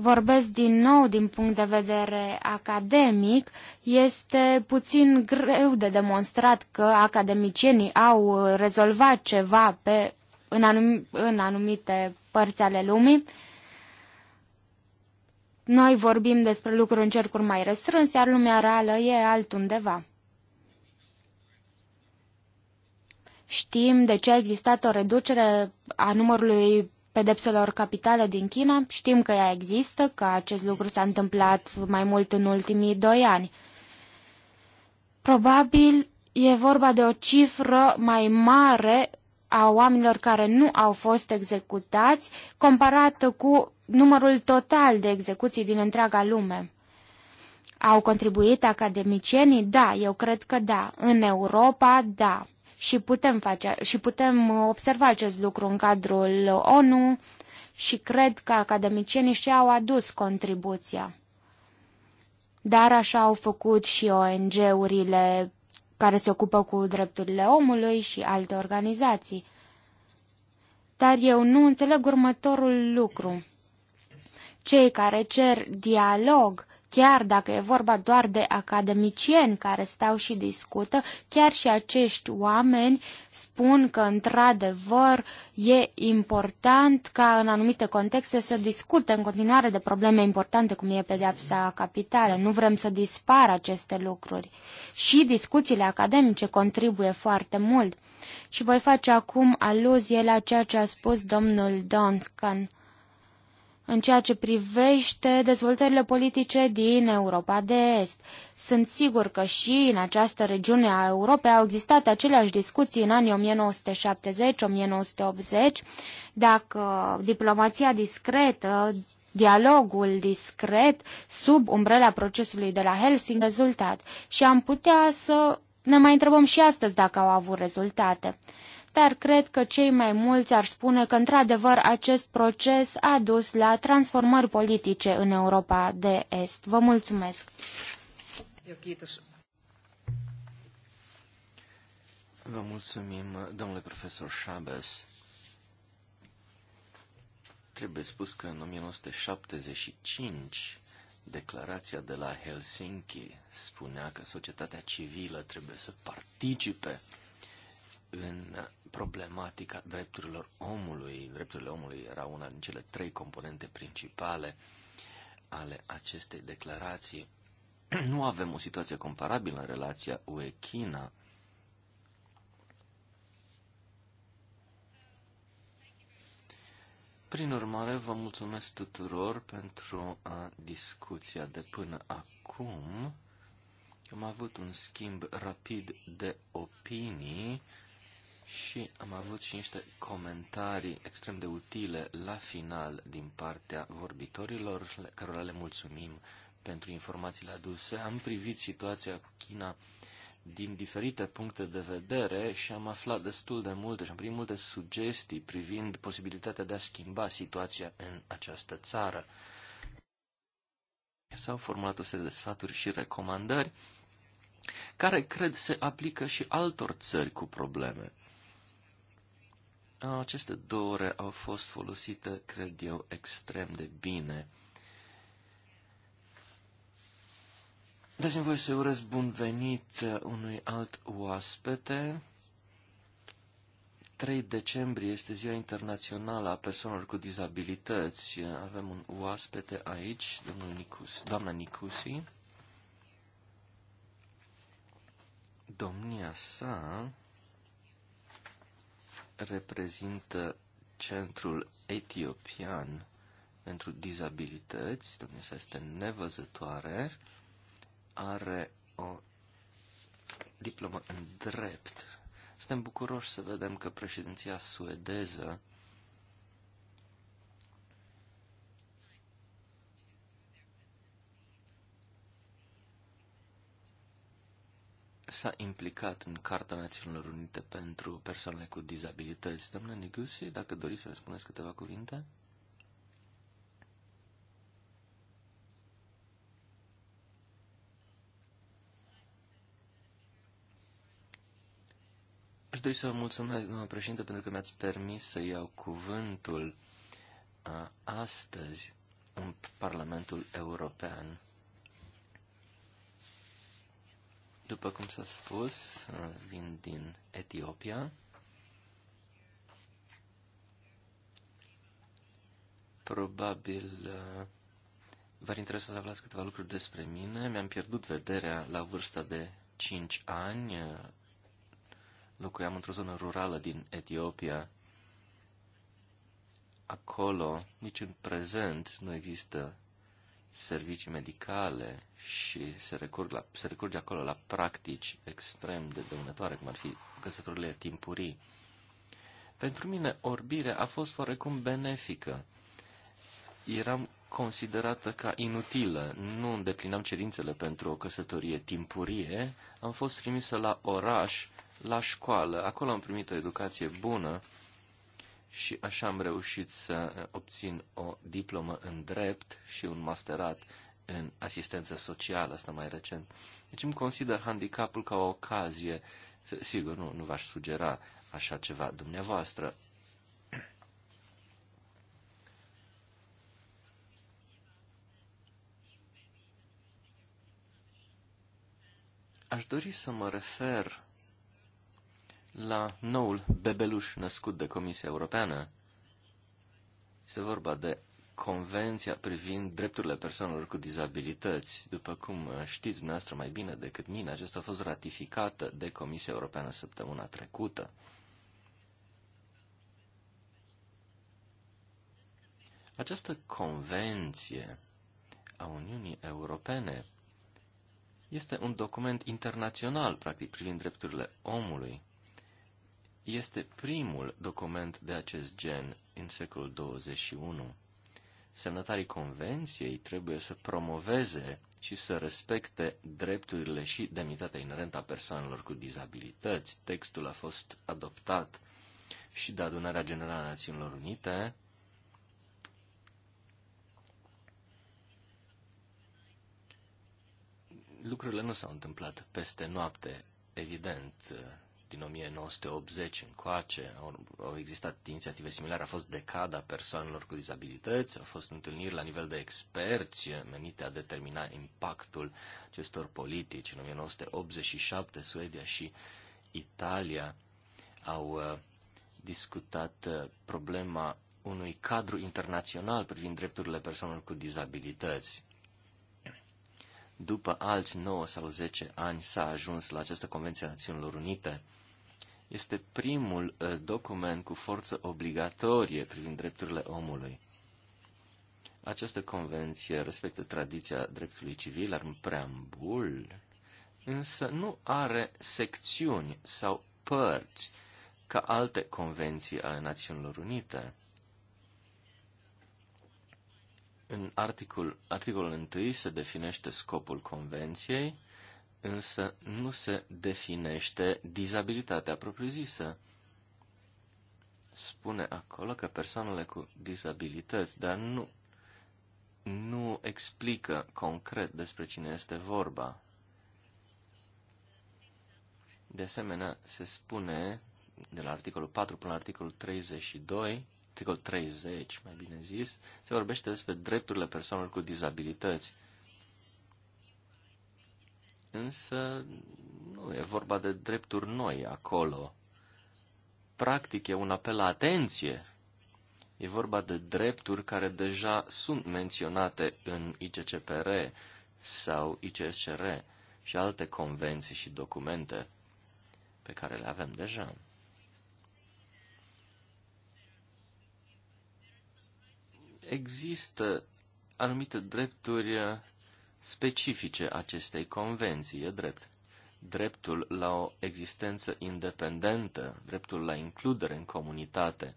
[SPEAKER 3] vorbesc din nou din punct de vedere academic, este puțin greu de demonstrat că academicienii au rezolvat ceva pe, în, anum, în anumite părți ale lumii. Noi vorbim despre lucruri în cercuri mai restrâns, iar lumea reală e altundeva. Știm de ce a existat o reducere a numărului pedepselor capitale din China. Știm că ea există, că acest lucru s-a întâmplat mai mult în ultimii doi ani. Probabil e vorba de o cifră mai mare a oamenilor care nu au fost executați, comparată cu numărul total de execuții din întreaga lume. Au contribuit academicienii? Da, eu cred că da. În Europa, da și putem, face, și putem uh, observa acest lucru în cadrul ONU și cred că academicienii și-au adus contribuția. Dar așa au făcut și ONG-urile care se ocupă cu drepturile omului și alte organizații. Dar eu nu înțeleg următorul lucru. Cei care cer dialog Chiar dacă e vorba doar de academicieni care stau și discută, chiar și acești oameni spun că, într-adevăr, e important ca în anumite contexte să discute în continuare de probleme importante, cum e pedeapsa capitală. Nu vrem să dispară aceste lucruri. Și discuțiile academice contribuie foarte mult. Și voi face acum aluzie la ceea ce a spus domnul Donscan în ceea ce privește dezvoltările politice din Europa de Est. Sunt sigur că și în această regiune a Europei au existat aceleași discuții în anii 1970-1980, dacă diplomația discretă dialogul discret sub umbrela procesului de la Helsinki rezultat și am putea să ne mai întrebăm și astăzi dacă au avut rezultate dar cred că cei mai mulți ar spune că, într-adevăr, acest proces a dus la transformări politice în Europa de Est. Vă mulțumesc!
[SPEAKER 1] Vă mulțumim, domnule profesor Chavez. Trebuie spus că în 1975 Declarația de la Helsinki spunea că societatea civilă trebuie să participe în problematica drepturilor omului. Drepturile omului era una din cele trei componente principale ale acestei declarații. Nu avem o situație comparabilă în relația UE-China. Prin urmare, vă mulțumesc tuturor pentru a, discuția de până acum. Am avut un schimb rapid de opinii și am avut și niște comentarii extrem de utile la final din partea vorbitorilor, cărora le mulțumim pentru informațiile aduse. Am privit situația cu China din diferite puncte de vedere și am aflat destul de multe și am primit multe sugestii privind posibilitatea de a schimba situația în această țară. S-au formulat o serie de sfaturi și recomandări care cred se aplică și altor țări cu probleme. Ah, aceste două ore au fost folosite, cred eu, extrem de bine. Dați-mi voi să urez bun venit uh, unui alt oaspete. 3 decembrie este Ziua Internațională a Persoanelor cu Dizabilități. Avem un oaspete aici, domnul Nicus, doamna Nicusi. Domnia sa reprezintă Centrul Etiopian pentru Dizabilități, dumneavoastră este nevăzătoare, are o diplomă în drept. Suntem bucuroși să vedem că președinția suedeză s-a implicat în Carta Națiunilor Unite pentru persoanele cu dizabilități. Doamna Negusi, dacă doriți să ne spuneți câteva cuvinte? Aș dori să vă mulțumesc, doamna președinte, pentru că mi-ați permis să iau cuvântul uh, astăzi în Parlamentul European. După cum s-a spus, vin din Etiopia. Probabil uh, v-ar interesa să aflați câteva lucruri despre mine. Mi-am pierdut vederea la vârsta de 5 ani. Uh, locuiam într-o zonă rurală din Etiopia. Acolo, nici în prezent, nu există servicii medicale și se, recurg la, se recurge acolo la practici extrem de dăunătoare, cum ar fi căsătorile timpurii. Pentru mine, orbirea a fost oarecum benefică. Eram considerată ca inutilă, nu îndeplinam cerințele pentru o căsătorie timpurie, am fost trimisă la oraș, la școală, acolo am primit o educație bună, și așa am reușit să eh, obțin o diplomă în drept și un masterat în asistență socială, asta mai recent. Deci îmi consider handicapul ca o ocazie. Sigur, nu, nu v-aș sugera așa ceva dumneavoastră. Aș dori să mă refer la noul bebeluș născut de Comisia Europeană. Este vorba de Convenția privind drepturile persoanelor cu dizabilități. După cum știți dumneavoastră mai bine decât mine, acesta a fost ratificată de Comisia Europeană săptămâna trecută. Această convenție a Uniunii Europene este un document internațional, practic, privind drepturile omului. Este primul document de acest gen în secolul 21. Semnătarii convenției trebuie să promoveze și să respecte drepturile și demnitatea inerentă a persoanelor cu dizabilități. Textul a fost adoptat și de Adunarea Generală a Națiunilor Unite lucrurile nu s-au întâmplat peste noapte, evident din 1980 încoace au, au existat inițiative similare, a fost decada persoanelor cu dizabilități, au fost întâlniri la nivel de experți menite a determina impactul acestor politici. În 1987 Suedia și Italia au uh, discutat uh, problema unui cadru internațional privind drepturile persoanelor cu dizabilități după alți 9 sau 10 ani s-a ajuns la această Convenție a Națiunilor Unite este primul uh, document cu forță obligatorie privind drepturile omului. Această convenție respectă tradiția dreptului civil, ar un preambul, însă nu are secțiuni sau părți ca alte convenții ale Națiunilor Unite. În articol, articolul 1 se definește scopul convenției, însă nu se definește dizabilitatea propriu-zisă. Spune acolo că persoanele cu dizabilități, dar nu, nu explică concret despre cine este vorba. De asemenea, se spune de la articolul 4 până la articolul 32, articolul 30, mai bine zis, se vorbește despre drepturile persoanelor cu dizabilități. Însă nu e vorba de drepturi noi acolo. Practic e un apel la atenție. E vorba de drepturi care deja sunt menționate în ICCPR sau ICSCR și alte convenții și documente pe care le avem deja. Există anumite drepturi specifice acestei convenții, e drept. Dreptul la o existență independentă, dreptul la includere în comunitate,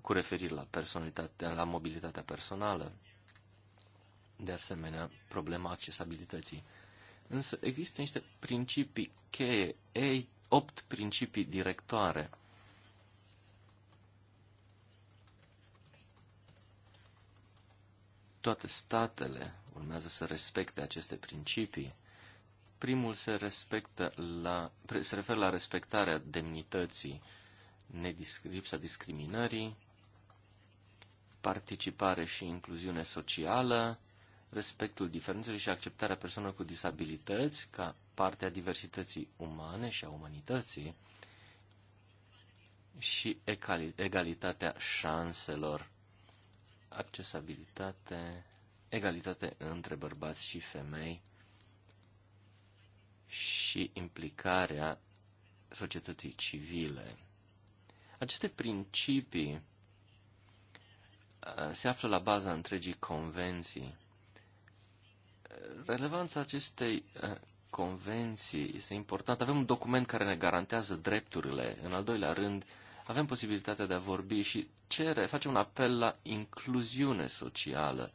[SPEAKER 1] cu referire la, personalitate, la mobilitatea personală, de asemenea, problema accesabilității. Însă există niște principii cheie, ei, opt principii directoare. Toate statele urmează să respecte aceste principii. Primul se, respectă la, se referă la respectarea demnității, lipsa discriminării, participare și incluziune socială, respectul diferențelor și acceptarea persoanelor cu disabilități ca parte a diversității umane și a umanității și egalitatea șanselor, accesibilitate egalitate între bărbați și femei și implicarea societății civile. Aceste principii uh, se află la baza întregii convenții. Relevanța acestei uh, convenții este importantă. Avem un document care ne garantează drepturile. În al doilea rând, avem posibilitatea de a vorbi și cere, face un apel la incluziune socială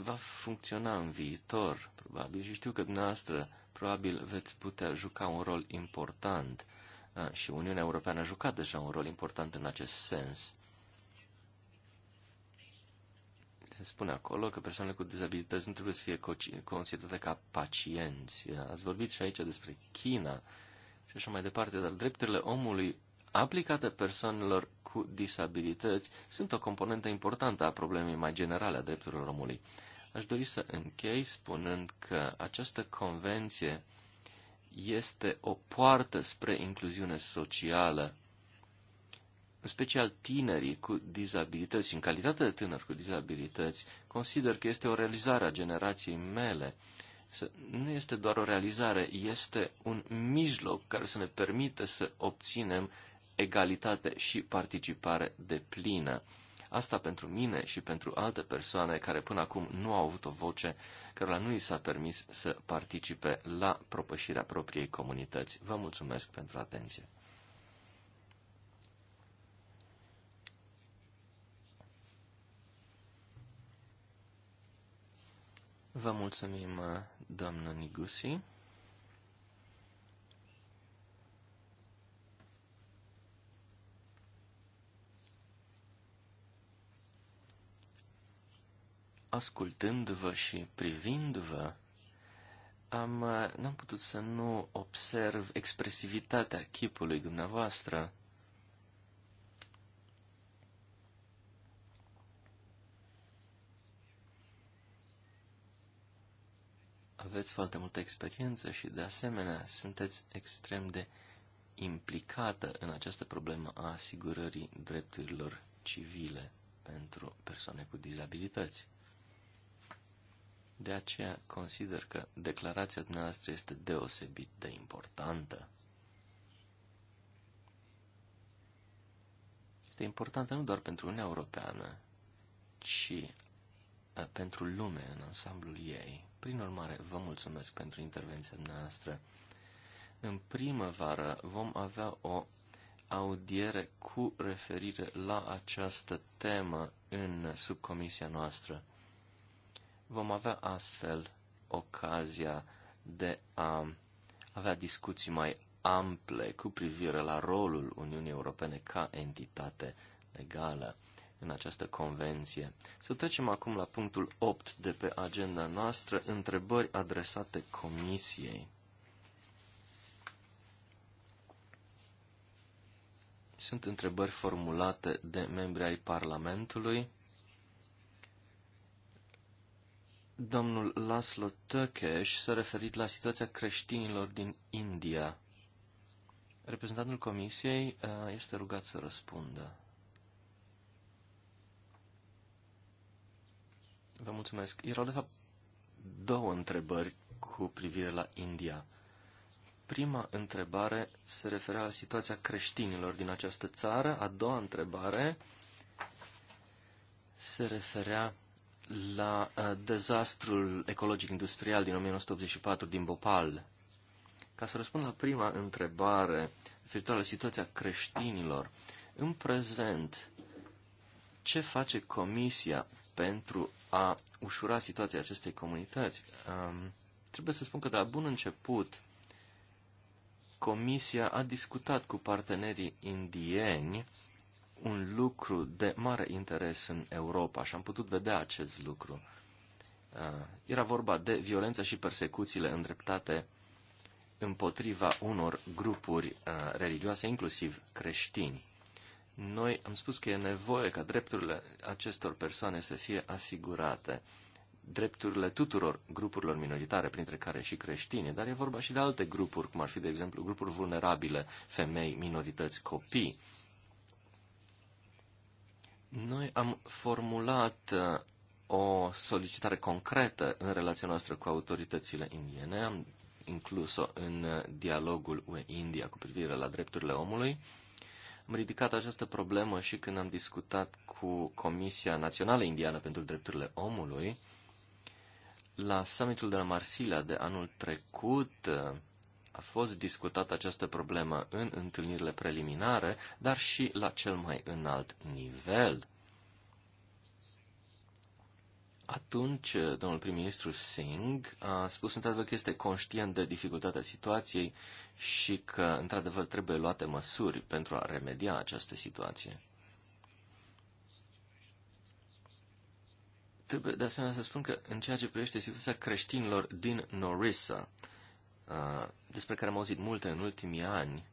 [SPEAKER 1] va funcționa în viitor, probabil, și știu că dumneavoastră probabil veți putea juca un rol important a, uh, și Uniunea Europeană a jucat deja un rol important în acest sens. Se spune acolo că persoanele cu dizabilități nu trebuie să fie considerate ca pacienți. Ați vorbit și aici despre China și așa mai departe, dar drepturile omului aplicată persoanelor cu disabilități sunt o componentă importantă a problemei mai generale a drepturilor omului. Aș dori să închei spunând că această convenție este o poartă spre incluziune socială, în special tinerii cu dizabilități și în calitate de tânăr cu dizabilități, consider că este o realizare a generației mele. Să, nu este doar o realizare, este un mijloc care să ne permită să obținem egalitate și participare de plină. Asta pentru mine și pentru alte persoane care până acum nu au avut o voce, cărora nu i s-a permis să participe la propășirea propriei comunități. Vă mulțumesc pentru atenție. Vă mulțumim, doamnă Nigusi. ascultându-vă și privindu-vă, am, n-am putut să nu observ expresivitatea chipului dumneavoastră. Aveți foarte multă experiență și, de asemenea, sunteți extrem de implicată în această problemă a asigurării drepturilor civile pentru persoane cu dizabilități. De aceea consider că declarația dumneavoastră este deosebit de importantă. Este importantă nu doar pentru Uniunea Europeană, ci eh, pentru lume în ansamblul ei. Prin urmare, vă mulțumesc pentru intervenția noastră. În primăvară vom avea o audiere cu referire la această temă în subcomisia noastră. Vom avea astfel ocazia de a avea discuții mai ample cu privire la rolul Uniunii Europene ca entitate legală în această convenție. Să trecem acum la punctul 8 de pe agenda noastră, întrebări adresate Comisiei. Sunt întrebări formulate de membri ai Parlamentului Domnul Laszlo Tökes s-a referit la situația creștinilor din India. Reprezentantul Comisiei uh, este rugat să răspundă. Vă mulțumesc. Erau, de fapt, două întrebări cu privire la India. Prima întrebare se referea la situația creștinilor din această țară. A doua întrebare se referea la uh, dezastrul ecologic industrial din 1984 din Bhopal. Ca să răspund la prima întrebare referitoare la situația creștinilor, în prezent, ce face Comisia pentru a ușura situația acestei comunități? Um, trebuie să spun că de la bun început, Comisia a discutat cu partenerii indieni un lucru de mare interes în Europa și am putut vedea acest lucru. Uh, era vorba de violență și persecuțiile îndreptate împotriva unor grupuri uh, religioase, inclusiv creștini. Noi am spus că e nevoie ca drepturile acestor persoane să fie asigurate, drepturile tuturor grupurilor minoritare, printre care și creștini, dar e vorba și de alte grupuri, cum ar fi, de exemplu, grupuri vulnerabile, femei, minorități, copii noi am formulat uh, o solicitare concretă în relația noastră cu autoritățile indiene. Am inclus-o în uh, dialogul UE-India cu privire la drepturile omului. Am ridicat această problemă și când am discutat cu Comisia Națională Indiană pentru Drepturile Omului. La summitul de la Marsilia de anul trecut uh, a fost discutată această problemă în întâlnirile preliminare, dar și la cel mai înalt nivel. Atunci, domnul prim-ministru Singh a spus într-adevăr că este conștient de dificultatea situației și că, într-adevăr, trebuie luate măsuri pentru a remedia această situație. Trebuie de asemenea să spun că în ceea ce privește situația creștinilor din Norissa, Uh, despre care am auzit multe în ultimii ani,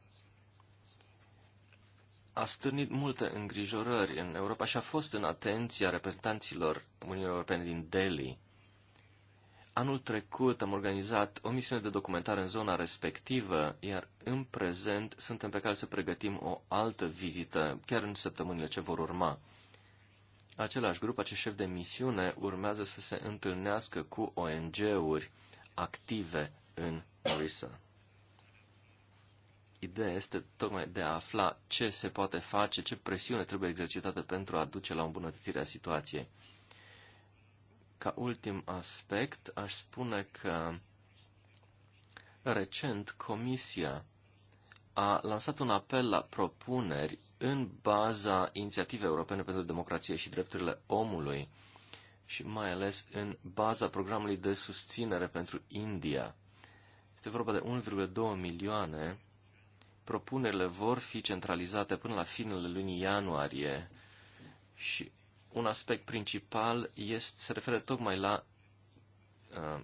[SPEAKER 1] a stârnit multe îngrijorări în Europa și a fost în atenția reprezentanților Uniunii Europene din Delhi. Anul trecut am organizat o misiune de documentare în zona respectivă, iar în prezent suntem pe cale să pregătim o altă vizită, chiar în săptămânile ce vor urma. Același grup, acest șef de misiune, urmează să se întâlnească cu ONG-uri active în Marisa. Ideea este tocmai de a afla ce se poate face, ce presiune trebuie exercitată pentru a duce la îmbunătățirea situației. Ca ultim aspect, aș spune că recent Comisia a lansat un apel la propuneri în baza inițiativei europene pentru democrație și drepturile omului și mai ales în baza programului de susținere pentru India. Este vorba de 1,2 milioane. Propunerile vor fi centralizate până la finele lunii ianuarie și un aspect principal este, se referă tocmai la uh,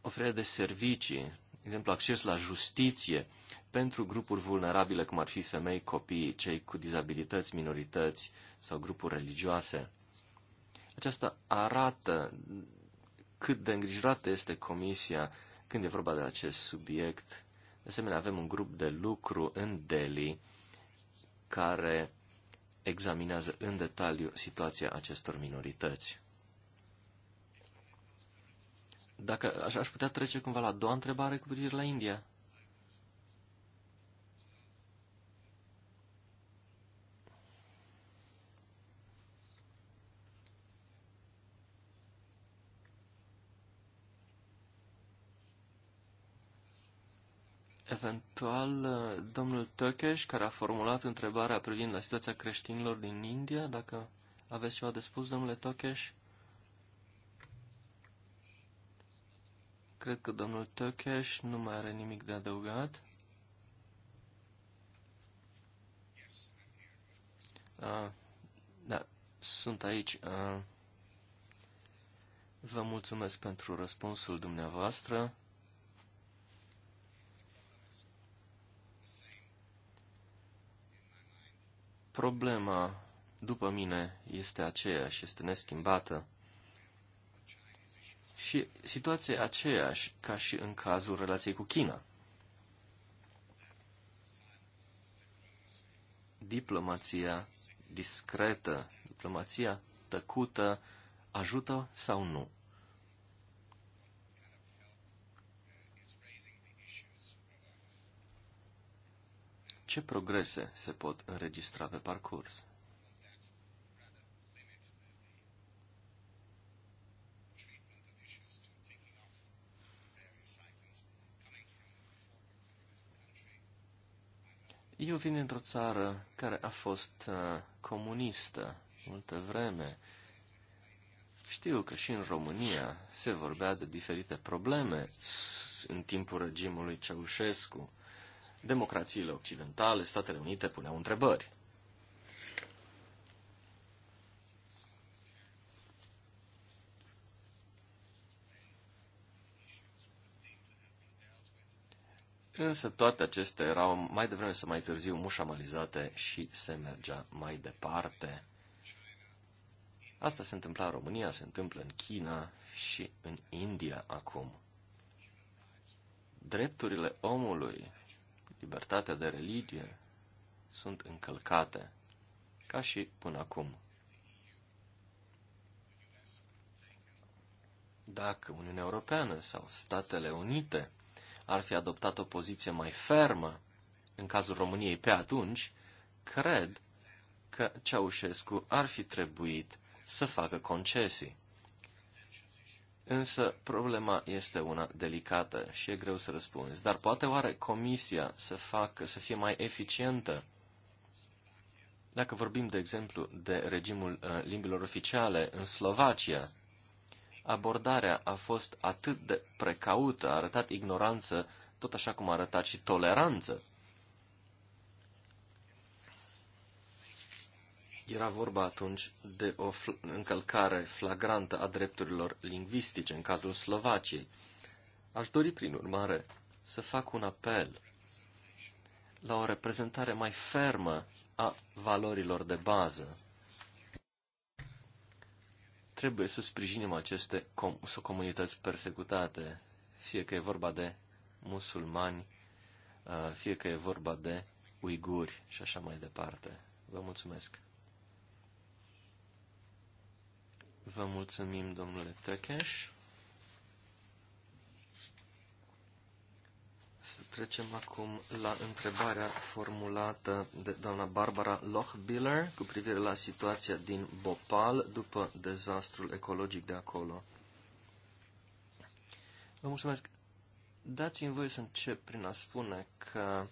[SPEAKER 1] oferirea de servicii, de exemplu acces la justiție pentru grupuri vulnerabile, cum ar fi femei, copii, cei cu dizabilități, minorități sau grupuri religioase. Aceasta arată cât de îngrijorată este Comisia când e vorba de acest subiect. De asemenea, avem un grup de lucru în Delhi care examinează în detaliu situația acestor minorități. Dacă aș, aș putea trece cumva la a doua întrebare cu privire la India. Eventual, domnul Tökeș, care a formulat întrebarea privind la situația creștinilor din India, dacă aveți ceva de spus, domnule Tökeș? Cred că domnul Tökeș nu mai are nimic de adăugat. Uh, da, sunt aici. Uh, vă mulțumesc pentru răspunsul dumneavoastră. problema, după mine, este aceeași, este neschimbată. Și situația e aceeași ca și în cazul relației cu China. Diplomația discretă, diplomația tăcută, ajută sau nu? Ce progrese se pot înregistra pe parcurs? Eu vin într o țară care a fost uh, comunistă multă vreme. Știu că și în România se vorbea de diferite probleme în timpul regimului Ceaușescu democrațiile occidentale, Statele Unite puneau întrebări. Însă toate acestea erau mai devreme sau mai târziu mușamalizate și se mergea mai departe. Asta se întâmpla în România, se întâmplă în China și în India acum. Drepturile omului libertatea de religie sunt încălcate, ca și până acum. Dacă Uniunea Europeană sau Statele Unite ar fi adoptat o poziție mai fermă în cazul României pe atunci, cred că Ceaușescu ar fi trebuit să facă concesii. Însă problema este una delicată și e greu să răspunzi. Dar poate oare comisia să facă, să fie mai eficientă? Dacă vorbim, de exemplu, de regimul uh, limbilor oficiale în Slovacia, abordarea a fost atât de precaută, a arătat ignoranță, tot așa cum a arătat și toleranță. Era vorba atunci de o încălcare flagrantă a drepturilor lingvistice în cazul Slovaciei. Aș dori, prin urmare, să fac un apel la o reprezentare mai fermă a valorilor de bază. Trebuie să sprijinim aceste com comunități persecutate, fie că e vorba de musulmani, uh, fie că e vorba de uiguri și așa mai departe. Vă mulțumesc! Vă mulțumim, domnule Tăcheș. Să trecem acum la întrebarea formulată de doamna Barbara Lochbiller cu privire la situația din Bhopal după dezastrul ecologic de acolo. Vă mulțumesc. Dați-mi voi să încep prin a spune că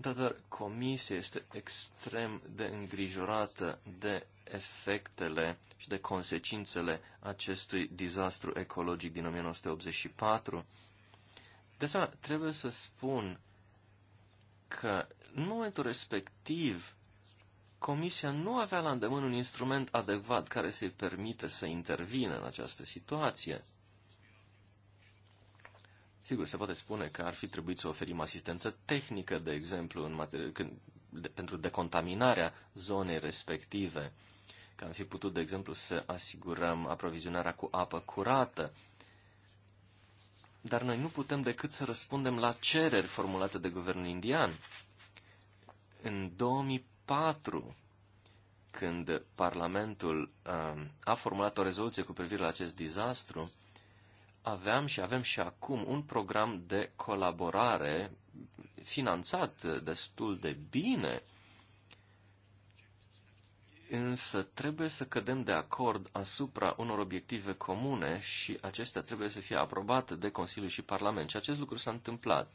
[SPEAKER 1] Într-adevăr, comisia este extrem de îngrijorată de efectele și de consecințele acestui dizastru ecologic din 1984. De asemenea, trebuie să spun că în momentul respectiv Comisia nu avea la îndemână un instrument adecvat care să-i permită să intervină în această situație. Sigur, se poate spune că ar fi trebuit să oferim asistență tehnică, de exemplu, în materie, când, de, pentru decontaminarea zonei respective că am fi putut, de exemplu, să asigurăm aprovizionarea cu apă curată. Dar noi nu putem decât să răspundem la cereri formulate de guvernul indian. În 2004, când Parlamentul um, a formulat o rezoluție cu privire la acest dezastru, aveam și avem și acum un program de colaborare finanțat destul de bine însă trebuie să cădem de acord asupra unor obiective comune și acestea trebuie să fie aprobate de Consiliu și Parlament. Și acest lucru s-a întâmplat.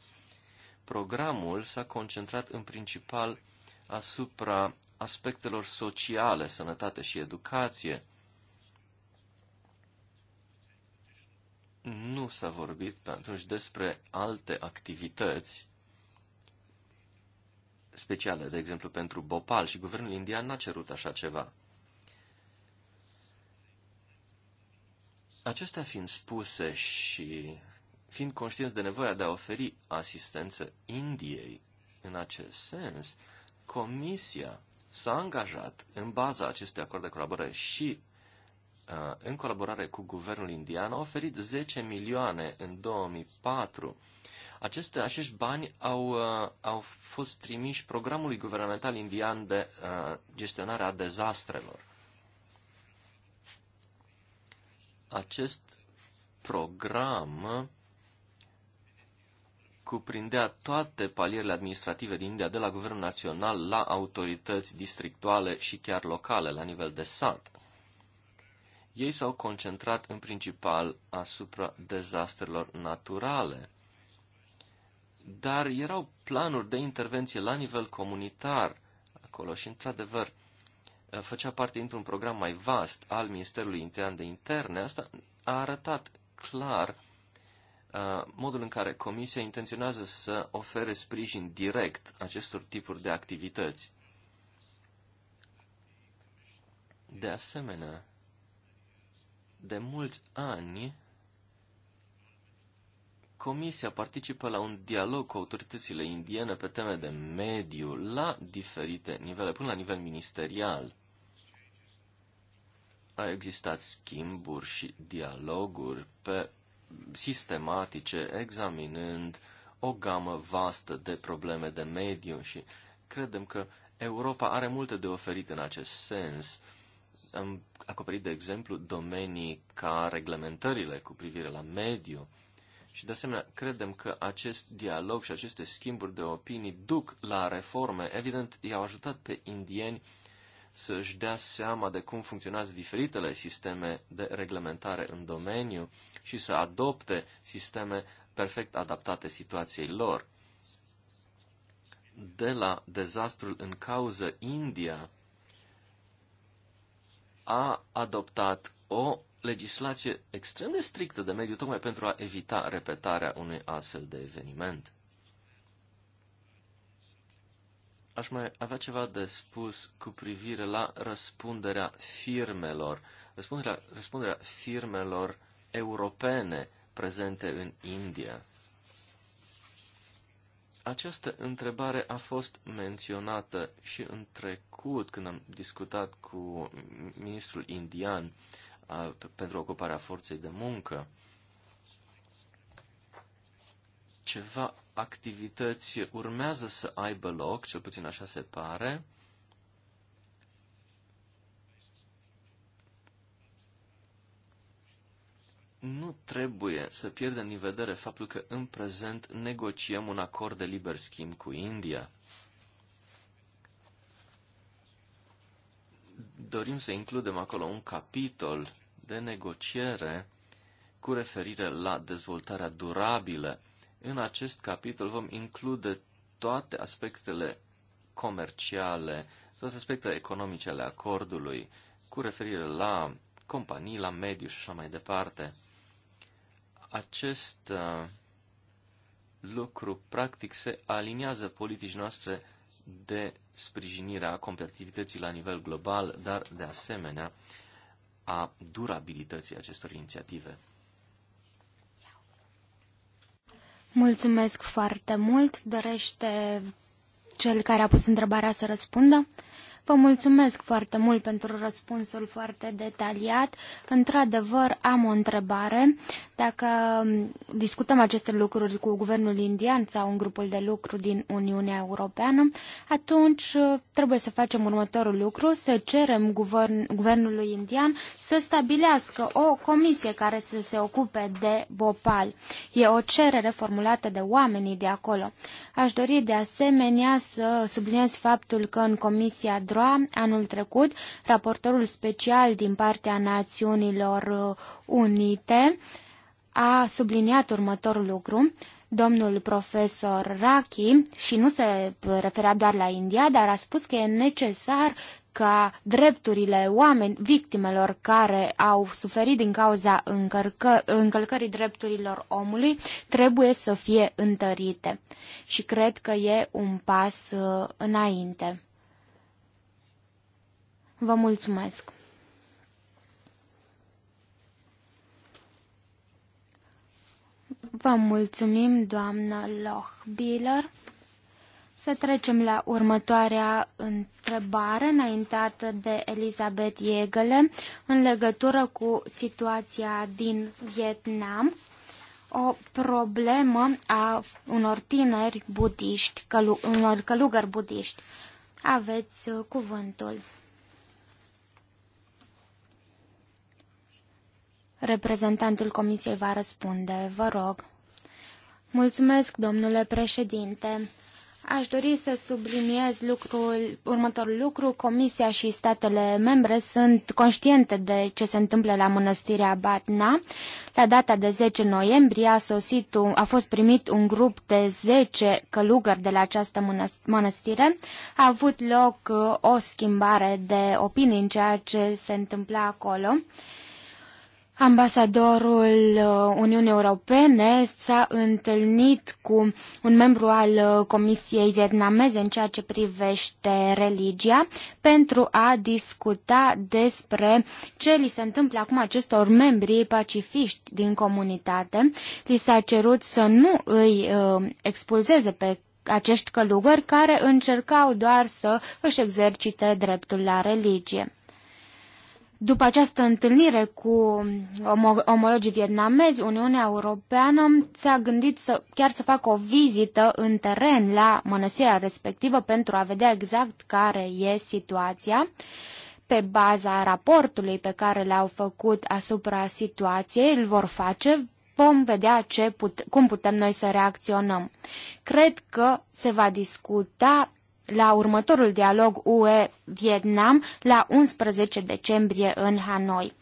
[SPEAKER 1] Programul s-a concentrat în principal asupra aspectelor sociale, sănătate și educație. Nu s-a vorbit pe atunci despre alte activități specială, de exemplu pentru Bhopal și guvernul indian n-a cerut așa ceva. Acestea fiind spuse și fiind conștienți de nevoia de a oferi asistență Indiei în acest sens, Comisia s-a angajat în baza acestui acord de colaborare și uh, în colaborare cu guvernul indian, a oferit 10 milioane în 2004. Aceste, acești bani au, uh, au fost trimiși programului guvernamental indian de uh, gestionare a dezastrelor. Acest program cuprindea toate palierele administrative din India, de la guvernul național la autorități districtuale și chiar locale, la nivel de sat. Ei s-au concentrat în principal asupra dezastrelor naturale dar erau planuri de intervenție la nivel comunitar acolo și, într-adevăr, făcea parte dintr-un program mai vast al Ministerului Intern de Interne. Asta a arătat clar uh, modul în care Comisia intenționează să ofere sprijin direct acestor tipuri de activități. De asemenea, de mulți ani, Comisia participă la un dialog cu autoritățile indiene pe teme de mediu la diferite nivele, până la nivel ministerial. A existat schimburi și dialoguri pe sistematice, examinând o gamă vastă de probleme de mediu și credem că Europa are multe de oferit în acest sens. Am acoperit, de exemplu, domenii ca reglementările cu privire la mediu, și de asemenea, credem că acest dialog și aceste schimburi de opinii duc la reforme. Evident, i-au ajutat pe indieni să-și dea seama de cum funcționează diferitele sisteme de reglementare în domeniu și să adopte sisteme perfect adaptate situației lor. De la dezastrul în cauză, India a adoptat o legislație extrem de strictă de mediu, tocmai pentru a evita repetarea unui astfel de eveniment. Aș mai avea ceva de spus cu privire la răspunderea firmelor, răspunderea, răspunderea firmelor europene prezente în India. Această întrebare a fost menționată și în trecut, când am discutat cu ministrul indian a, pentru ocuparea forței de muncă. Ceva activități urmează să aibă loc, cel puțin așa se pare, nu trebuie să pierdem din vedere faptul că în prezent negociem un acord de liber schimb cu India. dorim să includem acolo un capitol de negociere cu referire la dezvoltarea durabilă. În acest capitol vom include toate aspectele comerciale, toate aspectele economice ale acordului, cu referire la companii, la mediu și așa mai departe. Acest uh, lucru practic se aliniază politici noastre de sprijinirea competitivității la nivel global, dar de asemenea a durabilității acestor inițiative.
[SPEAKER 3] Mulțumesc foarte mult. Dorește cel care a pus întrebarea să răspundă? Vă mulțumesc foarte mult pentru răspunsul foarte detaliat. Într-adevăr, am o întrebare. Dacă discutăm aceste lucruri cu guvernul indian sau un grupul de lucru din Uniunea Europeană, atunci uh, trebuie să facem următorul lucru, să cerem guvern, guvernului indian să stabilească o comisie care să se ocupe de Bhopal. E o cerere formulată de oamenii de acolo. Aș dori de asemenea să subliniez faptul că în Comisia UNRWA anul trecut, raportorul special din partea Națiunilor Unite a subliniat următorul lucru. Domnul profesor Raki, și nu se referea doar la India, dar a spus că e necesar ca drepturile oameni, victimelor care au suferit din cauza încărcă, încălcării drepturilor omului trebuie să fie întărite. Și cred că e un pas uh, înainte. Vă mulțumesc! Vă mulțumim, doamnă Lochbiller. Să trecem la următoarea întrebare înaintată de Elizabeth Iegele în legătură cu situația din Vietnam, o problemă a unor tineri budiști, călu- unor călugări budiști. Aveți cuvântul. Reprezentantul Comisiei va răspunde. Vă rog. Mulțumesc, domnule președinte. Aș dori să subliniez lucrul, următorul lucru. Comisia și statele membre sunt conștiente de ce se întâmplă la mănăstirea Batna. La data de 10 noiembrie a, sosit un, a fost primit un grup de 10 călugări de la această mănăstire. A avut loc uh, o schimbare de opinii în ceea ce se întâmpla acolo. Uh, Ambasadorul uh, Uniunii Europene s-a întâlnit cu un membru al uh, Comisiei Vietnameze în ceea ce privește religia pentru a discuta despre ce li se întâmplă acum acestor membri pacifiști din comunitate. Li s-a cerut să nu îi uh, expulzeze pe acești călugări care încercau doar să își exercite dreptul la religie. După această întâlnire cu omologii vietnamezi, Uniunea Europeană s-a gândit să, chiar să facă o vizită în teren la mănăstirea respectivă pentru a vedea exact care e situația. Pe baza raportului pe care l-au făcut asupra situației, îl vor face, vom vedea ce put- cum putem noi să reacționăm. Cred că se va discuta la următorul dialog UE-Vietnam la 11 decembrie în Hanoi.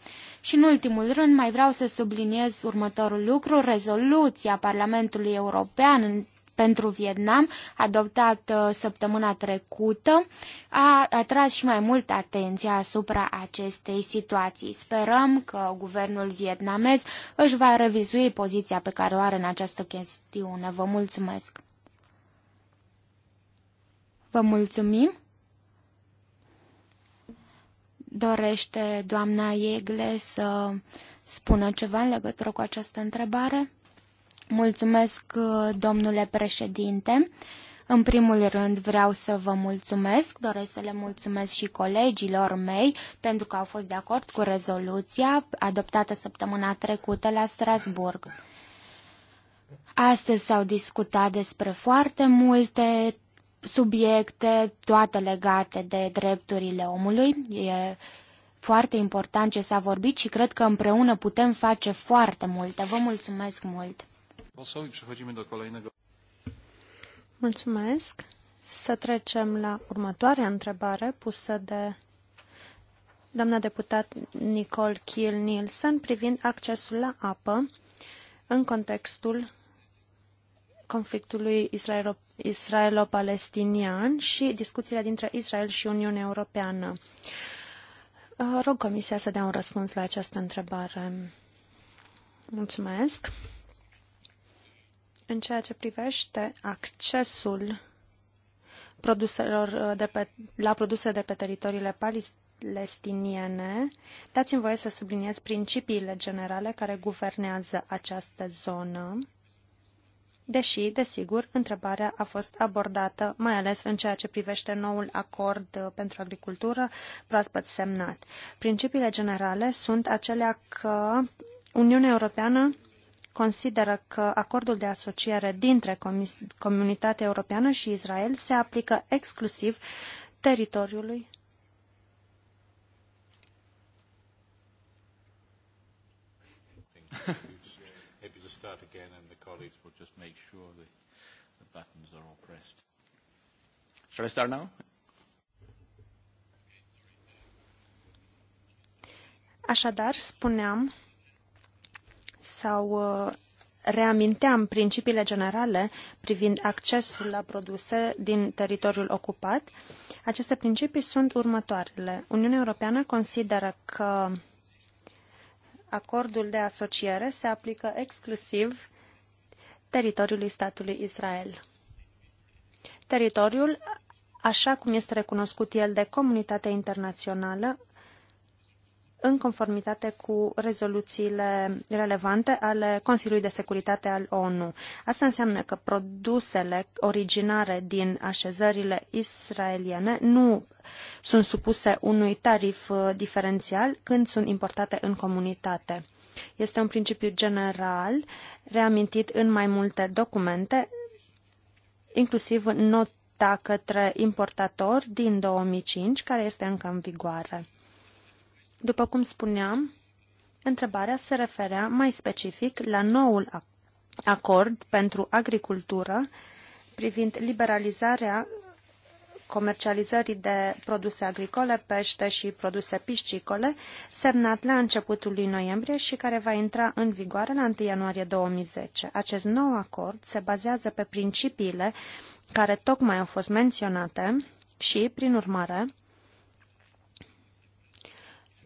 [SPEAKER 3] Și în ultimul rând mai vreau să subliniez următorul lucru, rezoluția Parlamentului European în pentru Vietnam, adoptată uh, săptămâna trecută, a atras și mai multă atenție asupra acestei situații. Sperăm că guvernul vietnamez își va revizui poziția pe care o are în această chestiune. Vă mulțumesc! Vă mulțumim. Dorește doamna Iegle să spună ceva în legătură cu această întrebare? Mulțumesc, domnule președinte. În primul rând vreau să vă mulțumesc, doresc să le mulțumesc și colegilor mei pentru că au fost de acord cu rezoluția adoptată săptămâna trecută la Strasburg. Astăzi s-au discutat despre foarte multe subiecte, toate legate de drepturile omului. E foarte important ce s-a vorbit și cred că împreună putem face foarte multe. Vă mulțumesc mult!
[SPEAKER 2] Mulțumesc! Să trecem la următoarea întrebare pusă de doamna deputat Nicole Kiel Nielsen privind accesul la apă în contextul conflictului israelo-palestinian și discuțiile dintre Israel și Uniunea Europeană. Uh, rog Comisia să dea un răspuns la această întrebare. Mulțumesc. În ceea ce privește accesul produselor uh, de pe, la produse de pe teritoriile palestiniene, dați-mi voie să subliniez principiile generale care guvernează această zonă deși, desigur, întrebarea a fost abordată, mai ales în ceea ce privește noul acord uh, pentru agricultură proaspăt semnat. Principiile generale sunt acelea că Uniunea Europeană consideră că acordul de asociere dintre Comunitatea Europeană și Israel se aplică exclusiv teritoriului
[SPEAKER 1] colleagues will just make sure the, the buttons are all pressed. Shall I start now?
[SPEAKER 2] Așadar, spuneam sau uh, reaminteam principiile generale privind accesul la produse din teritoriul ocupat. Aceste principii sunt următoarele. Uniunea Europeană consideră că acordul de asociere se aplică exclusiv teritoriului statului Israel. Teritoriul, așa cum este recunoscut el de comunitatea internațională, în conformitate cu rezoluțiile relevante ale Consiliului de Securitate al ONU. Asta înseamnă că produsele originare din așezările israeliene nu sunt supuse unui tarif uh, diferențial când sunt importate în comunitate. Este un principiu general reamintit în mai multe documente, inclusiv nota către importator din 2005, care este încă în vigoare. După cum spuneam, întrebarea se referea mai specific la noul acord pentru agricultură privind liberalizarea comercializării de produse agricole, pește și produse piscicole, semnat la începutul lui noiembrie și care va intra în vigoare la 1 ianuarie 2010. Acest nou acord se bazează pe principiile care tocmai au fost menționate și, prin urmare,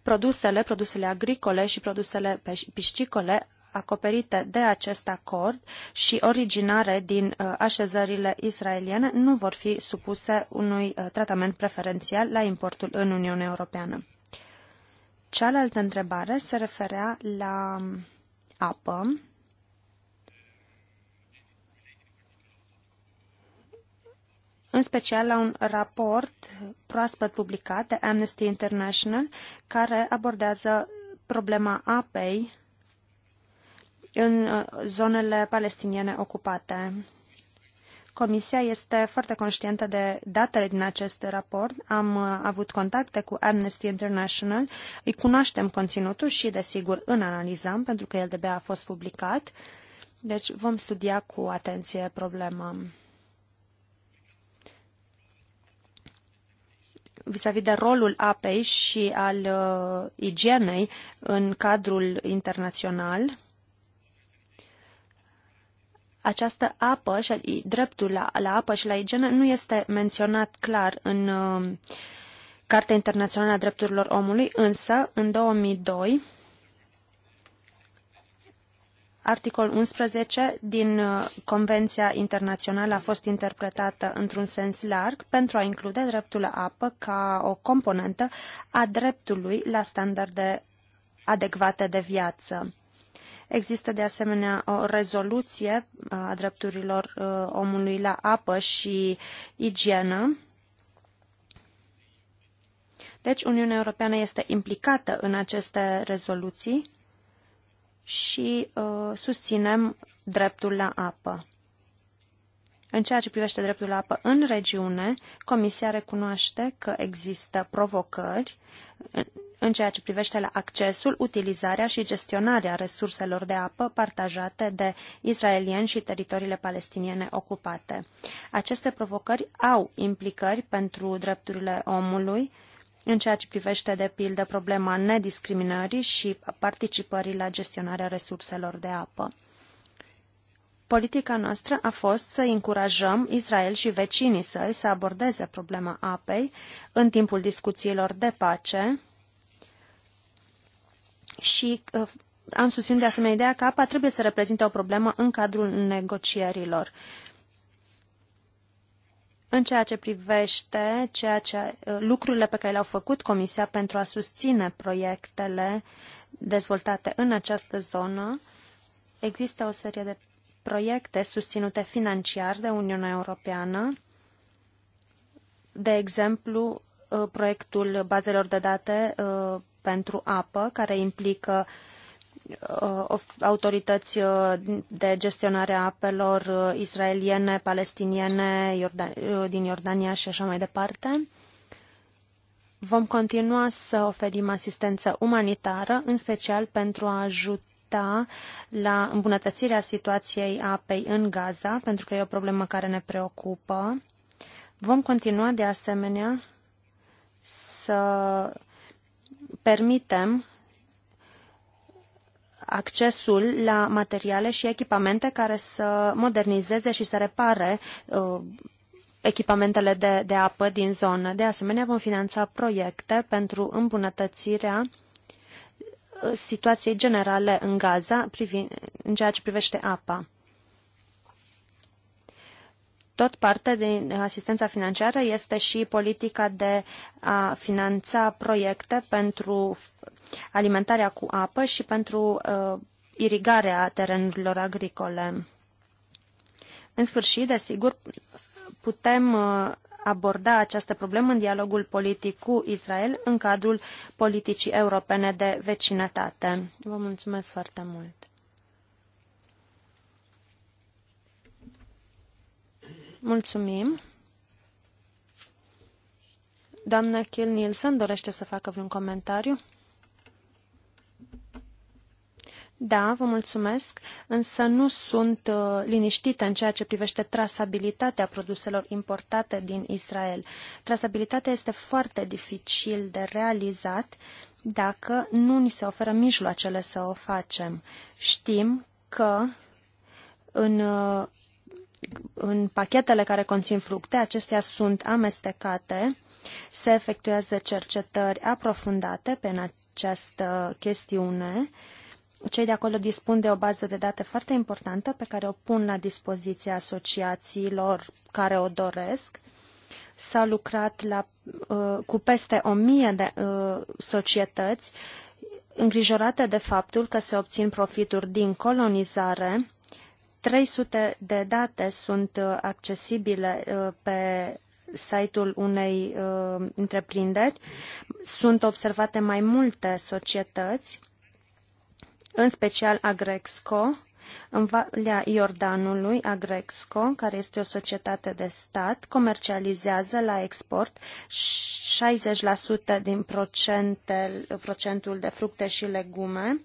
[SPEAKER 2] produsele, produsele agricole și produsele piscicole acoperite de acest acord și originare din uh, așezările israeliene nu vor fi supuse unui uh, tratament preferențial la importul în Uniunea Europeană. Cealaltă întrebare se referea la um, apă. în special la un raport proaspăt publicat de Amnesty International, care abordează problema apei în uh, zonele palestiniene ocupate. Comisia este foarte conștientă de datele din acest raport. Am uh, avut contacte cu Amnesty International, îi cunoaștem conținutul și, desigur, îl analizăm, pentru că el de a fost publicat. Deci vom studia cu atenție problema. vis-a-vis -vis de rolul apei și al uh, igienei în cadrul internațional, această apă și dreptul la, la apă și la igienă nu este menționat clar în uh, Cartea Internațională a Drepturilor Omului, însă în 2002 Articol 11 din uh, Convenția Internațională a fost interpretată într-un sens larg pentru a include dreptul la apă ca o componentă a dreptului la standarde adecvate de viață. Există de asemenea o rezoluție uh, a drepturilor uh, omului la apă și igienă. Deci Uniunea Europeană este implicată în aceste rezoluții și uh, susținem dreptul la apă. În ceea ce privește dreptul la apă în regiune, Comisia recunoaște că există provocări în ceea ce privește la accesul, utilizarea și gestionarea resurselor de apă partajate de israelieni și teritoriile palestiniene ocupate. Aceste provocări au implicări pentru drepturile omului, în ceea ce privește, de pildă, problema nediscriminării și participării la gestionarea resurselor de apă. Politica noastră a fost să încurajăm Israel și vecinii săi să abordeze problema apei în timpul discuțiilor de pace și uh, am susținut de asemenea ideea că apa trebuie să reprezinte o problemă în cadrul negocierilor. În ceea ce privește ceea ce, uh, lucrurile pe care le-au făcut Comisia pentru a susține proiectele dezvoltate în această zonă, există o serie de proiecte susținute financiar de Uniunea Europeană, de exemplu, uh, proiectul bazelor de date pentru apă, care implică uh, autorități uh, de gestionare a apelor uh, israeliene, palestiniene, din Iordania și așa mai departe. Vom continua să oferim asistență umanitară, în special pentru a ajuta la îmbunătățirea situației apei în Gaza, pentru că e o problemă care ne preocupă. Vom continua, de asemenea, să permitem accesul la materiale și echipamente care să modernizeze și să repare uh, echipamentele de, de apă din zonă. De asemenea, vom finanța proiecte pentru îmbunătățirea uh, situației generale în Gaza privind, în ceea ce privește apa tot parte din asistența financiară este și politica de a finanța proiecte pentru alimentarea cu apă și pentru uh, irigarea terenurilor agricole. În sfârșit, desigur, putem uh, aborda această problemă în dialogul politic cu Israel în cadrul politicii europene de vecinătate. Vă mulțumesc foarte mult! Mulțumim. Doamna Kiel Nielsen dorește să facă vreun comentariu? Da, vă mulțumesc, însă nu sunt uh, liniștită în ceea ce privește trasabilitatea produselor importate din Israel. Trasabilitatea este foarte dificil de realizat dacă nu ni se oferă mijloacele să o facem. Știm că în uh, în pachetele care conțin fructe, acestea sunt amestecate, se efectuează cercetări aprofundate pe această chestiune. Cei de acolo dispun de o bază de date foarte importantă pe care o pun la dispoziția asociațiilor care o doresc s-a lucrat la, uh, cu peste o mie de uh, societăți îngrijorate de faptul că se obțin profituri din colonizare 300 de date sunt uh, accesibile uh, pe site-ul unei uh, întreprinderi. Sunt observate mai multe societăți, în special Agrexco, în Valea Iordanului, Agrexco, care este o societate de stat, comercializează la export 60% din procentul de fructe și legume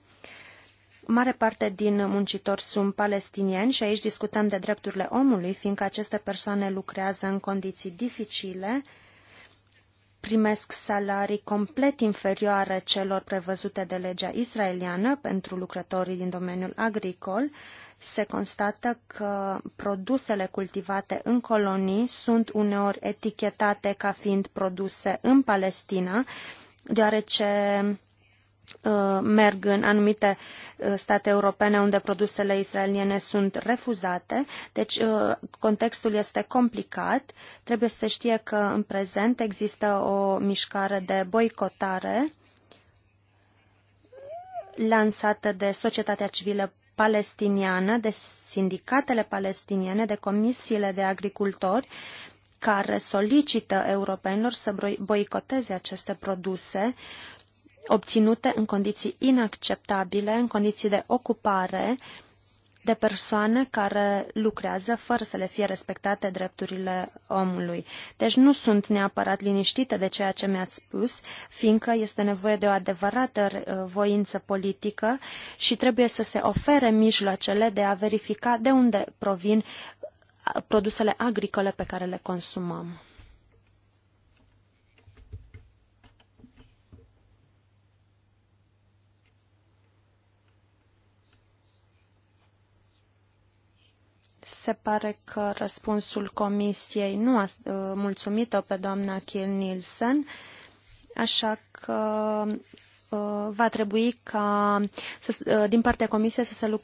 [SPEAKER 2] Mare parte din muncitori sunt palestinieni și aici discutăm de drepturile omului, fiindcă aceste persoane lucrează în condiții dificile, primesc salarii complet inferioare celor prevăzute de legea israeliană pentru lucrătorii din domeniul agricol, se constată că produsele cultivate în colonii sunt uneori etichetate ca fiind produse în Palestina, deoarece Uh, merg în anumite uh, state europene unde produsele israeliene sunt refuzate. Deci uh, contextul este complicat. Trebuie să știe că în prezent există o mișcare de boicotare lansată de societatea civilă palestiniană, de sindicatele palestiniene, de comisiile de agricultori, care solicită europenilor să boicoteze aceste produse obținute în condiții inacceptabile, în condiții de ocupare de persoane care lucrează fără să le fie respectate drepturile omului. Deci nu sunt neapărat liniștită de ceea ce mi-ați spus, fiindcă este nevoie de o adevărată uh, voință politică și trebuie să se ofere mijloacele de a verifica de unde provin uh, produsele agricole pe care le consumăm. Se pare că răspunsul comisiei nu a ă, mulțumit-o pe doamna Kiel Nielsen, așa că ă, va trebui ca să, ă, din partea comisiei să se lucreze